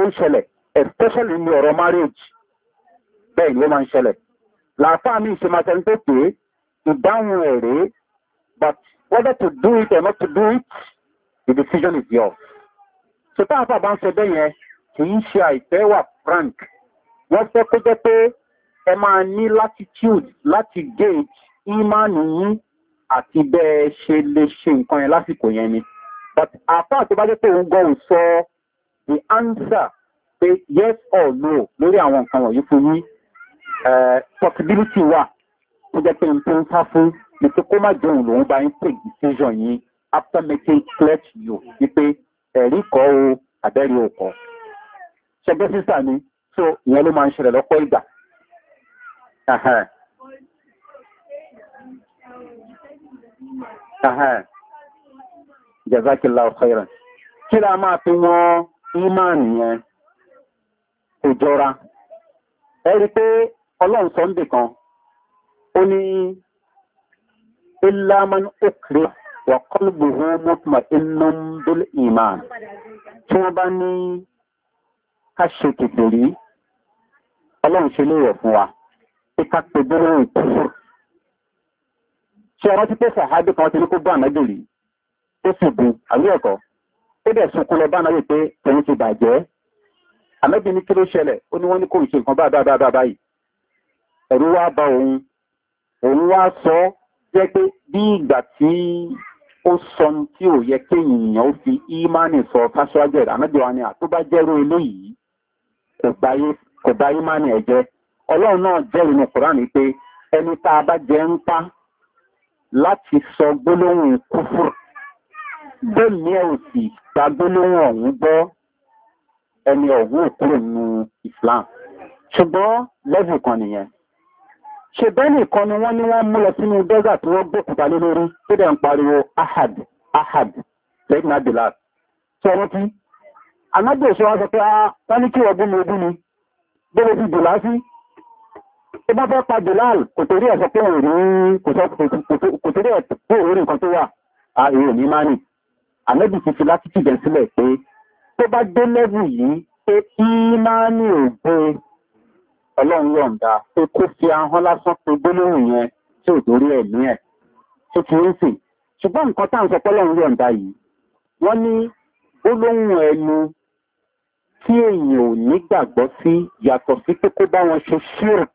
ó ń ṣẹlẹ̀ especially ní ọ̀rọ̀ marriage bẹ́ẹ̀ ni ó máa ń ṣẹlẹ̀ làáfàá mi ṣe máa ṣe pé ìdáhùn ẹ̀ rèé but whether to do it or not to do it the decision is yours. so táwọn àfàbà ń ṣe bẹ́ẹ̀ yẹn kì í ṣe àìfẹ́ wà frank wọ́n fẹ́ kó jẹ́ pé ẹ máa ní latitude láti gauge ìmánìyàn àti bẹ́ẹ̀ ṣe lè ṣe nǹkan yẹn lásìkò yẹn ni but àfáà tó bá jẹ́ pé òun gan ò sọ the answer pé yes or no lórí àwọn nǹkan wọ̀nyí fún yín eh, possibility wà tó jẹ́ pé n tó ń sá fún ni pé kó má jẹun lòun bá ń take decision yín after making clear to you wípé ẹ̀rí kọ́ o àbẹ́rí o kọ́ ṣẹgbẹ́ sísà ni so ìyẹn ló máa ń ṣẹlẹ̀ lọ́pọ̀ ìgbà. jazakillahu khairan kí la máa fi wọn ìmáànì yẹn kò jọra ẹ rí pé ọlọ́run sọ ń bì kan ó ní ilaman okre wà kọlùbùhù mọ́tùmọ̀ iná ń dólé ìmáàn tí wọ́n bá ní ká ọlọ́run ṣe léèrè fún wa pé ká pe gbólóhùn kúrò ṣe ọ̀rọ̀ tí pé sàhábì kan ti ní kó bá rí ó sì bu àmì ẹ̀kọ́ ó dẹ̀ sunkún lọ bá ànájò pé tòun ti bàjẹ́ ànájò ní kí ló ṣẹlẹ̀ ó ní wọ́n ní kó ìṣe nǹkan bá bá bá báyìí ẹ̀rú wá bá òun òun sọ jẹ́ pé bí ìgbà sọ tí ò yẹ ó fi ímánì sọ ẹ̀dá wa ni láti sọ gbólóhùn kúfùr bẹ́ẹ̀ni ẹ̀ ò sì gba gbólóhùn ọ̀hún gbọ́ ẹni ọ̀hún kúrò nínú islam ṣùgbọ́n lẹ́bù kan nìyẹn ṣe bẹ́ẹ̀ nìkan ni wọ́n ní wọ́n mú lọ sínú dẹ́gà tí wọ́n gbókùtà lé lórí tó dẹ̀ ń pariwo ahad ahad lẹ́yìn adìlá tí ọmọ tí anábìyèsí wọn sọ pé a ah, tani ní kí wọ́n bú mi ogún mi bó ló dùn láásí tó bá fẹ́ pa jùláàl kò torí ẹ̀ sọ pé òun ní kò torí ẹ̀ pé òun rí nǹkan tó wà ààrẹ òní máa nì àmẹ́bì ti fi láti tìjẹ sílẹ̀ pé tó bá dé lẹ́bù yìí pé ìmáàní ò gbé ọlọ́run yọ̀ǹda pé kó fi ahọ́n lásán pé gbólóhùn yẹn tí ò torí ẹ̀ ní ẹ̀ tó ti ń sìn ṣùgbọ́n nǹkan tá à ń sọ pọ́lọ́run yọ̀ǹda yìí wọ́n ní gbólóhùn ẹnu tí èèyàn ò nígbàgbọ́ sí yàtọ̀ sí pé kó bá wọn ṣe ṣírk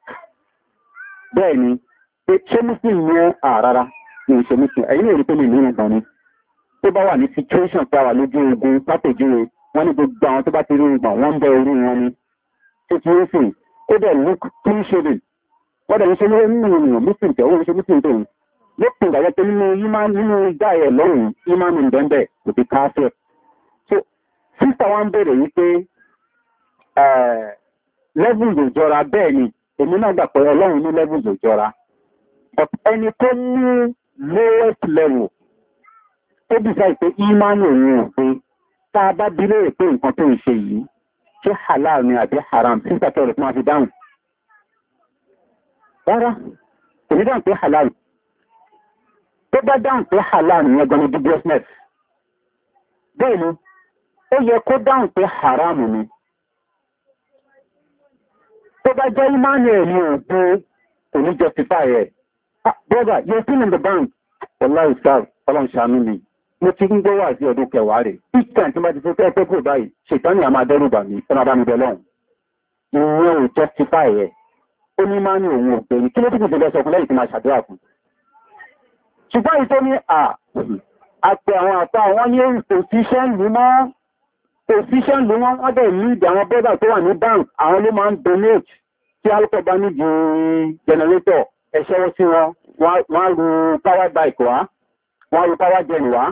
bẹ́ẹ̀ ni pé ṣé muslim ló àrárá ní ìṣe muslim ẹ̀yìn lè rí pé mi mìíràn gan ni tó bá wà ní situation pé a wà lójú ogun pápẹ̀júwe wọ́n ní gbogbo àwọn tó bá ti rí ìgbà wọ́n ń bẹ orí wọn ni situation ó dẹ̀ look tún ṣeré wọ́n dẹ̀ ń ṣe lórí nínú ènìyàn muslim tẹ̀ ó ń ṣe muslim tó ń lópin ìgbàjẹ́ pé nínú yíma nínú ìgbà ẹ̀ lọ́rùn yíma ní ìdẹ́ńbẹ̀ kò ti káfẹ́ so sísá wa ń bèrè wípé eh, lẹ́bùn ìjọra bẹ́ẹ̀ ni èmi náà gbà pé ọlọ́run ní levels ò jọra but ẹni tó ní lowest level tó decide pé imani òun ò pé tá a bá bilé pé nǹkan tó ń ṣe yìí ṣé halal ni àbí haram sísà kẹrì fún àfi dáhùn rárá kò dáhùn pé halal tó bá dáhùn pé halal ni ẹgbẹ́ ní dubiousness bẹ́ẹ̀ ni ó yẹ kó dáhùn pé haram ni tó bá jẹ́ emmanuel ní òpin kò ní justify rẹ̀ ah, brother you're still in the bank ọlá ìsáà ọlọ́run ṣàánú mi mo ti ń gbọ́ wà sí ọdún kẹwàá rẹ̀ each time tí ma ti fẹ́ fẹ́ pẹ́ pẹ́ báyìí ṣètánì àmà dẹ́rùbà mi ọ̀nà bá mi bẹ̀ lọ́hùn ìwọ̀n ò justify rẹ̀ ó ní máa ní òun ò pẹ̀lú kí ló tún ìjọba sọkùn lẹ́yìn tí ma ṣàdúrà fún ṣùgbọ́n ìtọ́ ní à àpẹ àwọn àpá àwọn ní èyí kò sí iṣẹ́ ìlú mọ́ position ni wọ́n wọ́n dẹ̀ lead àwọn brother tó wà ní bank àwọn ló máa ń donate tí alcohol bá ní ju generator ẹ̀ṣẹ́ wọ́n sí wọn wọ́n ru power bike wá wọ́n ru power gen wá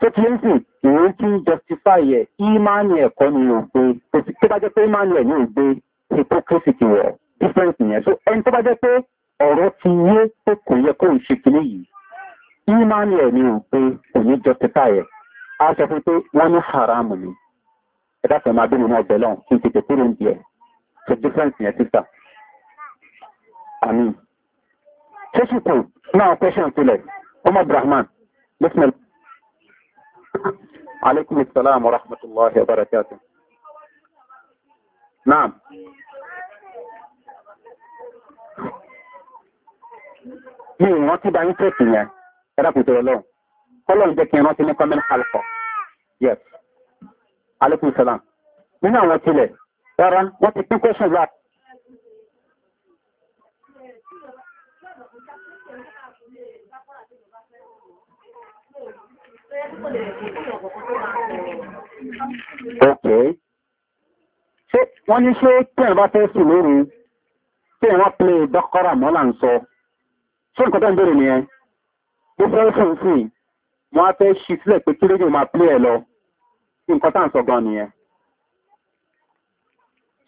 tó ti ń sìn ìwé tí ń justify ẹ̀ ìmánì ẹ̀kọ́ ni ò gbé tó bá jẹ́ pé ìmánì ẹ̀ ní ò gbé hypocrisy ti wọ̀ difference yẹn so ẹni tó bá jẹ́ pé ọ̀rọ̀ ti yé pé kò yẹ kó ṣe kinní yìí ìmánì ẹ̀ ní ò gbé kò ní justify ẹ̀ a sọ fún pé wọ́n ní haram ni ẹ̀dá kan máa bínú náà bẹ̀ lọ́n kí n tètè kúrò ń diẹ so difference yẹn sísà àmì ṣéṣù kù náà question tilẹ̀ ọmọ brahman lẹ́sìn aleykum salaam wa rahmatulahi wa barakatu naam. mi ò rántí bá yín tẹ̀sí yẹn ẹ̀dá kùtù ọlọ́run kọ́lọ́run jẹ́ kí n rántí ní kọ́mẹ́ntì alùpọ̀ yes alaikum salam nínú àwọn tilẹ̀ rárá wọ́n ti pín question back ok ṣé wọ́n ní ṣé tẹ́ẹ̀ bá fẹ́ sùn lóru tẹ́ẹ̀ wọ́n pè dọ́kọ́rà mọ́là ń sọ ṣé nǹkan tó ń bèèrè nìyẹn bó fẹ́ sùn sí wọ́n á fẹ́ ṣí sílẹ̀ pé kí rédíò máa pè ẹ̀ lọ nǹkan tá à ń sọ gan nìyẹn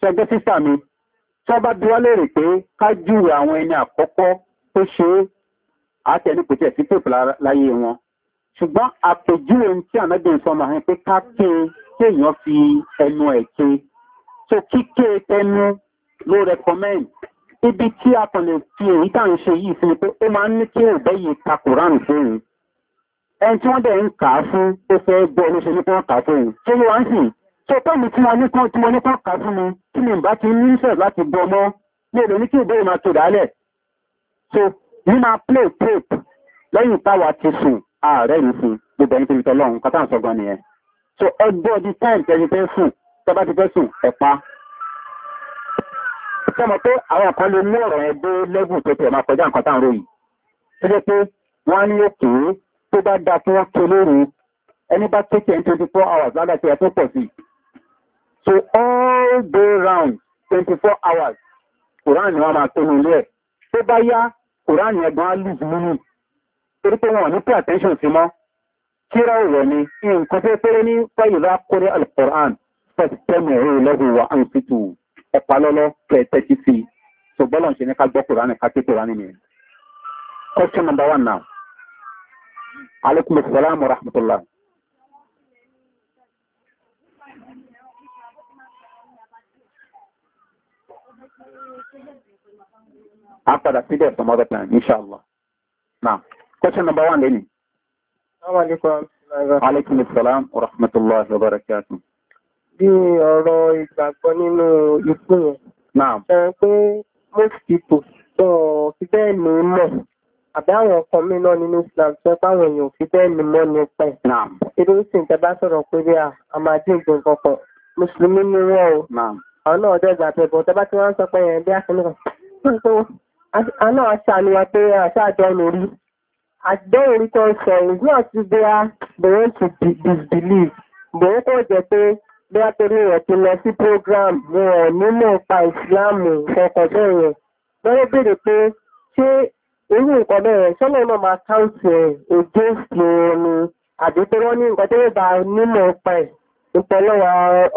ṣẹgbẹ́ sísà mi tí wọ́n bá bí wọ́n léèrè pé ká júwe àwọn ẹni àkọ́kọ́ tó ṣe é àtẹni kò tiẹ̀ sí pèpè láyé wọn ṣùgbọ́n àpèjúwe tí ànágbèrè sọmọ àwọn pé ká ké e, kéèyàn fi ẹnu ẹ̀ ké tó e. kíké e tẹnu ló rẹkọmẹ́ǹd ibi tí a kàn lè fi èyí tá à ń ṣe yìí sí ni pé ó máa ń ní kí òbẹ́yìí ta kùránù fóun ẹni tí wọ́n dẹ̀ ń kà á fún ó fẹ́ gbọ́ olóṣèlú ní kí wọ́n kà á fún òun ṣé yóò wá ń sìn tó tọ́mù tí wọ́n ní kán tí wọ́n ní kán kà á fún mi kí ni ìbá ti ní sẹ̀ láti gbọ́ mọ́ ní èdè ní kí ìbéèrè máa tó dálẹ̀ so ní máa play tape lẹ́yìn táwa ti sùn ààrẹ rí fún gbogbo ẹni tóbi tọ́lọ́run kátà ń sọgbọ́n so ọgbọ́ di time tẹ́ni fẹ́ sùn tẹ́ bá ti fẹ́ sùn ẹ̀ pa sọmọ pé àwọn kan lè mú ọ̀rọ̀ ẹ̀ dé lẹ́gùn tó tẹ̀ máa kọjá nǹkan táwọn ròyìn tó jẹ́ pé wọ́n tó bá dáa fún wọn ẹni bá take in twenty hours ládàtí ẹ pọ̀ sí so all day round 24 hours quran ni wọn máa tó nílé ẹ tó bá yá quran yẹn gan á lose meaning torí pé wọn ní pay attention sí mọ́ kíra ọ̀rọ̀ ni nǹkan tó péré ní fẹ́yìnlá kórè alquran fẹ́sítẹ́mù ẹ̀rọ lẹ́hùn wa àwọn fìtù ẹ̀pà lọ́lọ́ kẹ̀ẹ́tẹ́tì So ṣùgbọ́n lọ́n ṣe ní ká gbọ́ kùránì ká ké kùránì nìyẹn. question number one now alaikum assalam wa rahmatullah after that period some other time inshallah now question number 1 leni assalamu alaikum alaikum assalam wa rahmatullahi wa barakatuh bí ọ̀rọ̀ ìgbàgbọ́ nínú ikú yẹn. Náà. Ṣé most people tó fi bẹ́ẹ̀ ní mọ̀ àbí àwọn nǹkan míì náà nínú Islam tó ẹ báwọn èèyàn ò fi bẹ́ẹ̀ ni mọ́ nípa ẹ̀. irú sì ń tẹ bá sọ̀rọ̀ pé bí a máa dín ìgbìn kankan mùsùlùmí ni wọ́n o àwọn náà ọjọ́ ìgbà tẹ̀bọ̀ tẹ bá ti wọ́n sọ pé yẹn bí aṣọ nìkan àwọn aṣàánú wa pé aṣáájọ lórí àgbẹ̀ orí tó sọ ìlú àti bí a bẹ̀rẹ̀ to disbelieve bẹ̀rẹ̀ tó jẹ́ pé bí a torí rẹ̀ ti lọ sí program wọn nínú pa ìsìláàmù fọkànṣẹ́ rẹ̀ lọ́wọ́ béèrè pé ṣé irú nǹkan bẹ́ẹ̀ sọ́nà náà máa káùntì ẹ̀ èdè ìsìn ni àbí pé wọ́n ní nǹkan tó yẹ bá nímọ̀ ọ̀pá ẹ̀ ìpọ̀lọ́wà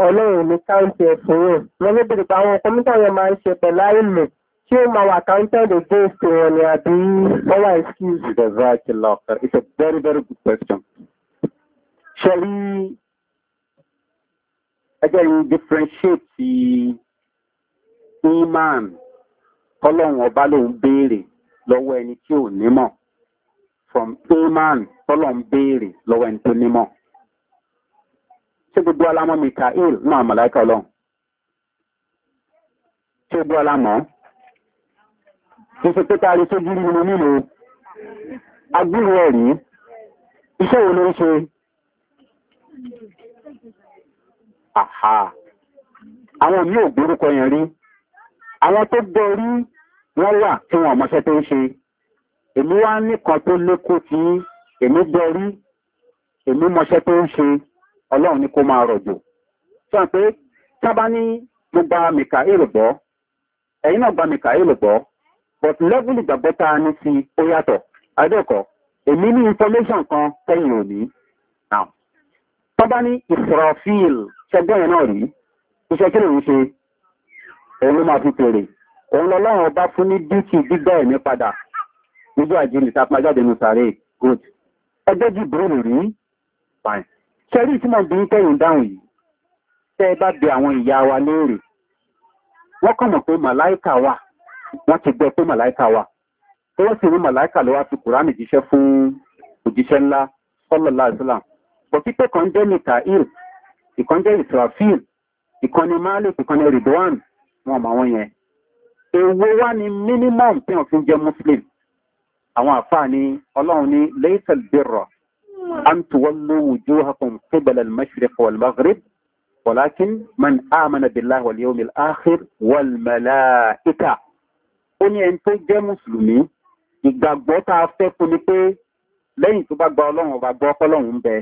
ọlọ́run ní káùntì ẹ̀ fún yẹn wọ́n ló bèrè pé àwọn kọ́mítà yẹn máa ń ṣe pẹ̀lú àìlè tí ó máa wà káùntẹ̀d èdè ìsìn ni àbí wọ́n wà It's a very very good question. Ṣé rí ẹgbẹ́ yìí differentiate iman kọ́lọ́run ọba lòun béèrè lọ́wọ́ ẹni tí ò nímọ̀ from iman tọ́lọ̀ ń béèrè lọ́wọ́ ẹni tó nímọ̀ ṣé gbogbo alámọ́ mikael náà mọ̀láìkà ọlọ́run ṣé gbogbo alámọ́ ṣíṣe pé táàrí sójú nínú nínú agbúrò ẹ̀rí iṣẹ́ wo ló ń ṣe àwọn mi ò gbórúkọ yẹn rí àwọn tó gbọ́ rí wọ́n wà tí wọ́n mọ̀ṣẹ́ tó ń ṣe èmi wá nìkan tó lékó tí èmi bẹ̀rí èmi mọ̀ṣẹ́ tó ń ṣe ọlọ́run ní kó máa rọ̀jò sọ pé tábà ní mo gba mikael gbọ́ ẹ̀yin náà gba mikael gbọ́ but level ìgbàgbọ́ tá a ní sí ó yàtọ̀ adẹ́kọ̀ọ́ èmi ní information kan tẹ́yìn òní tábà ní ìsọ̀rọ̀fíìl ṣẹgbẹ́ yẹn náà rí iṣẹ́ kí lòun ṣe òun ló máa fi pèrè òun lọ́lọ́run ọba fún ní díkì gbígbà ẹ̀mí padà níjọ́ àjíǹde tá a pàjáde nù sàárè good ẹgbẹ́ jìbìrìlù rí fine ṣẹ́rí tí mo bí ń tẹ̀yìn dáhùn yìí tẹ́ ẹ bá bi àwọn ìyá wa léèrè wọ́n kàn mọ̀ pé màláìkà wà wọ́n ti gbọ́ pé màláìkà wà tó wọ́n sì rí màláìkà ló wá fi kùránì jíṣẹ́ fún òjíṣẹ́ ńlá sọ́lọ́lá islam bọ̀ pípẹ́ kan jẹ́ mikael ìkan jẹ́ israfil ìkan ni malik ìkan ni ridwan wọn mọ̀ àwọn yẹn èwo wá ni minimum tí wọ́n fi jẹ́ muslim àwọn àfáà ni ọlọ́run ní leitel birra antuwallo wujuhakum qibala al-mashriq wal maghrib walakin man amana billahi wal yawm al-akhir wal malaika ó ní ẹni tó jẹ́ mùsùlùmí ìgbàgbọ́ tá a fẹ́ fún ni pé lẹ́yìn tó bá gba ọlọ́run ọba gbọ́ kọ́lọ́run bẹ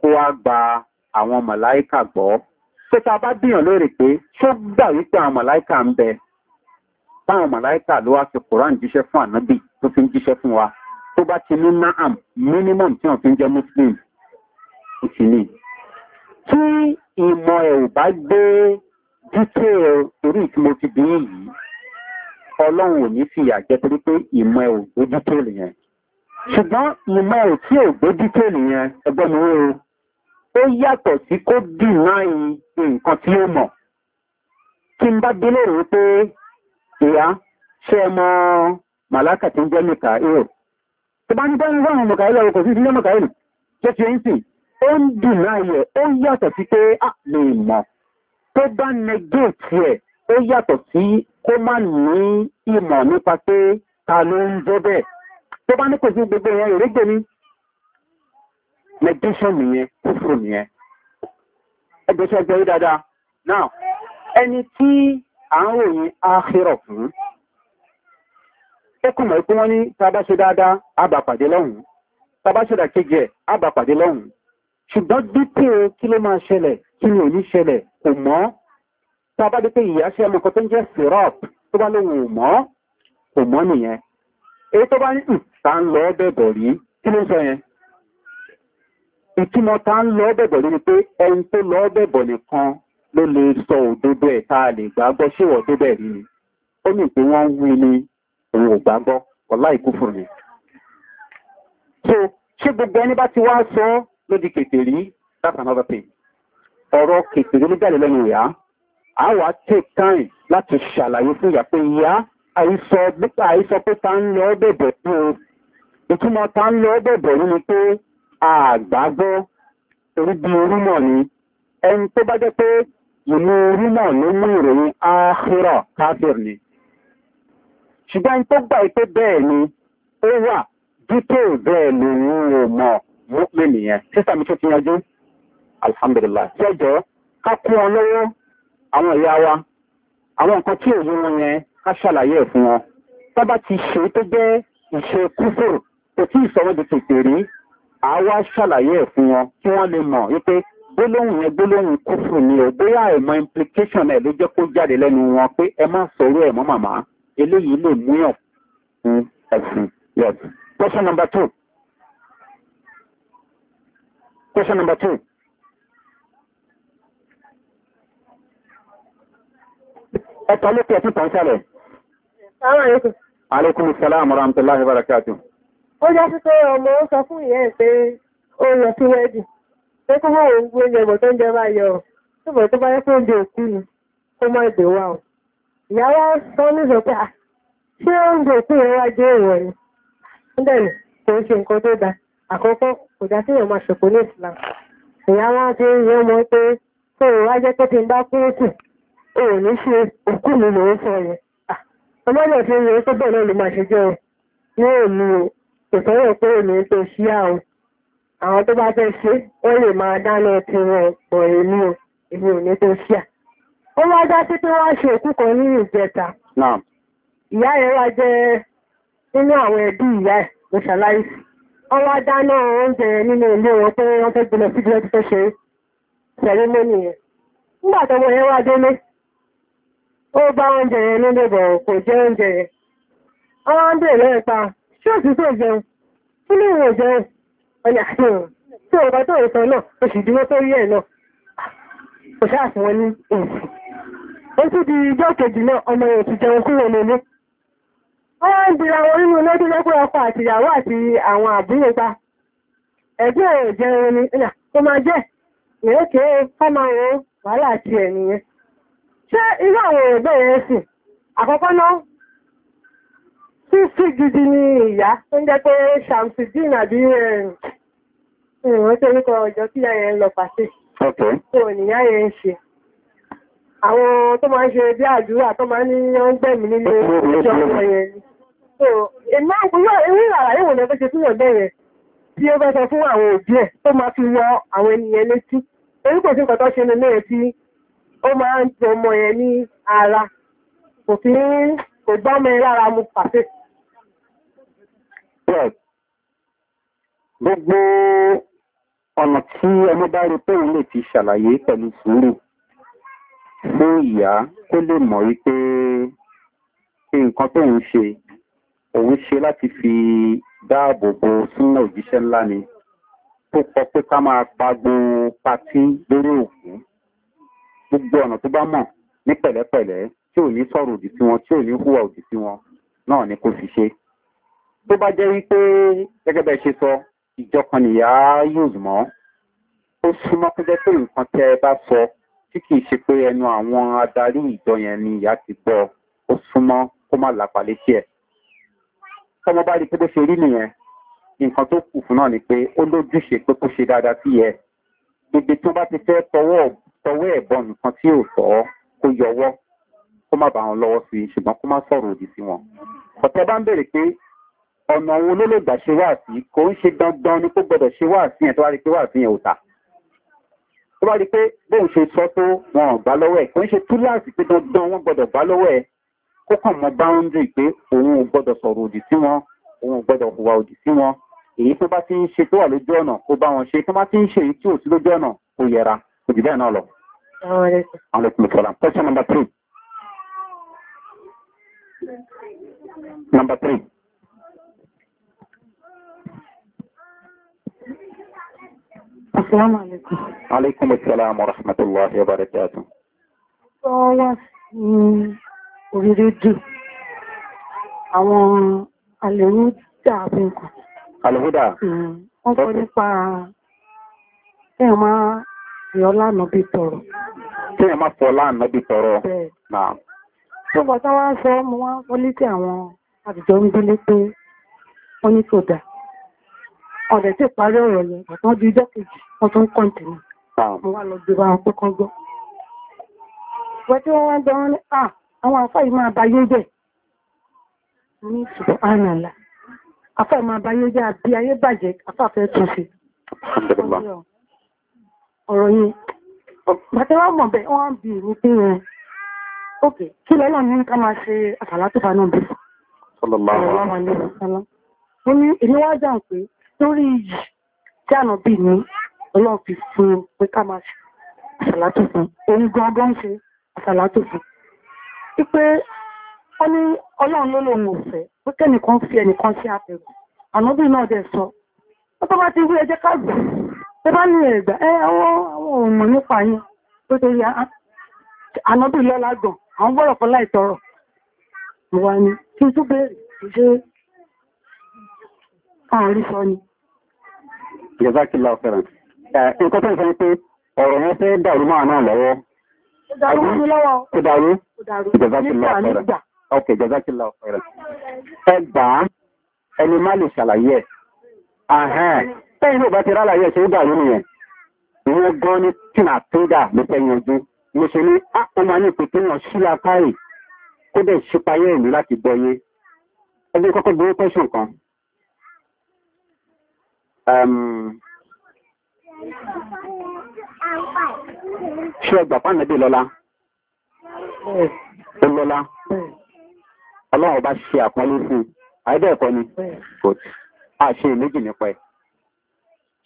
kó wá gba àwọn màláìkà gbọ́ pé tá bá bíyàn lóore pé ṣó gbà wípé àwọn màláìkà ń bẹ táwọn màláìkà ló wá fi koran jíṣẹ́ fún ànábì tó fi ń jíṣẹ́ fún wa tó bá ti ní naam minimum tí wọ́n fi ń jẹ́ muslim ó ti ní. tí ìmọ̀ ẹ̀ ò bá gbé detail torí tí mo ti bí yìí ọlọ́run ò ní fìyà jẹ torí pé ìmọ̀ ẹ̀ ò gbé detail yẹn ṣùgbọ́n ìmọ̀ ẹ̀ tí ò gbé detail yẹn ẹgbẹ́ mi ó ó yàtọ̀ sí kó dì náà nǹkan tí ó mọ̀ kí n bá délé rèé pé ìyá ṣé ẹ mọ màláka tí ń jẹ́ mẹ́ka ìrò tó bá ní bá ń rán àwọn mọ̀kàílì ọ̀rọ̀ kò sí ilé mọ̀kàílì tó ti ń sìn ó ń dùn láyẹ̀ ó yàtọ̀ sí pé à lè mọ̀ tó bá negate ẹ̀ ó yàtọ̀ sí kó má ní ìmọ̀ nípa pé ta ló ń jẹ́ bẹ́ẹ̀ tó bá ní kò sí gbogbo ìyẹn ìrégbè ní negation nìyẹn kúfù nìyẹn ẹgbẹ́ sẹ́gbẹ́ dáadáa now ẹni tí à ń ròyìn áhírọ̀ fún ó kùnmọ̀ pé wọ́n ní tàbá ṣe dáadáa àbàpàdé lọ́hùn tàbá ṣe dàkejì ẹ̀ àbàpàdé lọ́hùn ṣùgbọ́n dípò kí ló máa ṣẹlẹ̀ kí ni ò ṣẹlẹ̀ kò mọ́ tàbá dé pé ìyá ṣe tó ń jẹ́ syrup tó bá lóhun ò mọ́ kò mọ́ nìyẹn èyí tó bá ní hmm, ta ń lọ bẹ̀bọ̀ rí ló lè sọ òdodo ẹ̀ tá a lè gbàgbọ́ ṣé wọ́n débẹ̀ rí ni ó mì pé wọ́n ń wí ni òun ò gbàgbọ́ ọ̀la ìkú fún mi. so ṣé gbogbo ẹni bá ti wá sọ ọ́ ló di that's another thing ọ̀rọ̀ kètèrí ló jáde lẹ́nu ìyá a wà take time láti ṣàlàyé fún ìyá pé ìyá àìsọ nípa àìsọ pé ta ń lọ bẹ̀bẹ̀ fún o ìtumọ̀ ta ń lọ bẹ̀bẹ̀ nínú pé àgbàgbọ́ torí bí orúmọ̀ ni ẹni tó bá jẹ́ pé ìlú rímọ̀ ló mú ìròyìn áhírọ̀ káfíìr ni ṣùgbọ́n tó gbà pé bẹ́ẹ̀ ni ó wà dípò bẹ́ẹ̀ lòun ò mọ̀ mọ́pẹ́ nìyẹn sísà mi tó ti yanjú alhamdulillah jẹ́jọ́ ká kún ọ lọ́wọ́ àwọn ìyá wa àwọn nǹkan tí òun wọn yẹn ká ṣàlàyé ẹ̀ fún wọn tọ́ba ti ṣe tó jẹ́ ìṣe kúfòrò kò tí ì tètè rí àá wá ṣàlàyé ẹ̀ fún wọn kí wọ́n lè mọ̀ wípé gbólóhùn yẹn gbólóhùn kúfù ni o bóyá àìmọ implication ẹ ló jẹ kó jáde lẹnu wọn pé ẹ má sọrọ ẹ mọ màmá eléyìí lè mú yàn fún ẹsìn yes question number two question number two. ẹ tọ́ lókè ẹ tún tàn sálẹ̀. sàmàlẹ́kùn. aleykum salaam wa rahmatulahi barakatu. ó jẹ́ sí pé ọmọ ó sọ fún ìyá ẹ̀ pé ó lọ sí wẹ́ẹ̀dì. pé kó mọ̀ òun gbé ẹgbẹ̀ tó ń jẹ bá yọ ṣùgbọ́n tó bá yẹ kó oúnjẹ òkú ni kó sọ à ṣe nǹkan tó da àkọ́kọ́ kò sí ìyọ̀mọ̀ ní Islam ti ń yẹ pé tó o wá jẹ́ pé ti ń bá o ò ní ṣe òkú mi lòún sọ yẹn ọmọdé àwọn tó bá fẹ́ ṣe ó lè máa dáná ti wọn pọ̀ èmi o èmi ò ní tó ṣíà ó wá dá sí pé ṣe òkú ní ìjẹta ìyá ẹ̀ wá jẹ́ nínú àwọn ẹbí ìyá ẹ̀ ló wọ́n oúnjẹ nínú ilé wọn pé wọ́n fẹ́ gbìnà sí ìjọba ṣe sẹ̀rímọ́nì yẹn nígbà yẹn wá délé ó bá oúnjẹ yẹn nílé bọ̀ kò ọ̀nà tí hmm, bá tó ìsọ náà oṣù dúró tó rí ẹ̀ náà ní èsì kejì náà ọmọ rẹ̀ ti jẹun kúrò nínú wọ́n ń dira wọn nínú lọ́dún ọkọ àti ìyàwó àti àwọn jẹun ni máa jẹ́ máa Ìwọ́n tí orúkọ ọjọ́ tí yáyẹ ń lọ pàṣẹ. Okay. So nìyá yẹn ń ṣe. Àwọn tó máa ń ṣe bí àdúrà tó máa ń ní ọ́n gbẹ̀mí nílé ìjọ ọmọ yẹn ni. So ìmọ̀ ìpínlẹ̀ eré ìràrà yóò lẹ́gbẹ́ ṣe fún ọ̀dẹ́ yẹn tí ó bẹ́ sọ fún àwọn òbí ẹ̀ tó máa fi wọ àwọn ènìyàn létí. Orí kò sí nǹkan tó ṣe nílé tí ó Gbogbo ọ̀nà tí ọmọ bá rí pé òun lè ti ṣàlàyé pẹ̀lú sùúrù fún ìyá kó lè mọ̀ wípé nǹkan tó ń ṣe òun ṣe láti fi dáàbò bo súnmọ́ òjíṣẹ́ ńlá ni tó kọ pé ká máa pagbo patí lórí òkú gbogbo ọ̀nà tó bá mọ̀ ní pẹ̀lẹ́pẹ̀lẹ́ tí ò ní sọ̀rọ̀ òdì sí wọn tí ò ní hùwà òdì sí wọn náà ni kò fi ṣe tó bá jẹ́ wípé gẹ́gẹ́ bẹ́ẹ̀ ṣe sọ ìjọkan nìyá yóò mọ́ ó súnmọ́ pé jẹ́ pé nǹkan tẹ́ ẹ bá sọ tí kì í ṣe pé ẹnu àwọn adarí ìjọ yẹn ni ìyá ti gbọ́ ó súnmọ́ kó má lápá létí ẹ̀ tọmọ bá rí pé bó ṣe rí nìyẹn nǹkan tó kù fún náà ni pé ó lójúṣe pé kó ṣe dáadáa sí ẹ gbogbo tí wọn bá ti fẹ́ tọwọ́ ẹ̀bọn nǹkan tí ò tọ́ kó yọwọ́ kó má bà lọ́wọ́ sí i ṣùgbọ́n kó má sọ̀rọ̀ òdì sí wọn ọ̀tẹ́ bá ń bèrè pé ọ̀nà òun ló lè gbà ṣe wá sí kò ń ṣe dandan ni kó gbọdọ̀ ṣe wá sí yẹn tó bá rí pé wá sí yẹn ò tà tó bá rí pé bóun ṣe sọ tó wọn ò gbá lọ́wọ́ ẹ̀ kò ń ṣe túláàsì pé dandan wọn gbọdọ̀ gbá lọ́wọ́ ẹ̀ kó kàn mọ báńdì pé òun ò gbọdọ̀ sọ̀rọ̀ òdì sí wọn òun ò gbọdọ̀ hùwà òdì sí wọn èyí tó bá ti ń ṣe tó wà lójú ọ̀nà kó bá wọn ṣe tó bá ti ń ṣe èyí Number three. Assalamu alaikum. Alaikum assalam wa rahmatullahi wa barakatuh. Sọ wá sí orí rédíò, àwọn àlèrúdà àfihàn. Àlèrúdà? Hmm. Wọ́n kọ́ nípa ẹ̀yàn máa yọ lánàá bí tọrọ. Kí ẹ̀ máa fọ lánàá bí tọrọ? Bẹ́ẹ̀. Tó sọ, wá wọlé tí àwọn wọ́n ní ọ̀rẹ́ tí parí ọ̀rọ̀ yẹn àtọ́ di ijọ́ kejì ọdún kọ́ǹtì ni mo wá lọ gbé bá wọn pé kán gbọ́ wọ́n tí wọ́n wá gbọ́ wọn ní à ah, àwọn afá yìí máa bayé jẹ́ ní ìṣùgbọ́n àrànlá afá yìí máa bayé jẹ́ àbí ayé bàjẹ́ afá fẹ́ tún fi ọ̀rọ̀ yẹn bàtẹ́ wọ́n mọ̀ bẹ́ wọ́n bí ní pé wọn eh, ókè kí lọ́lọ́ ní ká máa ṣe àtàlátùfà náà bí Sallallahu alaihi wasallam. Ó ní èmi wá dáhùn pé lórí iyì tí ànábì ní ọlọ́run fi fún pé ká máa ṣe àṣàlátò fún òun gangan ń ṣe àṣàlátò fún wípé ó ní ọlọ́run ló lòun ò fẹ́ pé kẹ́nìkan fi ẹnìkan sí àtẹ̀gùn ànábì náà dẹ̀ sọ ó tó bá ti wí ẹjẹ́ ká gbà tó bá ní ẹ̀gbà ẹ àwọn òmò nípa yín tó tó rí ah, ànábì lọ́la gbọ̀n àwọn gbọ́rọ̀ fún láìtọrọ̀ mo wá ní kí n tún béèrè ṣe àárí sọ ni jẹ́sàkìlá ọ̀fẹ́ràn nǹkan tó ń sọ pé ọ̀rọ̀ yẹn fẹ́ dàrú máa náà lọ́wọ́ kò dàrú jẹ́sàkìlá ọ̀fẹ́ràn ok jẹ́sàkìlá ọ̀fẹ́ràn ẹ gbà á ẹni má lè ṣàlàyé ẹ̀ tẹ́yìn náà bá ti rálàyé ẹ̀ ṣe ó dàrú nìyẹn ìwọ́n gan ni tìǹà tó dà ló fẹ́ yanjú mo ṣe ní ah, ó máa ní ìpè kéèyàn sílá káì kó dẹ̀ ṣípayé ìlú láti gbọ́ yé ẹgbẹ́ kọ́kọ́ gbowó pẹ́sùn kan Um, ṣé ọgbà pàǹdàbí lọ́la ó lọ́la ọlọ́run ọba ṣe àpọ́nlé fún un àìdẹ́ẹ̀kọ́ ni kò á ṣe méjì nípa ẹ̀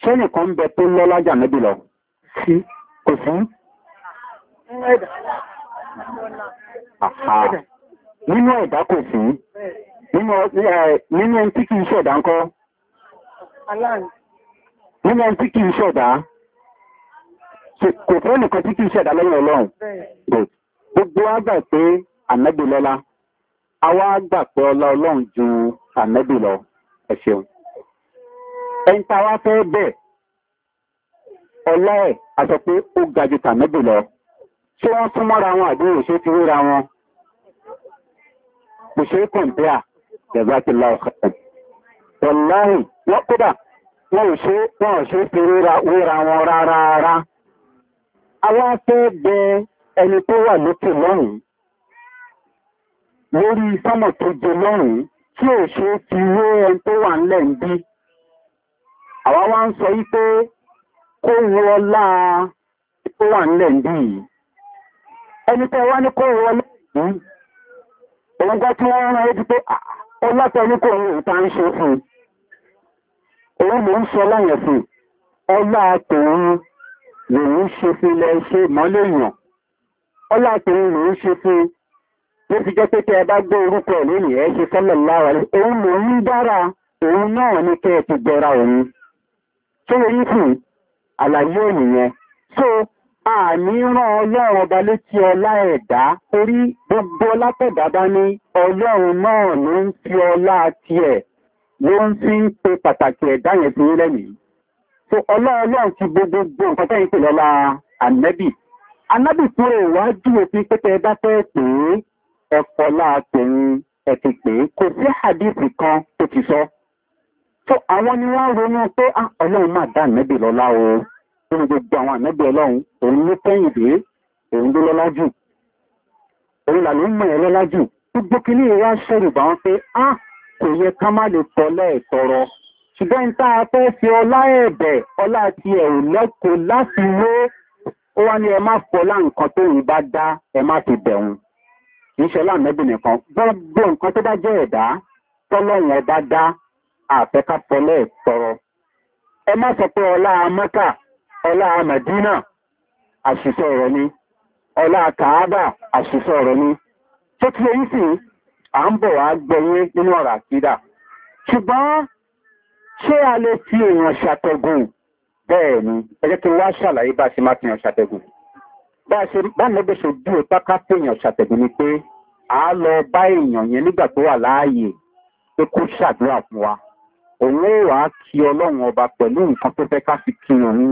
ṣé nìkan ń bẹ tó lọ́la jà níbi lọ kò sí nínú ẹ̀dá kò sí nínú ẹni tí kì í ṣẹ̀dá ńkọ́. Nínú tí kìí ṣẹ̀dá, kò fẹ́ nìkan tí kìí ṣẹ̀dá lẹ́yìn ọlọ́run. Gbogbo wa gbà pé ànẹ́bì lọ́lá, a wá gbà pé ọlá ọlọ́run ju ànẹ́bì lọ, ẹ ṣeun. Ẹni ta wá fẹ́ bẹ̀, ọlá ẹ̀ a sọ pé ó ga ju tànẹ́bì lọ. Ṣé wọ́n tún mọ́ra wọn àbí òṣè ti ríra wọn? Kò ṣe é kọ̀ǹpẹ́à, ẹ̀bá ti la ọ̀kẹ́. wọ̀láhì wọ́n wọ́n ò ṣe wọ́n ṣe fi wéra wọn rárá rárá bẹ ẹni tó wà lókè lọ́rùn lórí sọ́mọ̀ tó jẹ lọ́rùn tí ò ṣe ti wé ẹni tó wà ńlẹ̀ ń bí àwa wá ń sọ wípé kó wọlá tó wà ń bí ẹni wá ní kó òun mò ń sọ láyẹ̀ sí ọlá tòun lòun ṣe fi lẹ ṣe mọ́lẹ̀ èèyàn ọlá tòun lòun ṣe fi ló fi jẹ́ pé kí ẹ bá gbé orúkọ ẹ̀ lónìí ẹ ṣe sọ́lọ̀ lára òun lòun dára òun náà ni kẹ́ ẹ ti gbẹra òun tó yẹ yín fún àlàyé ònìyẹn so àní rán ọlọ́run ọba létí ọlá ẹ̀dá torí gbogbo ọlá tẹ̀dá bá ní ọlọ́run náà ló ń fi ọlá tiẹ̀ ló ń tí ń pe pàtàkì ẹ̀dá yẹn ti rí lẹ́yìn. so ọlọ́ọlọ́run ti gbogbo gbogbo nǹkan tẹ́yìn pè lọ́la ànẹ́bì ànẹ́bì tó rè wá júwe sí pé tẹ́ ẹ bá fẹ́ pè é ẹ̀kọ́ láàtẹ̀yìn ẹ̀ ti pè é kò sí àdìsí kan tó ti sọ. so àwọn ni wọ́n ronú pé ah, ọlọ́run máa dá ànẹ́bì lọ́la o nínú gbogbo àwọn ànẹ́bì ọlọ́run òun ló kẹ́yìn dé òun ló lọ́lá jù òun là ló mọ̀ ẹ́ lọ́lá jù gbogbo kìnìún wa ṣẹ̀rù bá wọn pé ah, kò ká má lè tọ́lẹ̀ ìtọrọ ṣùgbọ́n tá a fẹ́ fi ọlá ẹ̀bẹ̀ ọlá ti ẹ̀rù lẹ́kọ̀ọ́ láti wé ó wá ní ẹ má fọlá nǹkan tó ń bá dá ẹ má fi bẹ̀rùn níṣẹ́ láàmẹ́bì nìkan gbogbo nǹkan tó bá jẹ́ ẹ̀dá tọ́lọ́run ọba dá àfẹ́ká fọlẹ́ tọrọ ẹ má sọ pé ọlá mẹ́kà ọlá mẹ̀dínà àṣìṣe ọ̀rọ̀ ni ọlá kàábà àṣìṣe ọ̀rọ̀ ni tó à ń bọ̀ wá gbẹ̀yìn nínú ọ̀rọ̀ àkídà ṣùgbọ́n ṣé a lè fi èèyàn ṣàtẹ̀gùn bẹ́ẹ̀ ni ẹ jẹ́ kí n wá ṣàlàyé bá ṣe máa fi ṣàtẹ̀gùn bá ṣe bá mi bẹ́ẹ̀ ṣe dúró pákà ṣàtẹ̀gùn ni pé a lọ bá èèyàn yẹn nígbà tó wà láàyè pé kó ṣàdúrà fún wa òun ó wàá kí ọlọ́run ọba pẹ̀lú nǹkan tó fẹ́ ká fi kí òun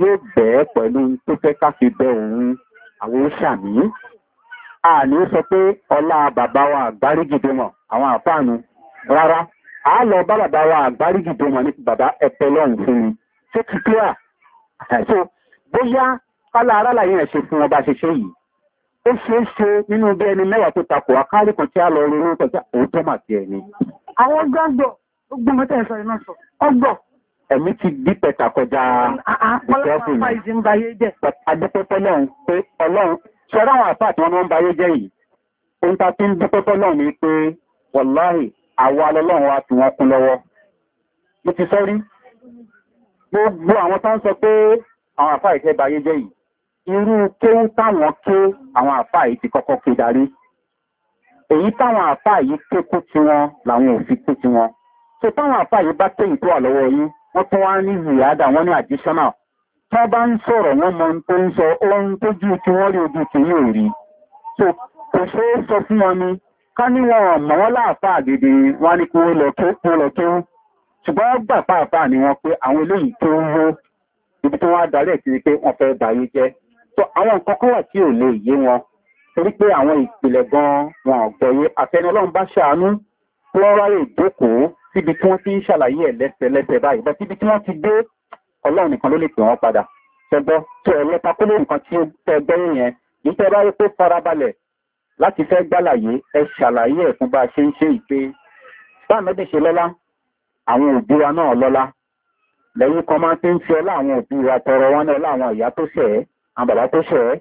yóò bẹ̀ẹ́ pẹ̀lú tó fẹ́ ká fi bẹ òun àwọn ó ṣàmì àní sọ pé ọlá bàbá wa àgbárígìdè wọn àwọn àfáànù rárá a lọ bá bàbá wa ní bàbá ẹ̀pẹ́ fún mi tó ti clear so bóyá alára làyẹn fún ọba yìí ó nínú bí ẹni mẹ́wàá tó takò àkárí kan tí a lọ àwọn gbọ́ngbọ̀ mọ́tẹ́ ẹ̀sọ́ iná sọ ọgbọ̀. ẹ̀mí ti dí ṣe ráwọn àpá àti wọn wọ́n báyé jẹ́ yìí ohun ta fi ń dúpẹ́ tọ́lọ́run ni pé wọ̀láhì àwa lọ́lọ́run wa fi wọn kún lọ́wọ́ mo ti sọ rí gbogbo àwọn tó ń sọ pé àwọn àfá ìfẹ́ báyé jẹ́ yìí irú kéwú táwọn ké àwọn àfá yìí ti kọ́kọ́ ké darí èyí táwọn àfá yìí ké kú tiwọn làwọn ò fi kú tiwọn so táwọn àfá yìí bá téyìn tó wà lọ́wọ́ yín wọ́n tún wá ní ziyada wọ́n ní additional tá bá ń sọ̀rọ̀ wọ́n mọ̀ tó ń sọ ohun tó jù tí wọ́n rí ojú tí yóò rí so kò ṣe é sọ fún wọn ni ká ní wọn mọ̀ wọ́n láàpá àgèdè wọn ni kó lọ kéwú ṣùgbọ́n wọ́n ni wọn pé àwọn eléyìí tó ń wó ibi tí wọ́n á darí ẹ̀ sí pé wọ́n fẹ́ bàyé jẹ́ so àwọn nǹkan kan wà tí ò lè yé ráyè ìdókòó síbi tí wọ́n ti ń ṣàlàyé ẹ̀ báyìí bọ́ síbi tí wọ́n ti dé ọlọ́run nìkan ló lè pè wọ́n padà ṣẹgbọ́ tó ẹlẹ́ta kó lè nǹkan tí ó tẹ gbẹ́yìn yẹn yìí tẹ́ bá rí pé farabalẹ̀ láti fẹ́ gbàlàyé ẹ ṣàlàyé ẹ̀ fún bá a ṣe ń ṣe ìpè sáàmẹ́bí ṣe lọ́lá àwọn òbí wa náà lọ́lá lẹ́yìn kan máa ti ń fi ọlá àwọn òbí wa tọrọ wọn náà láwọn ìyá tó ṣẹ̀ ẹ́ àwọn bàbá tó ṣẹ̀ ẹ́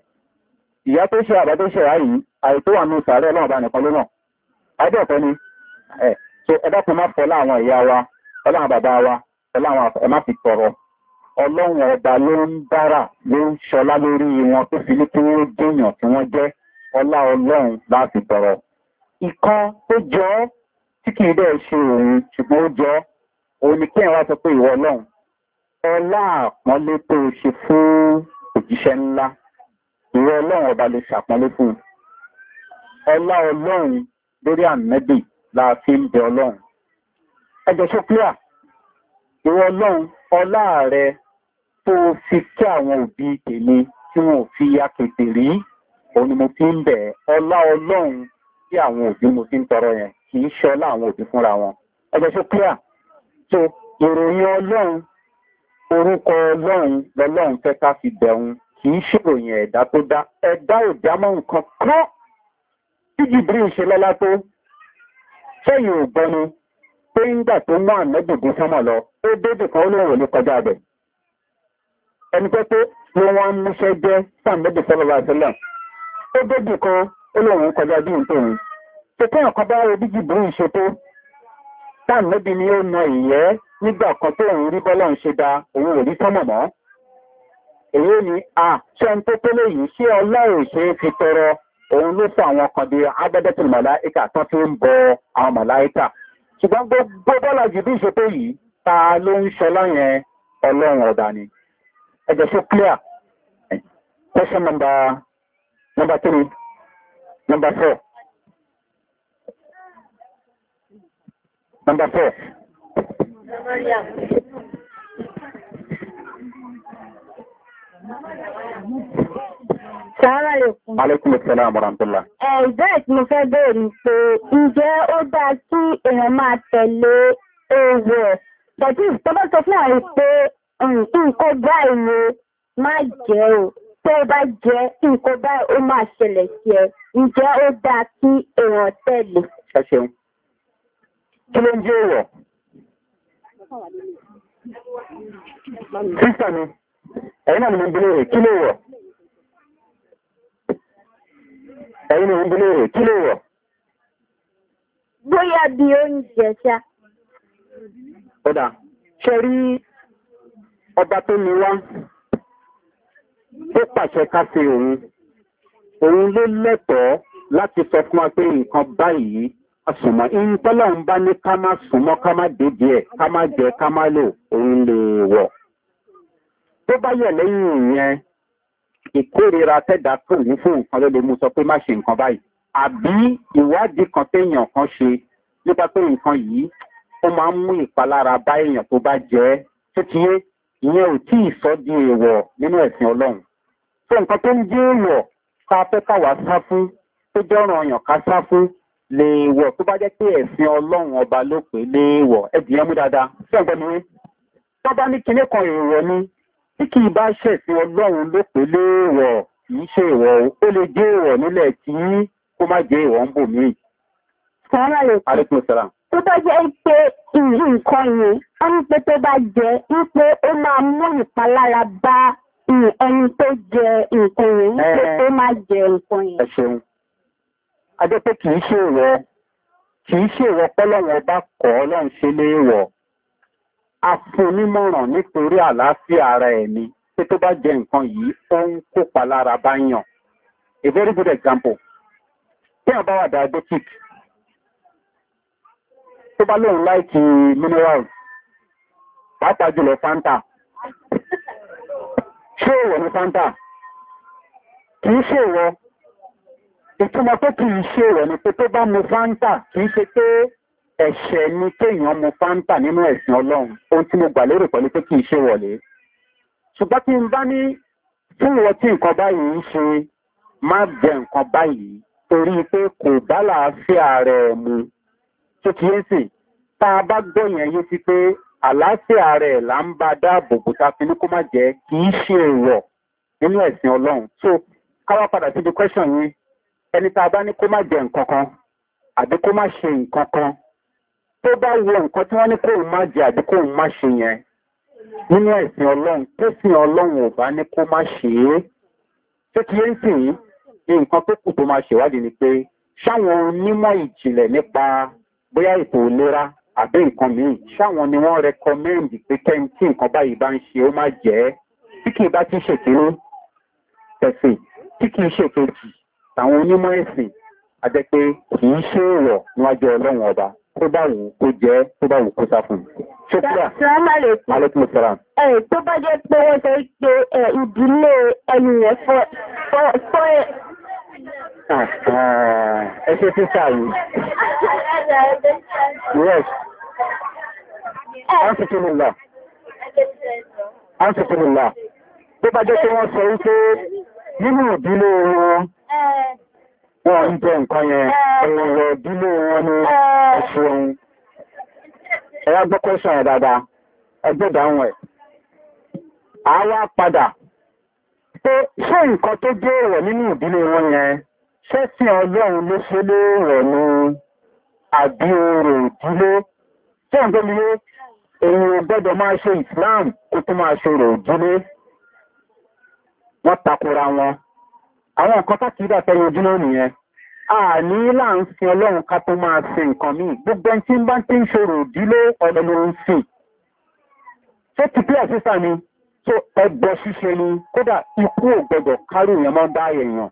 ìyá tó ṣẹ̀ àbá tó ṣẹ̀ á yìí àìtó wà nù sàárẹ̀ ọlọ́run bá nìkan ló mọ̀ adẹ́ẹ̀kọ́ ni ẹ̀ so ẹ dákun má fọlá àwọn ìyá wa ọlọ́run bàbá wa ọlọ́run ẹ má fi tọrọ ọlọ́run ọba ló ń dára ló ń ṣọlá lórí wọn tó fi ní kí wọ́n dèèyàn tí wọ́n jẹ́ ọlá ọlọ́run láti tọrọ ìkan tó jọ ọ́ tí kì í bẹ́ẹ̀ ṣe òun ṣùgbọ́n ó jọ ọ́ òun kí ẹ̀ wá sọ pé ìwọ ọlọ́run ọlá àpọ́nlé tó ṣe fún òjíṣẹ́ ńlá ìwọ ọlọ́run ọba lè ṣàpọ́nlé fún un ọlá ọlọ́run lórí àmẹ́bì la fi ń bẹ ọlọ́run ẹjọ́ ṣókíà ìwọ ọlọ́run ọlá rẹ tó fi kí àwọn òbí tèmi tí wọn ò fi ya kètè rí òun ni mo fi ń bẹ̀ ọlá ọlọ́run tí àwọn òbí mo fi ń tọrọ yẹn kì í ṣe ọlá àwọn òbí fúnra wọn ẹgbẹ́ ṣó clear so ìròyìn ọlọ́run orúkọ ọlọ́run lọ́lọ́run fẹ́ ká fi bẹ̀rùn kì í ṣèròyìn ẹ̀dá tó dá ẹ̀dá ìdámọ́ nǹkan kan tí jibril ṣe lọ́lá tó sẹ́yìn ògbọ́ni pé ńgbà tó mú àmẹ́gbègbè sánmọ̀ lọ ó débìkan ó lóun ò ní kọjá bẹ̀ ẹni pé pé ló wọ́n ń múṣẹ́ jẹ́ sàmẹ́dì sọ́lọ́lá àdúlà ó débì kan ó lóun kọjá bí nǹkan òun tètè ọ̀kan bá rẹ bí jìbìrì ṣe tó sàmẹ́dì ni ó na ìyẹ́ nígbà kan tó òun rí bọ́lá ń ṣe da òun ò rí tọ́mọ̀ mọ́ èyí ni a ṣe ń tó tẹ́lẹ̀ yìí ṣé ọlá ò ṣe é fi tọrọ òun ló sọ àwọn kan di agbẹ́dẹ́tì màláìkà tán fi ń bọ àwọn màláìkà ṣùgbọ́n gbogbo bọ́lá jìbìrì ṣe tó yìí ta ló ń ṣọlá yẹn ọlọ́run ọ̀dà ẹ̀jẹ̀ so clear question number number three number four number four. Sàárà lè kún. Alékùnlé Sẹ́lá Àmọ́ràntọ́lá. Ẹ̀ mo fẹ́ béèrè ni pé ǹjẹ́ ó dáa kí èèyàn máa tẹ̀lé ewé ẹ̀. Bọ̀dí ìtọ́bọ̀ fún àwọn pé nǹkan báyìí ni má jẹ́ o tó o bá jẹ́ nǹkan báyìí ó máa ṣẹlẹ̀ sí ẹ ǹjẹ́ ó dáa kí èèyàn tẹ̀lé. ẹ ṣeun kí ló ń jẹ́ èèyàn. sísà mi ẹ̀yin náà ni mo ń bilé rè kí ló wọ̀ ẹ̀yin ni mo ń bilé rè kí ló wọ̀. bóyá bí oúnjẹ ṣá. ó dáa ṣe rí ọba tó ní wá tó pàṣẹ ká òun òun ló lẹ́tọ̀ọ́ láti sọ fún wa pé nǹkan báyìí àsùnmọ́ ìyíntọ́lọ̀ ń bá ní ká má sùnmọ́ ká má dédìí ẹ̀ ká má jẹ ká má lò òun lè wọ̀ tó bá yẹ̀ lẹ́yìn ìyẹn ìkórira tẹ́dà tó ní fún nǹkan ló lè mú sọ pé má ṣe nǹkan báyìí àbí ìwádìí kan téèyàn kan ṣe nípa pé nǹkan yìí ó máa ń mú ìpalára bá èèyàn tó bá jẹ́ tó ti yé ìyẹn ò tí ì sọ di èèwọ̀ nínú ẹ̀sìn ọlọ́run tó nǹkan tó ń jẹ́ èèwọ̀ ká fẹ́ káwá sá fún tó jọ́ràn ọyàn ká sá fún léèwọ̀ tó bá jẹ́ pé ẹ̀sìn ọlọ́run ọba ló pè léèwọ̀ ẹ̀dùn yẹn mú dáadáa ṣé ẹ̀gbọ́n mi rí tó bá ní kinní kan èèwọ̀ ni tí kì í bá ṣẹ̀sìn ọlọ́run ló pè léèwọ̀ kì í ṣe èèwọ̀ ó lè jẹ́ èèwọ̀ nílẹ̀ tí kó má jẹ́ èèwọ̀ ń bò míì. sọ́ra tó bá jẹ́ pé ìlú nǹkan yẹn wọ́n ní pé tó bá jẹ́ wípé ó máa mú ìpalára bá ẹni tó jẹ nǹkan yẹn wípé ó máa jẹ nǹkan yẹn. ẹ ṣeun a pé kì í ṣe ìwọ kì í ṣe ìwọ pẹ́lọ́wọ́ bá kọ́ ọlọ́run ṣe léèwọ̀ a fún nítorí àlàáfíà ara ẹ̀ pé tó bá jẹ nǹkan yìí ó ń kópa lára bá yàn a very good example tí wọ́n bá wà diabetic tó bá lóun láìkì mineral pàápàá jùlọ fanta ṣé ìwọ̀ ni fanta kìí ṣe ìwọ̀ ìtumọ̀ tó kìí ṣe ìwọ̀ ni pé tó bá mu fanta kìí ṣe pé ẹ̀ṣẹ̀ ni kéèyàn mu fanta nínú ẹ̀sìn ọlọ́run ohun tí mo gbà lérò pẹ̀lú pé kìí ṣe wọ̀lé ṣùgbọ́n tí n bá ní tí ìwọ tí nǹkan báyìí ń ṣe má jẹ nǹkan báyìí torí pé kò bá làáfíà rẹ̀ mu tó kìí tá a bá gbọ́ yẹn yé sí pé àlàáfíà rẹ̀ là ń bá dáàbò bò ta fi ní kó má jẹ́ kì í ṣe èrò nínú ẹ̀sìn ọlọ́run so káwá padà síbi question yín ẹni tá a bá ní kó má jẹ nǹkan kan àbí kó má ṣe nǹkan kan tó bá wo nǹkan tí wọ́n ní kóun má jẹ àbí kóun má ṣe yẹn nínú ẹ̀sìn ọlọ́run tẹ̀sìn ọlọ́run ò bá ní kó má ṣe é tó ti yé ń sìn yín nǹkan tó kù tó máa ṣèwádìí ni pé ṣáwọn onímọ̀ ìjìnlẹ̀ nípa bóyá ètò ìlera àbí nǹkan míì ṣáwọn ni wọ́n rẹkọmẹ́ǹdì pé kẹ́ni tí nǹkan báyìí bá ń ṣe ó má jẹ́ tí kì í bá ti ṣèkínní ẹ̀sìn tí kì í ṣèkejì àwọn onímọ̀ ẹ̀sìn àjẹ́ pé kì í ṣe èèwọ̀ níwájú ọlọ́run ọba tó bá wù ú kó jẹ́ tó bá wù ú kó sá fún un. ṣókúrà alẹ́kùn sara. ẹ tó bá jẹ́ pé wọ́n ṣe é pé ìdílé ẹnìyẹn fọ́ Ẹ ṣe títà yìí. Yes. Alhamdulillah. Alhamdulillah. Tó bá jẹ́ kí wọ́n sọ wípé nínú ìdílé wọn, wọ́n ń jẹ nǹkan yẹn, ọ̀rọ̀ ìdílé wọn ní ẹ̀ṣùn. Ẹ̀yà gbọ́ kọ́ṣọ̀ ẹ̀ dáadáa, ẹgbẹ́ ìdáhùn ẹ̀. Àwa padà pé ṣé nǹkan tó jẹ́ ẹ̀rọ nínú ìdílé wọn yẹn ṣẹ́sìn ọlọ́run ló ṣe lé rẹ̀ ní àbí orò ìdílé tí ó ń gbẹ́mi lé èyàn gbọ́dọ̀ máa ṣe Islam kó tó máa ṣe orò ìdílé wọ́n takora wọn àwọn nǹkan tá kìí dàtẹ́ ojú náà nìyẹn a ní láàáfin ọlọ́run ká tó máa ṣe nǹkan míì gbogbo ẹni tí ń bá ti ń ṣòro ìdílé ọ̀nà ló ń sìn ṣé ti pé àṣìṣà ni tó ẹgbọ́ ṣíṣe ni kódà ikú ò gbọdọ̀ kárù yẹn mọ́ bá èèyàn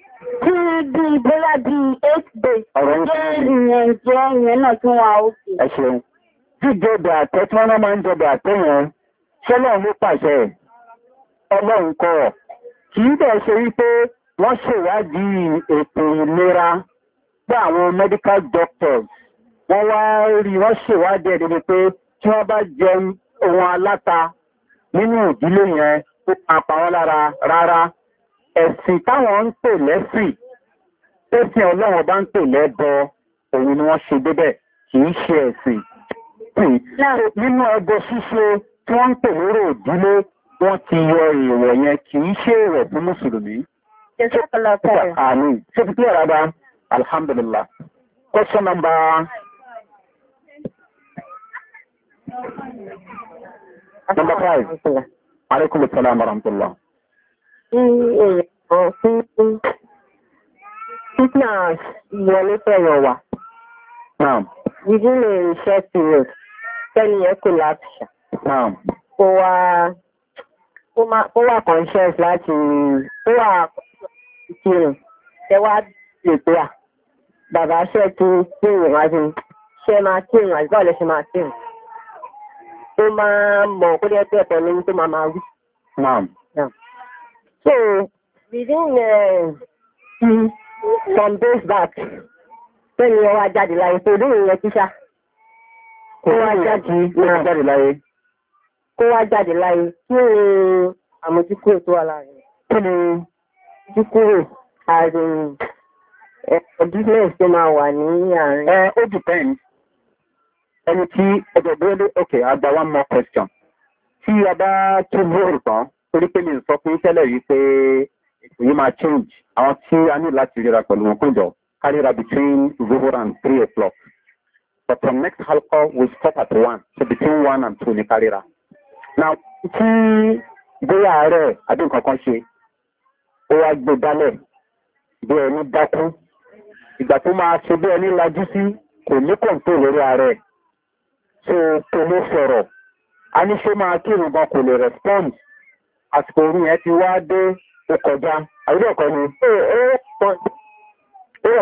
Tí bí bóyá bí eight days, jẹ́ ìyẹn jẹ́ ìyẹn náà tún wà òkè. Ẹ ṣeun. Jíjọba àtẹ́ tí wọ́n máa ń jọba àtẹ́ yẹn, ṣọ́lọ́run ló pàṣẹ ẹ̀. Ọlọ́run kọ̀. Kì í bẹ̀ ṣe wípé wọ́n ṣèwádìí ètò ìlera pé àwọn medical doctors wọ́n wá rí wọ́n ṣèwádìí ẹ̀dẹ́ni pé tí wọ́n bá jẹun ohun aláta nínú ìdílé yẹn ó pa pa wọ́n lára rárá ẹ̀sìn táwọn ń pè lẹ́sìn tẹ́sìn ọlọ́run bá ń pè lẹ́bọ òun ni wọ́n ṣe débẹ̀ kì í ṣe ẹ̀sìn nínú ẹgbẹ́ ṣíṣe tí wọ́n ń pè lóró òdílé wọ́n ti yọ èèwọ̀ yẹn kì í ṣe èèwọ̀ fún mùsùlùmí. ṣé fi kí ẹ̀rọ bá alhamdulillah question number. Number five. Aleykum salaam wa rahmatulah sí èèyàn kan sí títí ìwọlé fẹ̀rọ̀ wà. Within a short period, tẹ́ni yẹn kò lápìṣà. Ó wá ó wà conscious láti ó wà ìkírun. Ẹ wá lè pé à. Bàbá ṣẹ́ kí kírun àti ṣẹ́ máa kírun àti báwo lẹ ṣe máa kírun. Ó máa mọ̀ kó dẹ́ bẹ́ẹ̀ pẹ̀lú tó máa máa wí. So, within uh, mm, some days back, pẹ̀lú ọwọ́ ajáde láyé tó lórí ìyẹn tíṣà. Kó wá jáde láyé. Kó wá jáde láyé. Kí ni àmójúkúrò tó wà láàrin? Kí ni jíkúrò àrùn business tó máa wà ní àárín? Ẹ ó depend. Ẹni tí ọjọ́ ìgbélé, okay, àgbà one more question. Tí a bá tún bóòrù tán, torí pé mi ń sọ fún tẹ́lẹ̀ yìí pé ètò yìí máa change àwọn tí a ní láti ríra pẹ̀lú wọn péjọ káríra between zero and three o'clock but from next halqa we stop at one so between one and two ní káríra. now tí bóyá àárẹ̀ àbí nǹkan kan ṣe ó wá gbé dálẹ̀ bí ẹni dákú ìgbà tó máa ṣe bí ẹni lajú sí kò ní kọ̀ǹtò lórí ààrẹ so kò lè sọ̀rọ̀ a ní ṣé máa kírun gan kò lè respond àsìkò orí yẹn ti wá dé O kọjá ọkọ ni ó rẹ̀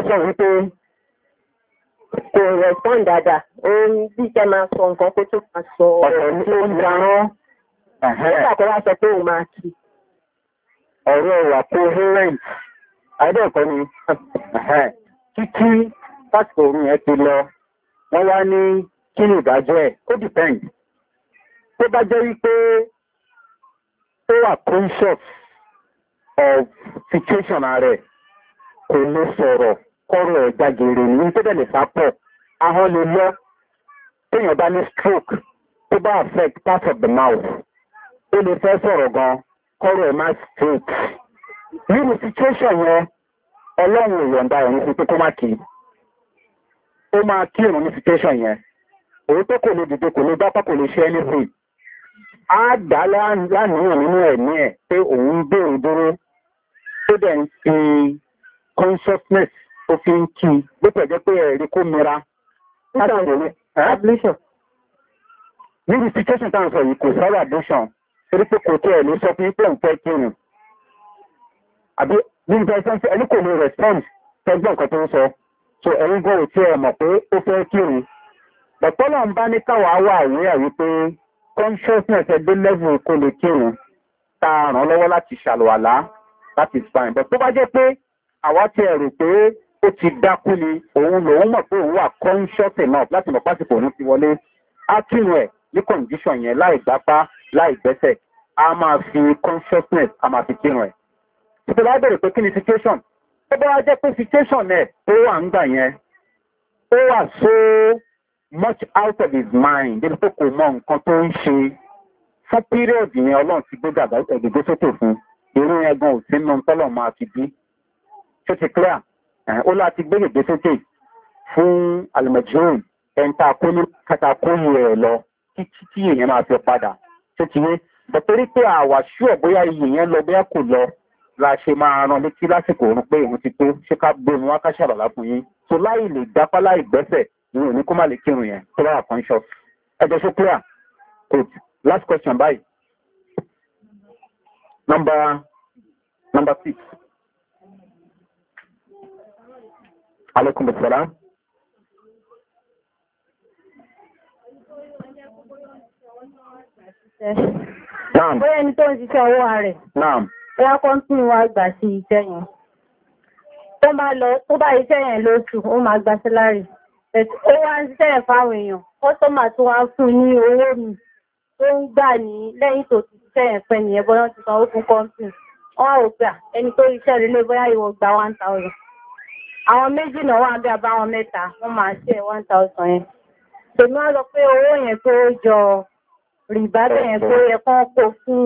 sọ wípé kò respond dáadáa dada. O bí jẹ́ máa sọ nǹkan kó tó máa sọ ọ̀rọ̀ tí ó ń darán nígbà tó wá sọ pé òun máa kí. ọ̀rọ̀ wà kó hẹ́rẹ́ǹt ọkọ ni títí àsìkò orí yẹn ti lọ wọ́n wá ní kí ni ìdájọ́ ẹ̀ ó dìpẹ́ǹd tó bá jẹ́ wípé ó wà conscious of situation rẹ̀ kò lè sọ̀rọ̀ kọ́rọ̀ ẹ̀ gbàgèrè ní tó dẹ̀ lè sápọ̀ ahọ́n lè lọ téèyàn bá ní stroke tó bá affect part of the mouth ó lè fẹ́ sọ̀rọ̀ gan kọ́rọ̀ ẹ̀ má straight nínú situation yẹn ọlọ́run ìyọ̀ǹda ẹ̀yìn fún pé kó má kí ó máa kí ìrùn ní situation yẹn òun tó kò lè dìde kò lè dápá kò lè ṣe anything á dá láàrín nínú ẹ̀mí ẹ̀ pé òun béèrè dúró tó dẹ̀ ń fi consciousness tó fi ń kí bó tẹ̀ jẹ́ pé ẹ̀rí kó mira situation tá à ń sọ yìí kò sọ́rọ̀ addiction torí pé kò tó ni àbí níbi tẹ́ respond tẹ́gbọ́n nǹkan so ẹ̀yin gbọ́ òtí ẹ̀ mọ̀ pé ó fẹ́ kí ni bọ̀tọ́lọ̀ ń bá ní káwàá wà wíyà wípé consciousness ẹgbẹ́ level kò lè kírun tá a ràn lọ́wọ́ láti ṣàlùwàlá is fine but tó bá jẹ́ pé àwa ti ẹ̀rù pé ó ti dákú ni òun lòun mọ̀ pé òun wà conscious enough láti mọ̀ pásìkò òun ti wọlé á tìrù ẹ̀ ní condition yẹn láì gbápá láì gbẹ́sẹ̀ a máa fi consciousness a máa fi kírun ẹ̀. títí láì bèrè pé kí ni situation tó bá jẹ́ pé situation ẹ̀ tó wà ń gbà yẹn ó wà sóó much out of his mind débi pé kò mọ nǹkan tó ń ṣe fún pírẹ́ẹ̀dì yẹn ọlọ́run ti gbé gàdá ẹ̀dùgbó sókè fún irú yẹn gan ò sínú tọ́lọ̀ máa fi bí tó ti clear ó láti gbé gègé sókè fún alimajun ẹni tá a kó ní kàtà kó yìí rẹ̀ lọ títí tí èèyàn máa fi padà tó ti yé bọ̀tẹ́rí pé àwàṣù ẹ̀ bóyá iye yẹn lọ bóyá kò lọ la ṣe máa ran létí lásìkò òun pé òun ti tó ṣé ká gbóhun wákàṣà bàbá fún yín tó láì lè dápá láì gbẹ́sẹ̀ ní òní kó má lè kírun yẹn tó bá wà conscious ẹjọ́ ṣó clear good last question bye. number number six aleykum salaam. Naam. Bóyá ẹni tó ń ṣiṣẹ́ ọwọ́ rẹ̀. Naam. Bóyá kọ́ńtínú wa gbà sí iṣẹ́ yẹn. Tó bá iṣẹ́ yẹn lóṣù, ó máa gba sálárì ó wá ń sẹ́ẹ̀ fáwọn èèyàn kọ́sọ́mà tó wá fún ní owó mi tó ń gbà ní lẹ́yìn tó ti sẹ́ẹ̀ fẹ́ nìyẹn bọ́yá ti sanwó fún kọ́ńtì wọ́n ò gbà ẹni tó iṣẹ́ rẹ̀ lé bóyá ìwọ gba one thousand àwọn méjì náà wà bí abáwọn mẹ́ta wọ́n máa ṣe one thousand yẹn tèmi wá lọ pé owó yẹn tó jọ rìbá bẹ́yẹn tó yẹ kán kó fún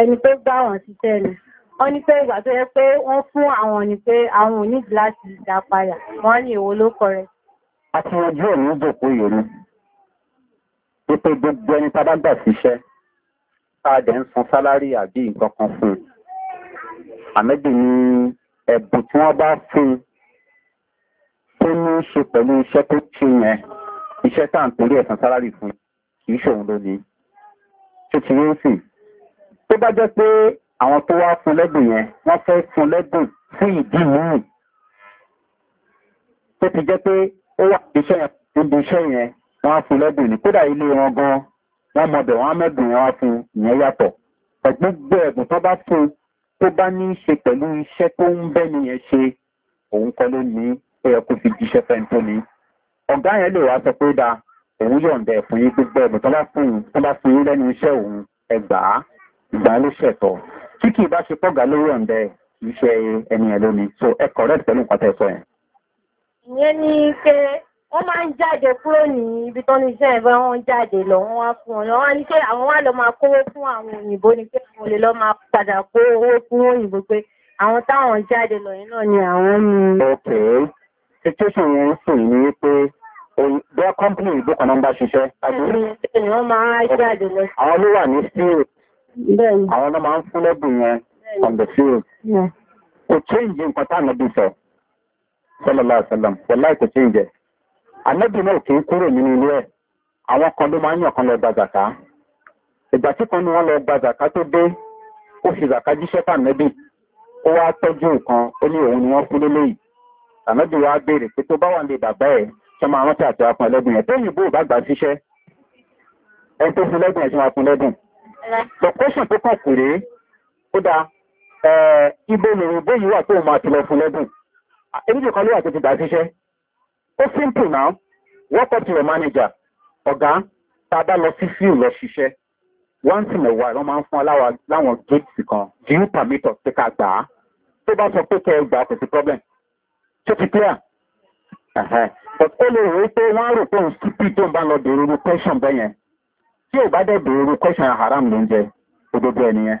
ẹni tó gbà wọ́n ṣiṣẹ́ ni wọ́n ní pé ìgbà tó yẹ pé wọ́n fún àwọn ni pé àwọn ò dá padà wọ́n ní èwo ló àti ojú ẹ̀ ní ìjòkó yìí ni wípé gbogbo ẹni tàbá gbà síṣẹ́ táàdẹ̀ ń san sálárì àbí nǹkan kan fún un àmẹ́bì ni ẹ̀bùn tí wọ́n bá fún un tó ní í ṣe pẹ̀lú iṣẹ́ tó ṣe yẹn iṣẹ́ tá à ń torí ẹ̀san sálárì fún kìí ṣòun ló ní tó ti yóò sì tó bá jẹ́ pé àwọn tó wá fún lẹ́bùn yẹn wọ́n fẹ́ fún lẹ́bùn fún ìdí mìíràn tó ti jẹ́ pé ó wà níṣẹ́ níbi iṣẹ́ yẹn wọ́n á fún lẹ́bùn ní kódà ilé wọn gan wọ́n mọ̀dọ̀ wọ́n á mẹ́bùn wọn á fún ìyẹn yàtọ̀ gbogbo ẹ̀bùn tó bá fún tó bá ní í ṣe pẹ̀lú iṣẹ́ tó ń bẹ́ nìyẹn ṣe òun kọ́ ló ní ó yẹ kó fi jíṣẹ́ fẹ́ni tó ní ọ̀gá yẹn lè wá sọ pé dáa òun yọ̀ǹda ẹ̀fún yín gbogbo ẹ̀bùn tó bá fún yín tó bá fún yín lẹ́nu iṣẹ́ òun ẹgbà á ìgbà ló ṣẹ̀tọ̀ tí kì í bá ṣe pọ́gà ló yọ̀ǹda iṣẹ́ ẹni ẹ̀ lónìí so ẹ kọ̀rẹ́t pẹ̀lú nǹkan tẹ́ sọ yẹn ìyẹn ni pé wọ́n máa ń jáde kúrò ní ibi tó ní iṣẹ́ ẹ̀fẹ́ wọn jáde lọ wọ́n wá fún ọ̀nà wọ́n ní pé àwọn wá lọ máa kówó fún àwọn òyìnbó ni pé àwọn olè lọ máa padà kó owó fún òyìnbó pé àwọn táwọn jáde lọ yìí náà ni àwọn mú. ok situation yẹn ń sìn ní pé bí a company ìgbó kan náà ń bá ṣiṣẹ́. wọ́n máa ń jáde lọ. àwọn ló wà ní field àwọn náà máa ń fún lẹ́bùn yẹn on the field. kò change nǹkan táwọn náà bí sọ sọlọ́lá àṣàlám wọ̀lá ìkò tí ń jẹ anábì náà kì í kúrò nínú ilé ẹ̀ àwọn kan ló máa ń yàn kan lọ gba zàká ìgbà tí kan ni wọ́n lọ gba zàká tó dé ó fi zàká jíṣẹ́ fànẹ́bì ó wá tọ́jú nǹkan ó ní òun ni wọ́n fún lélẹ́ yìí ànábì wa béèrè pé tó bá wà lè bàbá ẹ̀ ṣe máa rántí àti apọn ẹlẹ́dùn yẹn téyìnbó bá gbà síṣẹ́ ẹ tó fún lẹ́dùn ẹ̀ ṣe máa fún lẹ́dùn the question tó kàn kù ó dáa ibo lòrùn bóyí wà tó máa ti lọ fún lẹ́dùn eréjì kan ló wà tó ti gbà síṣẹ́ ó simple now work up to your manager ọ̀gá tá a bá lọ sí fíù lọ ṣiṣẹ́ wọ́n sì mọ̀ wá wọ́n máa ń fún aláwa láwọn gates kan do you permit us pé ká gbà á tó bá sọ pé kẹ́ ẹ gbà á kò sí problem tó ti clear but ó lè rò ó pé wọ́n á rò pé òun sípì tó ń bá lọ bèrè irú question bẹ́yẹn tí ò bá dẹ̀ bèrè irú question haram ló ń jẹ òdodo ẹ̀ nìyẹn.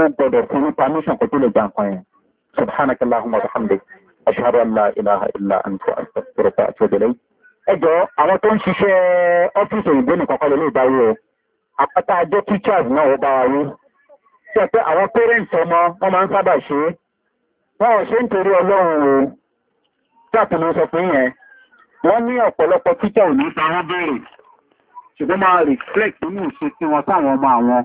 ó gbọdọ̀ fún ní permission kó tó lè gba nǹkan yẹn subhanak allahumma alhamdi ashhadu an la ilaha illa anta astaghfiruka wa atubu ilayk ẹ jọ àwọn tó ń ṣiṣẹ́ ọ́fíìsì òyìnbó nìkan kọ́ lè ní ìbáwí o àpáta ajé teachers náà ó bá wa wí ṣe pé àwọn parents ọmọ wọn máa ń sábà ṣe é wọn ò ṣe ń torí ọlọ́run o tí àtúnú sọ fún yẹn wọ́n ní ọ̀pọ̀lọpọ̀ títà ò ní sanwó béèrè ṣùgbọ́n máa reflect nínú ìṣe tí sáwọn ọmọ àwọn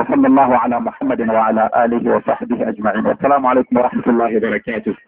وصلى الله على محمد وعلى آله وصحبه أجمعين والسلام عليكم ورحمة الله وبركاته